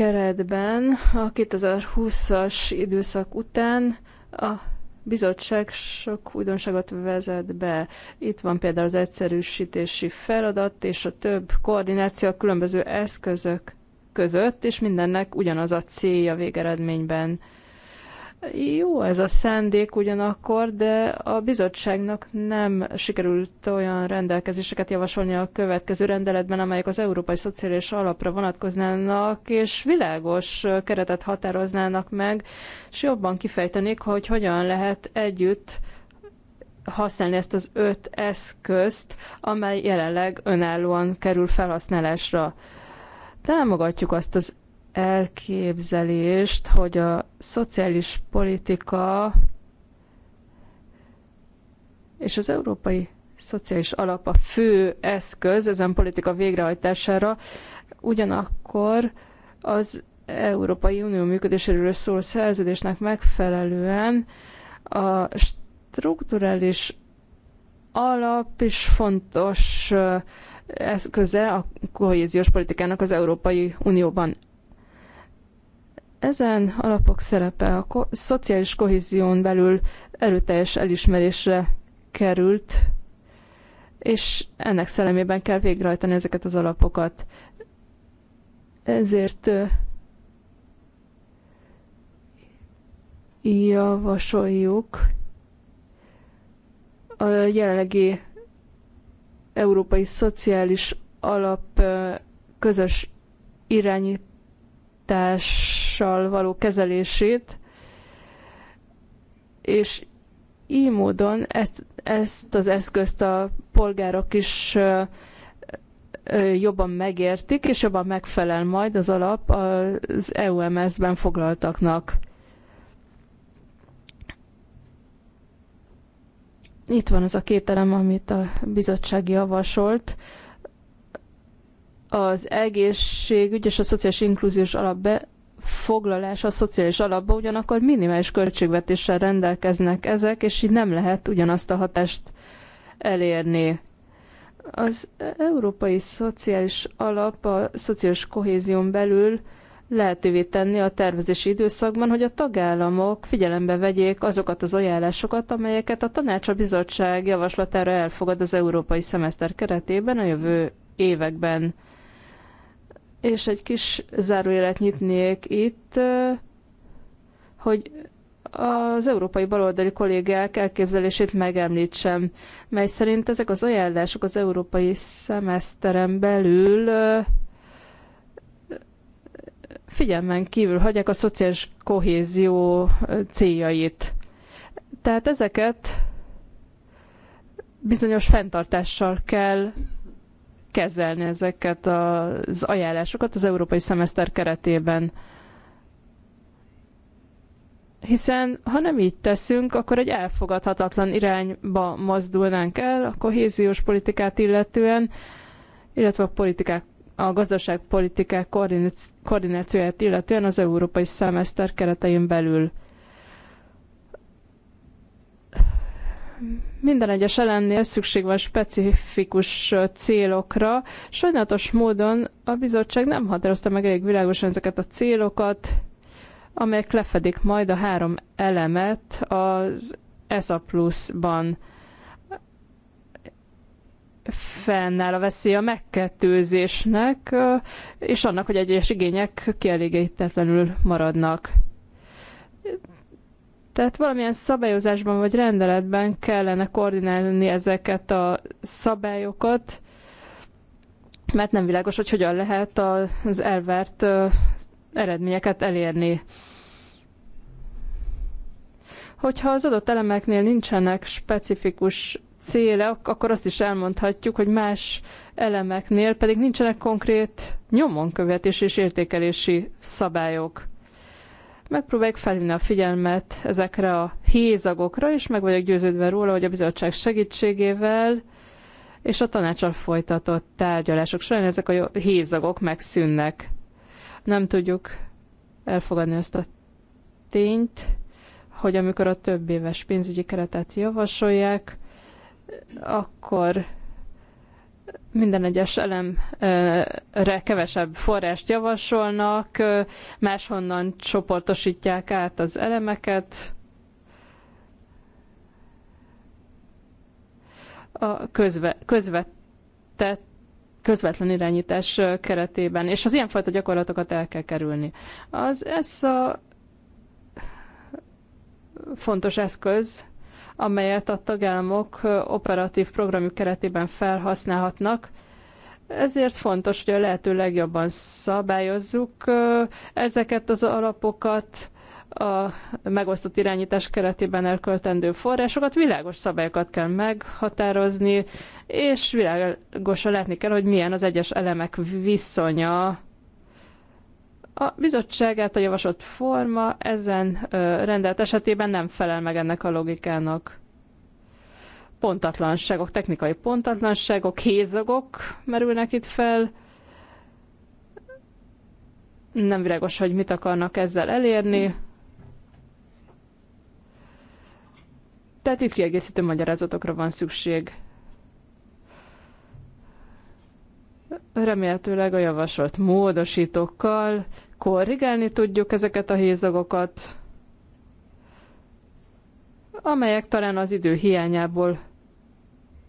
keretben a 2020-as időszak után a bizottság sok újdonságot vezet be. Itt van például az egyszerűsítési feladat és a több koordináció a különböző eszközök között, és mindennek ugyanaz a célja végeredményben. Jó ez a szándék ugyanakkor, de a bizottságnak nem sikerült olyan rendelkezéseket javasolni a következő rendeletben, amelyek az Európai Szociális Alapra vonatkoznának, és világos keretet határoznának meg, és jobban kifejtenék, hogy hogyan lehet együtt használni ezt az öt eszközt, amely jelenleg önállóan kerül felhasználásra. Támogatjuk azt az elképzelést, hogy a szociális politika és az európai szociális alap a fő eszköz ezen politika végrehajtására, ugyanakkor az Európai Unió működéséről szóló szerződésnek megfelelően a strukturális alap is fontos eszköze a kohéziós politikának az Európai Unióban. Ezen alapok szerepe a ko- szociális kohézión belül erőteljes elismerésre került, és ennek szellemében kell végrehajtani ezeket az alapokat. Ezért javasoljuk a jelenlegi Európai Szociális Alap közös irányítás hatással való kezelését, és így módon ezt, ezt az eszközt a polgárok is jobban megértik, és jobban megfelel majd az alap az EUMS-ben foglaltaknak. Itt van az a két elem, amit a bizottság javasolt. Az egészségügy és a szociális inkluziós alap foglalás a szociális alapba, ugyanakkor minimális költségvetéssel rendelkeznek ezek, és így nem lehet ugyanazt a hatást elérni. Az Európai Szociális Alap a szociális kohézión belül lehetővé tenni a tervezési időszakban, hogy a tagállamok figyelembe vegyék azokat az ajánlásokat, amelyeket a Tanács a Bizottság javaslatára elfogad az európai szemeszter keretében a jövő években. És egy kis zárójelet nyitnék itt, hogy az európai baloldali kollégák elképzelését megemlítsem, mely szerint ezek az ajánlások az európai szemeszteren belül figyelmen kívül hagyják a szociális kohézió céljait. Tehát ezeket bizonyos fenntartással kell kezelni ezeket az ajánlásokat az európai szemeszter keretében. Hiszen ha nem így teszünk, akkor egy elfogadhatatlan irányba mozdulnánk el a kohéziós politikát illetően, illetve a politikák a gazdaságpolitikák koordinációját illetően az európai szemeszter keretein belül. Minden egyes elemnél szükség van specifikus célokra. Sajnálatos módon a bizottság nem határozta meg elég világosan ezeket a célokat, amelyek lefedik majd a három elemet az ESA pluszban fennáll a veszély a megkettőzésnek, és annak, hogy egyes igények kielégítetlenül maradnak. Tehát valamilyen szabályozásban vagy rendeletben kellene koordinálni ezeket a szabályokat, mert nem világos, hogy hogyan lehet az elvárt eredményeket elérni. Hogyha az adott elemeknél nincsenek specifikus célok, akkor azt is elmondhatjuk, hogy más elemeknél pedig nincsenek konkrét nyomonkövetés és értékelési szabályok. Megpróbáljuk felvinni a figyelmet ezekre a hézagokra, és meg vagyok győződve róla, hogy a bizottság segítségével és a tanácsal folytatott tárgyalások során ezek a hézagok megszűnnek. Nem tudjuk elfogadni ezt a tényt, hogy amikor a több éves pénzügyi keretet javasolják, akkor minden egyes elemre kevesebb forrást javasolnak, máshonnan csoportosítják át az elemeket. A közve, közvetett, közvetlen irányítás keretében, és az ilyenfajta gyakorlatokat el kell kerülni. Az ez a fontos eszköz, amelyet a tagállamok operatív programjuk keretében felhasználhatnak. Ezért fontos, hogy a lehető legjobban szabályozzuk ezeket az alapokat, a megosztott irányítás keretében elköltendő forrásokat, világos szabályokat kell meghatározni, és világosan látni kell, hogy milyen az egyes elemek viszonya a bizottság által javasolt forma ezen rendelt esetében nem felel meg ennek a logikának. Pontatlanságok, technikai pontatlanságok, hézagok merülnek itt fel. Nem világos, hogy mit akarnak ezzel elérni. Tehát itt kiegészítő magyarázatokra van szükség. Remélhetőleg a javasolt módosítókkal korrigálni tudjuk ezeket a hézagokat, amelyek talán az idő hiányából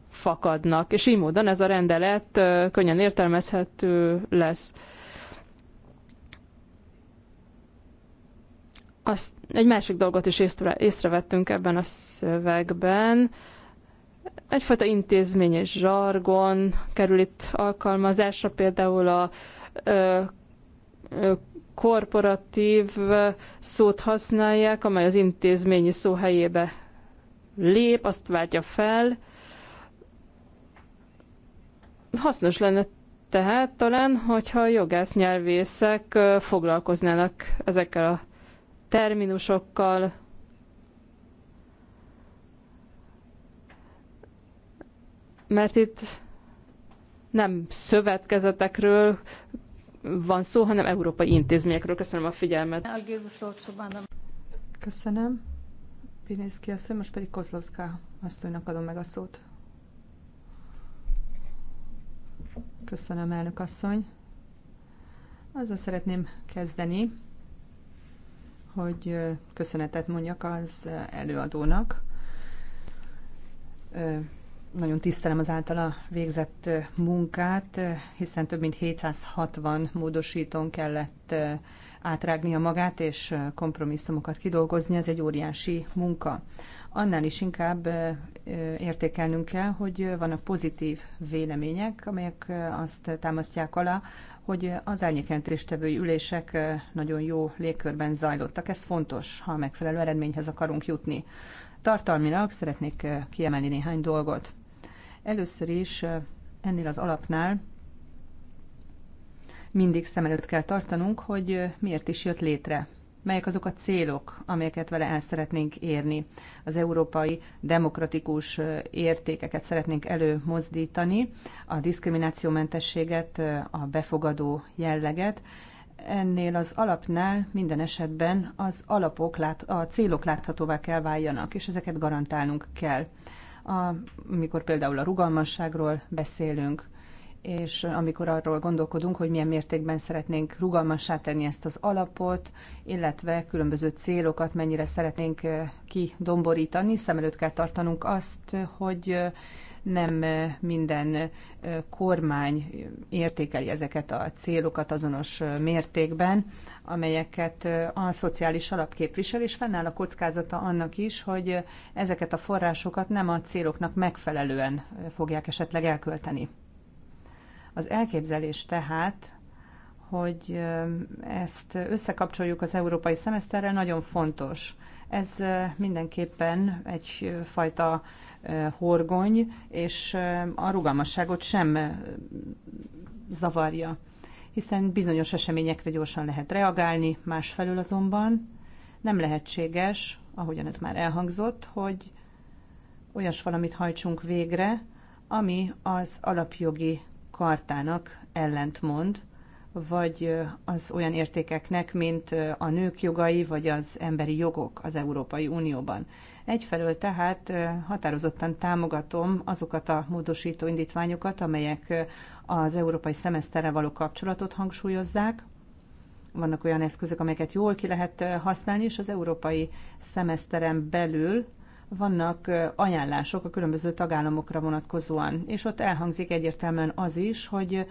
fakadnak, és így módon ez a rendelet könnyen értelmezhető lesz. Azt, egy másik dolgot is észre, észrevettünk ebben a szövegben. Egyfajta intézmény és zsargon kerül itt alkalmazásra, például a ö, ö, korporatív szót használják, amely az intézményi szó helyébe lép, azt váltja fel. Hasznos lenne tehát talán, hogyha jogász nyelvészek foglalkoznának ezekkel a terminusokkal, mert itt nem szövetkezetekről, van szó, hanem európai intézményekről. Köszönöm a figyelmet. Köszönöm. Pirinszki asszony, most pedig Kozlovská asszonynak adom meg a szót. Köszönöm, elnök asszony. Azzal szeretném kezdeni, hogy köszönetet mondjak az előadónak nagyon tisztelem az általa végzett munkát, hiszen több mint 760 módosítón kellett átrágnia magát és kompromisszumokat kidolgozni, ez egy óriási munka. Annál is inkább értékelnünk kell, hogy vannak pozitív vélemények, amelyek azt támasztják alá, hogy az árnyékjelentéstevői ülések nagyon jó légkörben zajlottak. Ez fontos, ha megfelelő eredményhez akarunk jutni. Tartalmilag szeretnék kiemelni néhány dolgot. Először is ennél az alapnál mindig szem előtt kell tartanunk, hogy miért is jött létre melyek azok a célok, amelyeket vele el szeretnénk érni. Az európai demokratikus értékeket szeretnénk előmozdítani, a diszkriminációmentességet, a befogadó jelleget. Ennél az alapnál minden esetben az alapok, lát, a célok láthatóvá kell váljanak, és ezeket garantálnunk kell amikor például a rugalmasságról beszélünk, és amikor arról gondolkodunk, hogy milyen mértékben szeretnénk rugalmassá tenni ezt az alapot, illetve különböző célokat mennyire szeretnénk eh, kidomborítani, szem előtt kell tartanunk azt, hogy eh, nem minden kormány értékeli ezeket a célokat azonos mértékben, amelyeket a szociális alap képvisel, és fennáll a kockázata annak is, hogy ezeket a forrásokat nem a céloknak megfelelően fogják esetleg elkölteni. Az elképzelés tehát, hogy ezt összekapcsoljuk az európai szemeszterrel, nagyon fontos. Ez mindenképpen egyfajta horgony, és a rugalmasságot sem zavarja, hiszen bizonyos eseményekre gyorsan lehet reagálni, másfelől azonban nem lehetséges, ahogyan ez már elhangzott, hogy olyas valamit hajtsunk végre, ami az alapjogi kartának ellentmond, vagy az olyan értékeknek, mint a nők jogai, vagy az emberi jogok az Európai Unióban. Egyfelől tehát határozottan támogatom azokat a módosító indítványokat, amelyek az európai szemeszterre való kapcsolatot hangsúlyozzák, vannak olyan eszközök, amelyeket jól ki lehet használni, és az európai szemeszteren belül vannak ajánlások a különböző tagállamokra vonatkozóan. És ott elhangzik egyértelműen az is, hogy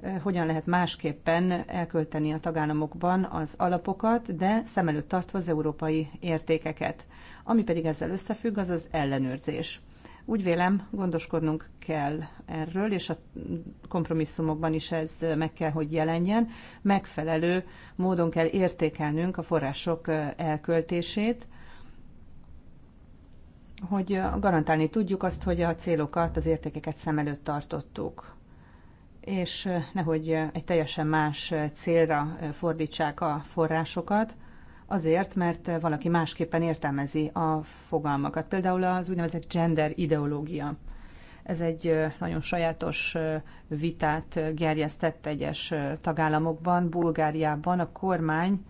Eh, hogyan lehet másképpen elkölteni a tagállamokban az alapokat, de szem előtt tartva az európai értékeket. Ami pedig ezzel összefügg, az az ellenőrzés. Úgy vélem, gondoskodnunk kell erről, és a kompromisszumokban is ez meg kell, hogy jelenjen. Megfelelő módon kell értékelnünk a források eh, elköltését, hogy eh, garantálni tudjuk azt, hogy a célokat, az értékeket szem előtt tartottuk és nehogy egy teljesen más célra fordítsák a forrásokat, azért, mert valaki másképpen értelmezi a fogalmakat. Például az úgynevezett gender ideológia. Ez egy nagyon sajátos vitát gerjesztett egyes tagállamokban. Bulgáriában a kormány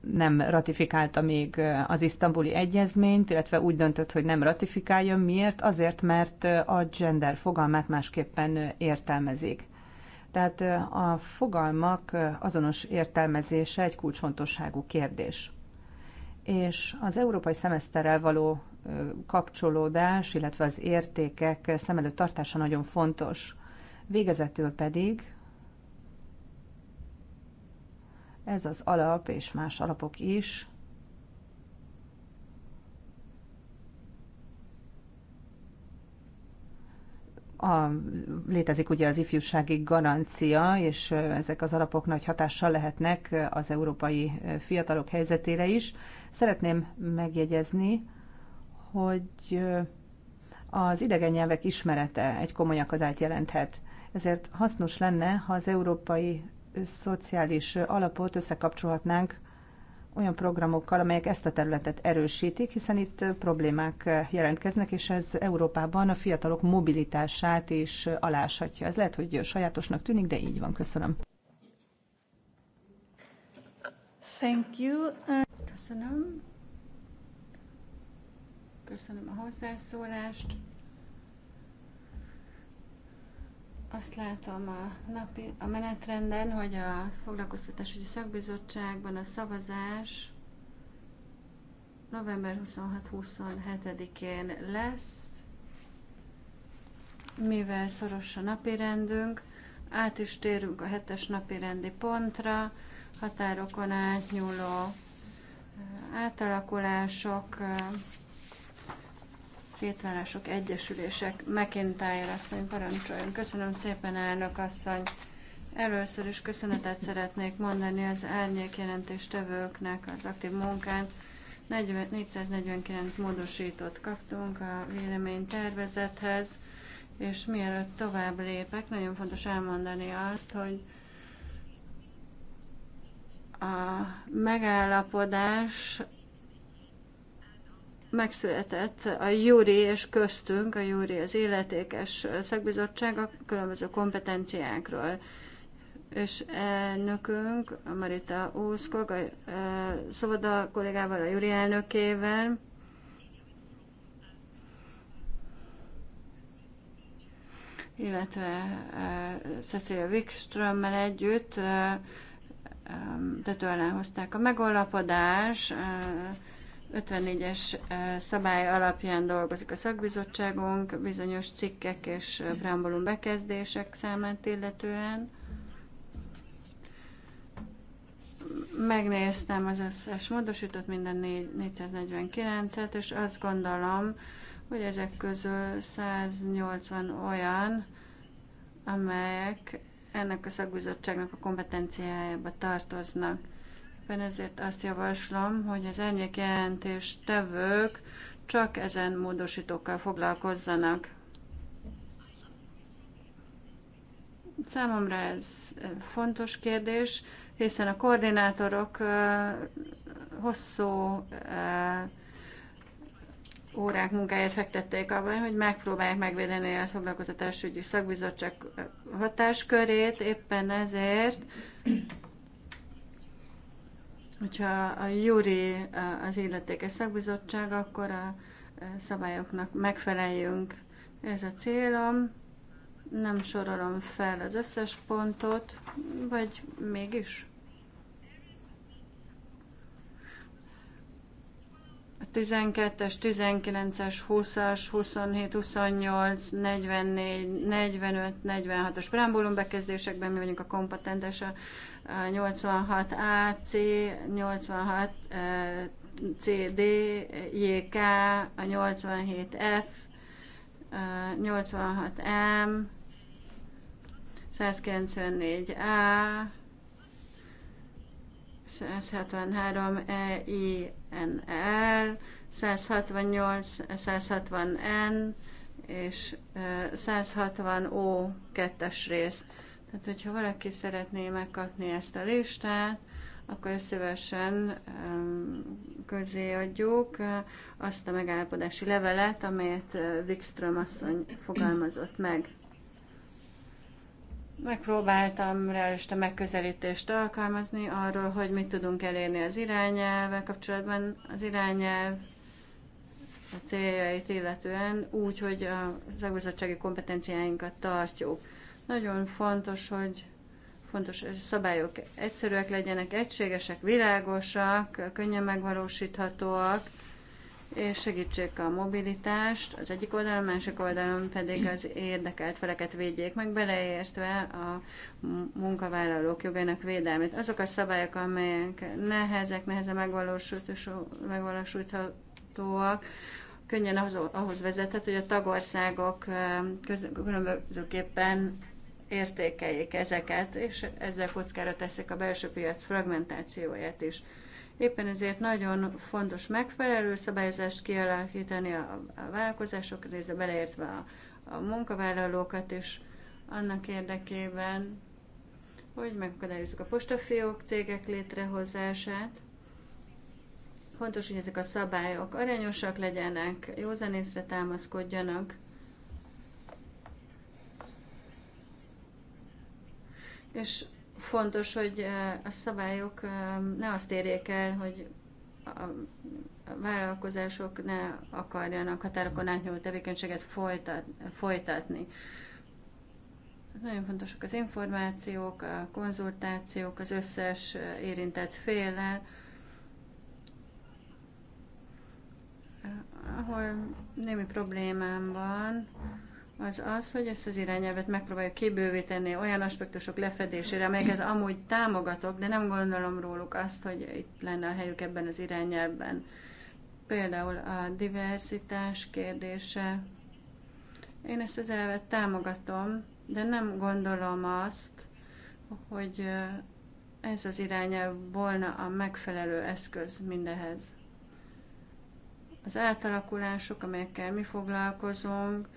nem ratifikálta még az isztambuli egyezményt, illetve úgy döntött, hogy nem ratifikálja. Miért? Azért, mert a gender fogalmát másképpen értelmezik. Tehát a fogalmak azonos értelmezése egy kulcsfontosságú kérdés. És az európai szemeszterrel való kapcsolódás, illetve az értékek szem előtt tartása nagyon fontos. Végezetül pedig Ez az alap és más alapok is a, létezik ugye az ifjúsági garancia, és ezek az alapok nagy hatással lehetnek az európai fiatalok helyzetére is. Szeretném megjegyezni, hogy az idegen nyelvek ismerete egy komoly akadályt jelenthet. Ezért hasznos lenne, ha az európai szociális alapot összekapcsolhatnánk olyan programokkal, amelyek ezt a területet erősítik, hiszen itt problémák jelentkeznek, és ez Európában a fiatalok mobilitását is aláshatja. Ez lehet, hogy sajátosnak tűnik, de így van. Köszönöm. Thank you. Köszönöm. Köszönöm a hozzászólást. Azt látom a, napi, a menetrenden, hogy a foglalkoztatásügyi szakbizottságban a szavazás november 26-27-én lesz, mivel szoros a rendünk át is térünk a hetes napi rendi pontra, határokon átnyúló átalakulások, Szétválások, egyesülések. McIntyre asszony, parancsoljon. Köszönöm szépen, elnök asszony. Először is köszönetet szeretnék mondani az árnyék jelentéstevőknek az aktív munkán. 449 módosítót kaptunk a véleménytervezethez, és mielőtt tovább lépek, nagyon fontos elmondani azt, hogy a megállapodás megszületett a júri és köztünk, a júri az életékes szakbizottság a különböző kompetenciákról. És elnökünk, Marita Úszkog, a e, Szoboda kollégával, a júri elnökével, illetve e, Cecilia Wikströmmel együtt tető e, alá hozták a megállapodás, 54-es szabály alapján dolgozik a szakbizottságunk, bizonyos cikkek és preambulum bekezdések számát illetően. Megnéztem az összes módosított minden 449-et, és azt gondolom, hogy ezek közül 180 olyan, amelyek ennek a szakbizottságnak a kompetenciájába tartoznak. Éppen ezért azt javaslom, hogy az ennyi jelentés tevők csak ezen módosítókkal foglalkozzanak. Számomra ez eh, fontos kérdés, hiszen a koordinátorok eh, hosszú eh, órák munkáját fektették abban, hogy megpróbálják megvédeni a foglalkoztatásügyi szakbizottság hatáskörét, éppen ezért Hogyha a Júri az illetékes szakbizottság, akkor a szabályoknak megfeleljünk. Ez a célom. Nem sorolom fel az összes pontot, vagy mégis? 12-es, 19-es, 20-as, 27, 28, 44, 45, 46-os preambulum bekezdésekben mi vagyunk a kompetentes a 86 AC, 86 CD, JK, a 87 e, F, 86 M, 194 A, 173 R 168, 160N és 160O kettes rész. Tehát, hogyha valaki szeretné megkapni ezt a listát, akkor szívesen közé adjuk azt a megállapodási levelet, amelyet Wikström asszony fogalmazott meg. Megpróbáltam realista megközelítést alkalmazni arról, hogy mit tudunk elérni az irányelvvel kapcsolatban. Az irányelv a céljait illetően úgy, hogy a szakbizottsági kompetenciáinkat tartjuk. Nagyon fontos, hogy fontos hogy szabályok egyszerűek legyenek, egységesek, világosak, könnyen megvalósíthatóak, és segítsék a mobilitást az egyik oldalon, a másik oldalon pedig az érdekelt feleket védjék meg, beleértve a munkavállalók jogainak védelmét. Azok a szabályok, amelyek nehezek, nehezen megvalósíthatóak, könnyen ahhoz, ahhoz vezethet, hogy a tagországok különbözőképpen értékeljék ezeket, és ezzel kockára teszik a belső piac fragmentációját is. Éppen ezért nagyon fontos megfelelő szabályozást kialakítani a, a vállalkozások része, beleértve a, a munkavállalókat is, annak érdekében, hogy megakadályozzuk a postafiók cégek létrehozását. Fontos, hogy ezek a szabályok arányosak legyenek, józanészre támaszkodjanak. És Fontos, hogy a szabályok ne azt érjék el, hogy a vállalkozások ne akarjanak határokon átnyúló tevékenységet folytat, folytatni. Nagyon fontosak az információk, a konzultációk az összes érintett féllel, ahol némi problémám van, az az, hogy ezt az irányelvet megpróbáljuk kibővíteni olyan aspektusok lefedésére, amelyeket amúgy támogatok, de nem gondolom róluk azt, hogy itt lenne a helyük ebben az irányelvben. Például a diversitás kérdése. Én ezt az elvet támogatom, de nem gondolom azt, hogy eh, ez az irányelv volna a megfelelő eszköz mindehez. Az átalakulások, amelyekkel mi foglalkozunk,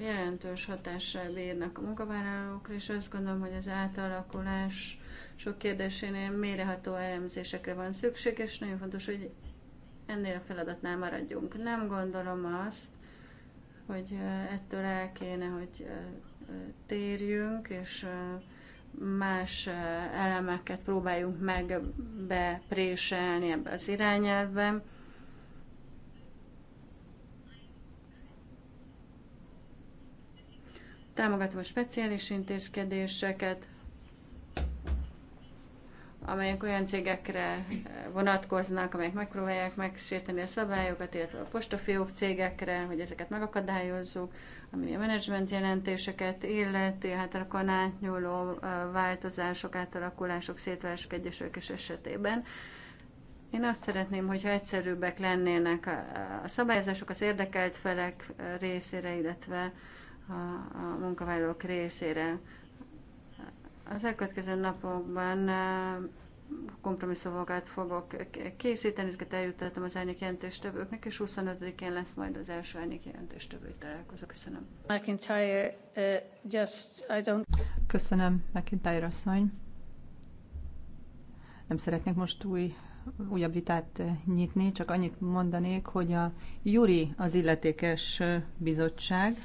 jelentős hatással bírnak a munkavállalókra, és azt gondolom, hogy az átalakulás sok kérdésénél méreható elemzésekre van szükség, és nagyon fontos, hogy ennél a feladatnál maradjunk. Nem gondolom azt, hogy ettől el kéne, hogy térjünk, és más elemeket próbáljunk meg bepréselni ebbe az irányelvben Támogatom a speciális intézkedéseket, amelyek olyan cégekre vonatkoznak, amelyek megpróbálják megsérteni a szabályokat, illetve a postafiók cégekre, hogy ezeket megakadályozzuk, ami a menedzsment jelentéseket illeti, hát a kanátnyúló változások, átalakulások, szétválások egyesülés esetében. Én azt szeretném, hogyha egyszerűbbek lennének a szabályozások az érdekelt felek részére, illetve a, a munkavállalók részére. Az elkövetkező napokban kompromisszumokat fogok készíteni, ezeket eljutottam az elnök jelentéstevőknek, és 25-én lesz majd az első árnyék jelentéstevői találkozó. Köszönöm. McIntyre, uh, just, I don't... Köszönöm, McIntyre asszony. Nem szeretnék most új újabb vitát nyitni, csak annyit mondanék, hogy a Juri az illetékes bizottság,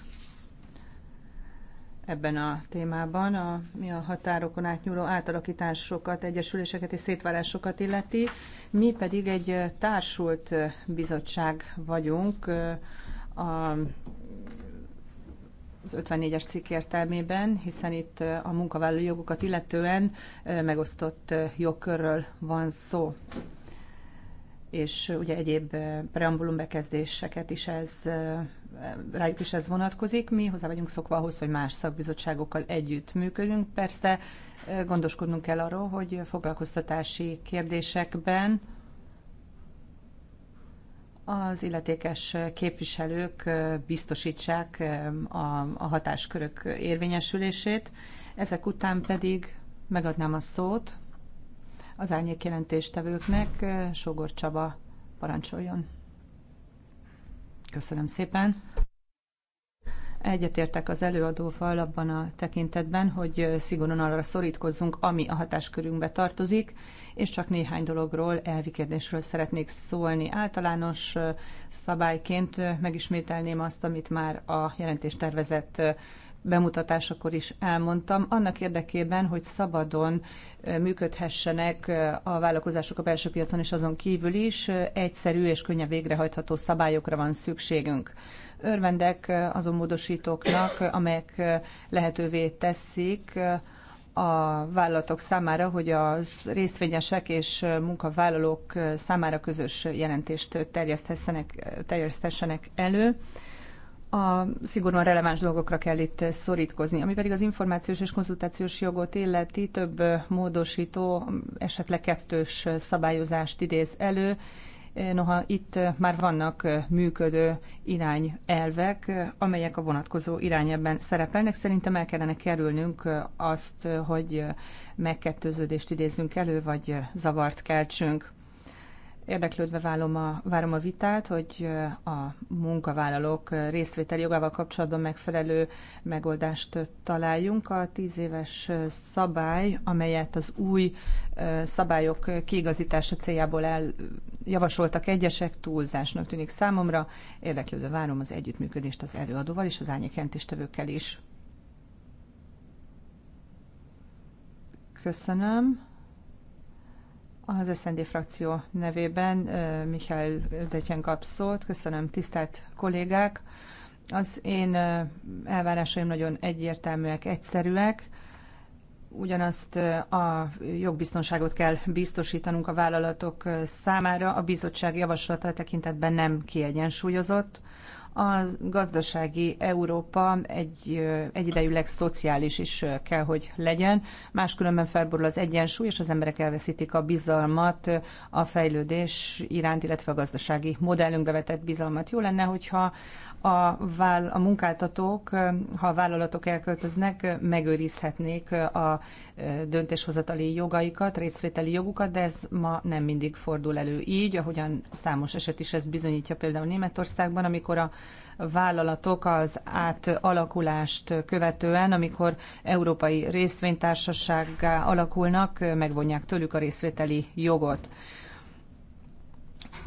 ebben a témában, ami a határokon átnyúló átalakításokat, egyesüléseket és szétválásokat illeti. Mi pedig egy társult bizottság vagyunk a az 54-es cikk értelmében, hiszen itt a munkavállalói jogokat illetően megosztott jogkörről van szó és ugye egyéb preambulum bekezdéseket is ez, rájuk is ez vonatkozik. Mi hozzá vagyunk szokva ahhoz, hogy más szakbizottságokkal együtt működünk. Persze gondoskodnunk kell arról, hogy foglalkoztatási kérdésekben az illetékes képviselők biztosítsák a, a hatáskörök érvényesülését. Ezek után pedig megadnám a szót az árnyék jelentéstevőknek. Sogor Csaba parancsoljon. Köszönöm szépen. Egyetértek az előadóval abban a tekintetben, hogy szigorúan arra szorítkozzunk, ami a hatáskörünkbe tartozik, és csak néhány dologról, elvi kérdésről szeretnék szólni. Általános szabályként megismételném azt, amit már a jelentéstervezet bemutatásakor is elmondtam, annak érdekében, hogy szabadon működhessenek a vállalkozások a belső piacon és azon kívül is, egyszerű és könnyen végrehajtható szabályokra van szükségünk. Örvendek azon módosítóknak, amelyek lehetővé teszik, a vállalatok számára, hogy az részvényesek és munkavállalók számára közös jelentést terjeszthessenek, terjeszthessenek elő a szigorúan releváns dolgokra kell itt szorítkozni. Ami pedig az információs és konzultációs jogot illeti, több módosító, esetleg kettős szabályozást idéz elő. Noha itt már vannak működő irányelvek, amelyek a vonatkozó irányelben szerepelnek, szerintem el kellene kerülnünk azt, hogy megkettőződést idézzünk elő, vagy zavart keltsünk. Érdeklődve várom a, várom a vitát, hogy a munkavállalók részvételi jogával kapcsolatban megfelelő megoldást találjunk. A tíz éves szabály, amelyet az új szabályok kiigazítása céljából el javasoltak egyesek, túlzásnak tűnik számomra. Érdeklődve várom az együttműködést az előadóval és az árnyékjelentéstevőkkel is. Köszönöm. Az SZND frakció nevében Mihály Detyen kap szót. Köszönöm, tisztelt kollégák! Az én elvárásaim nagyon egyértelműek, egyszerűek. Ugyanazt a jogbiztonságot kell biztosítanunk a vállalatok számára. A bizottság javaslata tekintetben nem kiegyensúlyozott a gazdasági Európa egy, egyidejűleg szociális is kell, hogy legyen. Máskülönben felborul az egyensúly, és az emberek elveszítik a bizalmat a fejlődés iránt, illetve a gazdasági modellünkbe vetett bizalmat. Jó lenne, hogyha a, váll, a munkáltatók, ha a vállalatok elköltöznek, megőrizhetnék a döntéshozatali jogaikat, részvételi jogukat, de ez ma nem mindig fordul elő így, ahogyan számos eset is ez bizonyítja például Németországban, amikor a vállalatok az átalakulást követően, amikor európai részvénytársasággá alakulnak, megvonják tőlük a részvételi jogot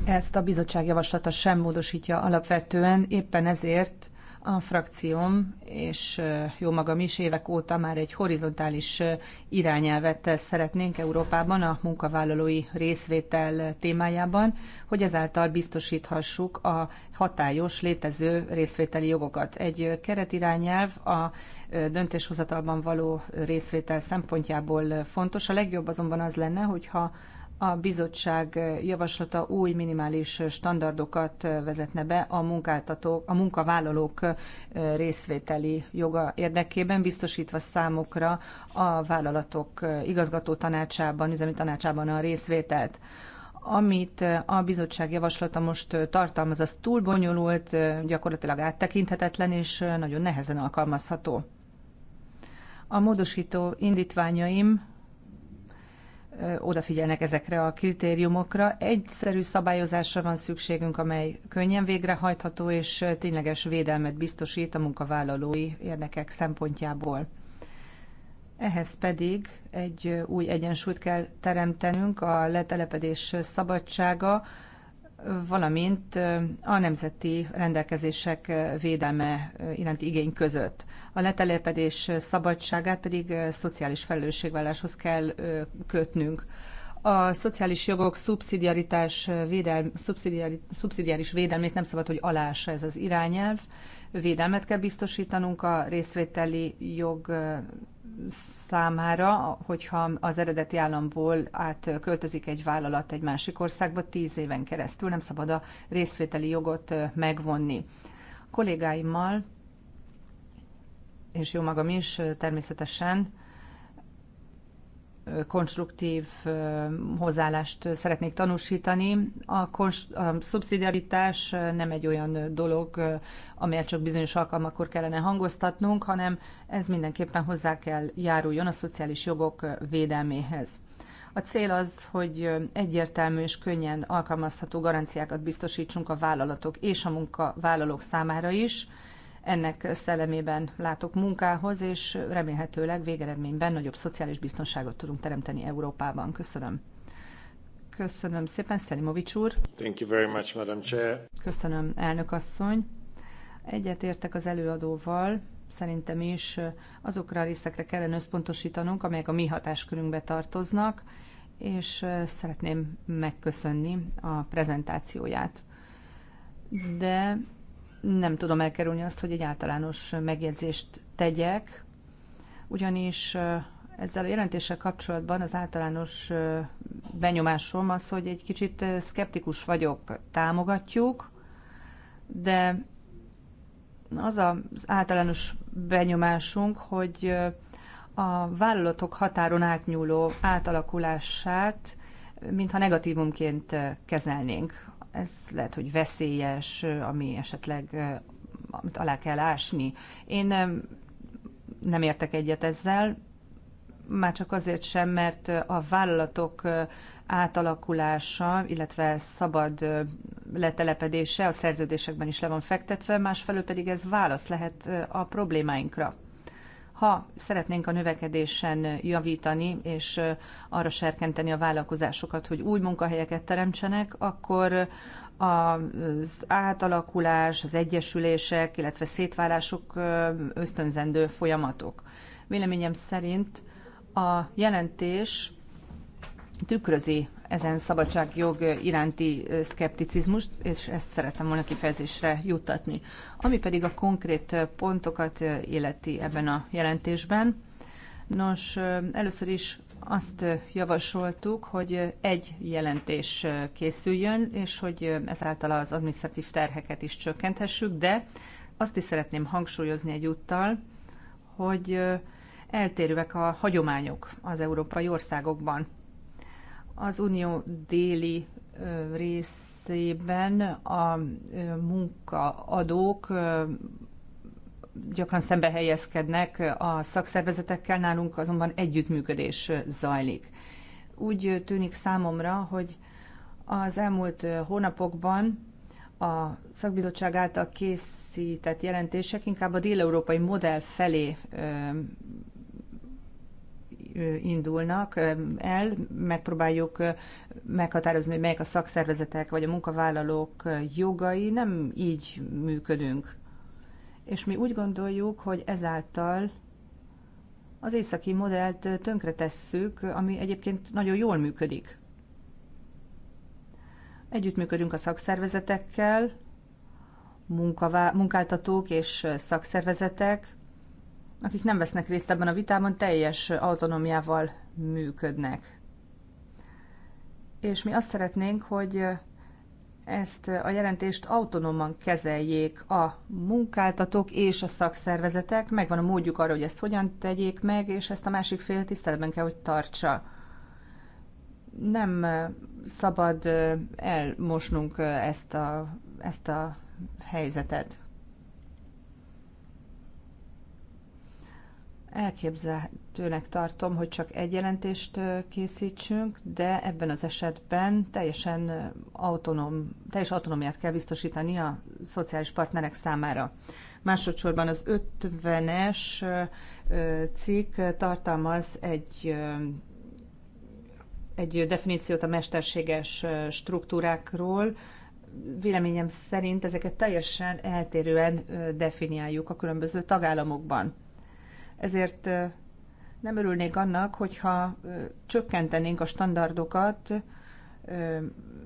ezt a bizottság javaslata sem módosítja alapvetően, éppen ezért a frakcióm, és jó magam is évek óta már egy horizontális irányelvet szeretnénk Európában a munkavállalói részvétel témájában, hogy ezáltal biztosíthassuk a hatályos létező részvételi jogokat. Egy keretirányelv a döntéshozatalban való részvétel szempontjából fontos. A legjobb azonban az lenne, hogyha a bizottság javaslata új minimális standardokat vezetne be a munkáltatók, a munkavállalók részvételi joga érdekében, biztosítva számukra a vállalatok igazgató tanácsában, üzemi tanácsában a részvételt. Amit a bizottság javaslata most tartalmaz, az túl bonyolult, gyakorlatilag áttekinthetetlen és nagyon nehezen alkalmazható. A módosító indítványaim odafigyelnek ezekre a kritériumokra. Egyszerű szabályozásra van szükségünk, amely könnyen végrehajtható és tényleges védelmet biztosít a munkavállalói érdekek szempontjából. Ehhez pedig egy új egyensúlyt kell teremtenünk a letelepedés szabadsága, valamint a nemzeti rendelkezések védelme iránti igény között. A letelepedés szabadságát pedig szociális felelősségválláshoz kell kötnünk. A szociális jogok szubszidiaritás védelm, szubszidiari, szubszidiáris védelmét nem szabad, hogy alása ez az irányelv. Védelmet kell biztosítanunk a részvételi jog számára, hogyha az eredeti államból átköltözik egy vállalat egy másik országba, tíz éven keresztül nem szabad a részvételi jogot megvonni. A kollégáimmal, és jó magam is természetesen, konstruktív hozzáállást szeretnék tanúsítani. A, konst- a szubszidiaritás nem egy olyan dolog, amelyet csak bizonyos alkalmakkor kellene hangoztatnunk, hanem ez mindenképpen hozzá kell járuljon a szociális jogok védelméhez. A cél az, hogy egyértelmű és könnyen alkalmazható garanciákat biztosítsunk a vállalatok és a munkavállalók számára is, ennek szellemében látok munkához, és remélhetőleg végeredményben nagyobb szociális biztonságot tudunk teremteni Európában. Köszönöm. Köszönöm szépen, Szelimovics úr. Thank you very much, Madam Chair. Köszönöm, elnök asszony. Egyetértek az előadóval, szerintem is azokra a részekre kellene összpontosítanunk, amelyek a mi hatáskörünkbe tartoznak, és szeretném megköszönni a prezentációját. De nem tudom elkerülni azt, hogy egy általános megjegyzést tegyek, ugyanis ezzel a jelentéssel kapcsolatban az általános benyomásom az, hogy egy kicsit szkeptikus vagyok, támogatjuk, de az az általános benyomásunk, hogy a vállalatok határon átnyúló átalakulását mintha negatívumként kezelnénk ez lehet, hogy veszélyes, ami esetleg amit alá kell ásni. Én nem, nem értek egyet ezzel, már csak azért sem, mert a vállalatok átalakulása, illetve szabad letelepedése a szerződésekben is le van fektetve, másfelől pedig ez válasz lehet a problémáinkra ha szeretnénk a növekedésen javítani, és arra serkenteni a vállalkozásokat, hogy új munkahelyeket teremtsenek, akkor az átalakulás, az egyesülések, illetve szétválások ösztönzendő folyamatok. Véleményem szerint a jelentés tükrözi ezen szabadságjog iránti szkepticizmust, és ezt szeretem volna kifejezésre juttatni. Ami pedig a konkrét pontokat illeti ebben a jelentésben. Nos, először is azt javasoltuk, hogy egy jelentés készüljön, és hogy ezáltal az administratív terheket is csökkenthessük, de azt is szeretném hangsúlyozni egyúttal, hogy eltérőek a hagyományok az európai országokban. Az unió déli részében a munkaadók gyakran szembe helyezkednek a szakszervezetekkel, nálunk azonban együttműködés zajlik. Úgy tűnik számomra, hogy az elmúlt hónapokban a szakbizottság által készített jelentések inkább a déleurópai modell felé indulnak el, megpróbáljuk meghatározni, hogy melyek a szakszervezetek vagy a munkavállalók jogai, nem így működünk. És mi úgy gondoljuk, hogy ezáltal az északi modellt tönkretesszük, ami egyébként nagyon jól működik. Együttműködünk a szakszervezetekkel, munkavá- munkáltatók és szakszervezetek, akik nem vesznek részt ebben a vitában, teljes autonómiával működnek. És mi azt szeretnénk, hogy ezt a jelentést autonóman kezeljék a munkáltatók és a szakszervezetek. Megvan a módjuk arra, hogy ezt hogyan tegyék meg, és ezt a másik fél tiszteletben kell, hogy tartsa. Nem szabad eh, elmosnunk eh, ezt a, ezt a helyzetet. Elképzelhetőnek tartom, hogy csak egy jelentést készítsünk, de ebben az esetben teljesen autonóm, teljes autonómiát kell biztosítani a szociális partnerek számára. Másodszorban az 50-es cikk tartalmaz egy egy definíciót a mesterséges struktúrákról. Véleményem szerint ezeket teljesen eltérően definiáljuk a különböző tagállamokban. Ezért nem örülnék annak, hogyha csökkentenénk a standardokat.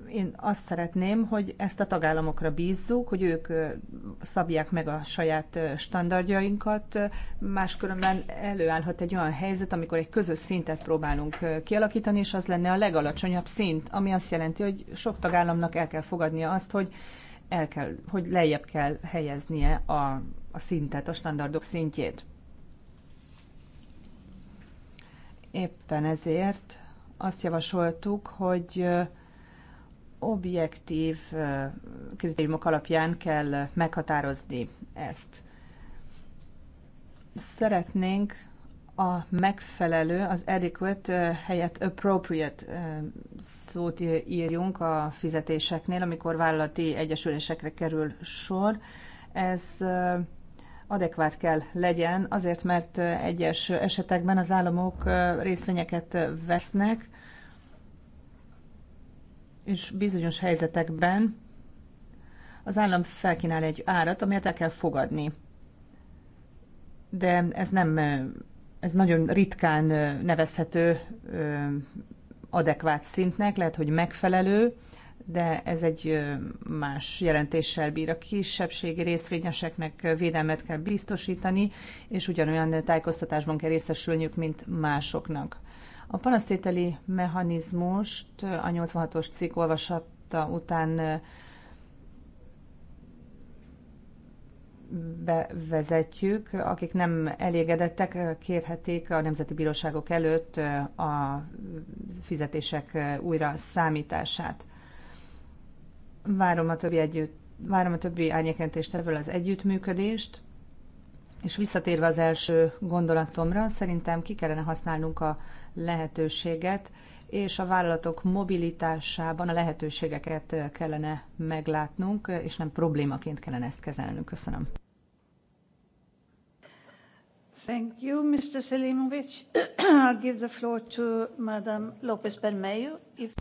Én azt szeretném, hogy ezt a tagállamokra bízzuk, hogy ők szabják meg a saját standardjainkat. Máskülönben előállhat egy olyan helyzet, amikor egy közös szintet próbálunk kialakítani, és az lenne a legalacsonyabb szint, ami azt jelenti, hogy sok tagállamnak el kell fogadnia azt, hogy el kell, hogy lejjebb kell helyeznie a, a szintet, a standardok szintjét. Éppen ezért azt javasoltuk, hogy objektív kritériumok alapján kell meghatározni ezt. Szeretnénk a megfelelő, az adequate helyett appropriate szót írjunk a fizetéseknél, amikor vállalati egyesülésekre kerül sor. Ez adekvát kell legyen, azért mert egyes esetekben az államok részvényeket vesznek, és bizonyos helyzetekben az állam felkínál egy árat, amelyet el kell fogadni. De ez nem, ez nagyon ritkán nevezhető adekvát szintnek, lehet, hogy megfelelő, de ez egy más jelentéssel bír. A kisebbségi részvényeseknek védelmet kell biztosítani, és ugyanolyan tájékoztatásban kell részesülniük, mint másoknak. A panasztételi mechanizmust a 86-os cikk olvasatta után bevezetjük, akik nem elégedettek, kérhetik a nemzeti bíróságok előtt a fizetések újra számítását várom a többi együtt, várom a többi ebből az együttműködést, és visszatérve az első gondolatomra, szerintem ki kellene használnunk a lehetőséget, és a vállalatok mobilitásában a lehetőségeket kellene meglátnunk, és nem problémaként kellene ezt kezelnünk. Köszönöm. Thank you, Mr. Selimovic. I'll give the floor to Madam Lopez Bermejo. If...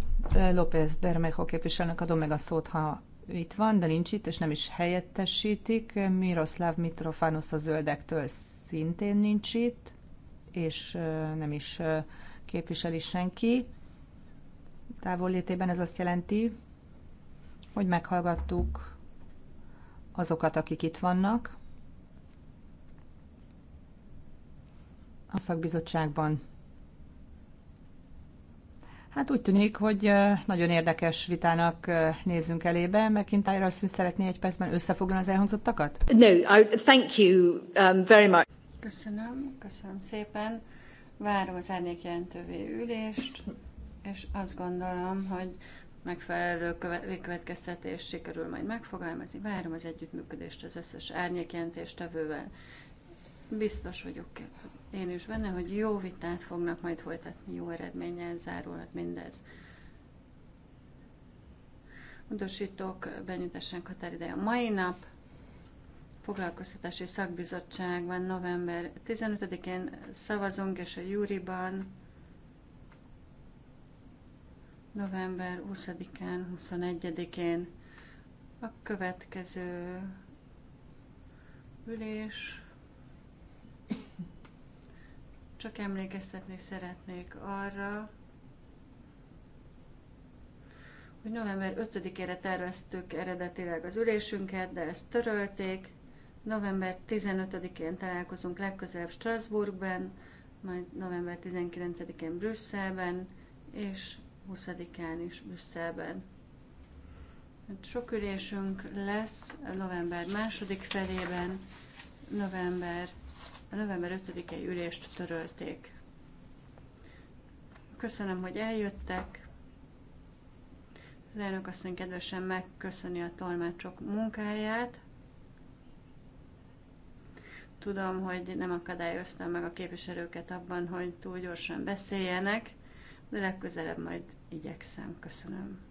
López Bermejo képviselőnek adom meg a szót, ha itt van, de nincs itt, és nem is helyettesítik. Miroslav Mitrofanusz a zöldektől szintén nincs itt, és nem is képviseli senki. Távollétében ez azt jelenti, hogy meghallgattuk azokat, akik itt vannak a szakbizottságban Hát úgy tűnik, hogy nagyon érdekes vitának nézzünk elébe. McIntyre asszony szeretné egy percben összefoglalni az elhangzottakat? No, I, thank you um, very much. Köszönöm, köszönöm szépen. Várom az árnyék jelentővé ülést, és azt gondolom, hogy megfelelő következtetés sikerül majd megfogalmazni. Várom az együttműködést az összes árnyékjelentéstevővel. Biztos vagyok, én is benne, hogy jó vitát fognak majd folytatni, jó eredménnyel zárulhat mindez. Módosítók benyújtásánk határideje a mai nap. Foglalkoztatási szakbizottságban november 15-én szavazunk, és a júriban november 20-án, 21-én a következő ülés csak emlékeztetni szeretnék arra, hogy november 5-ére terveztük eredetileg az ülésünket, de ezt törölték. November 15-én találkozunk legközelebb Strasbourgben, majd november 19-én Brüsszelben, és 20-án is Brüsszelben. Hát sok ülésünk lesz november második felében, november a november 5-i ülést törölték. Köszönöm, hogy eljöttek. Az elnök asszony kedvesen megköszöni a tolmácsok munkáját. Tudom, hogy nem akadályoztam meg a képviselőket abban, hogy túl gyorsan beszéljenek, de legközelebb majd igyekszem. Köszönöm.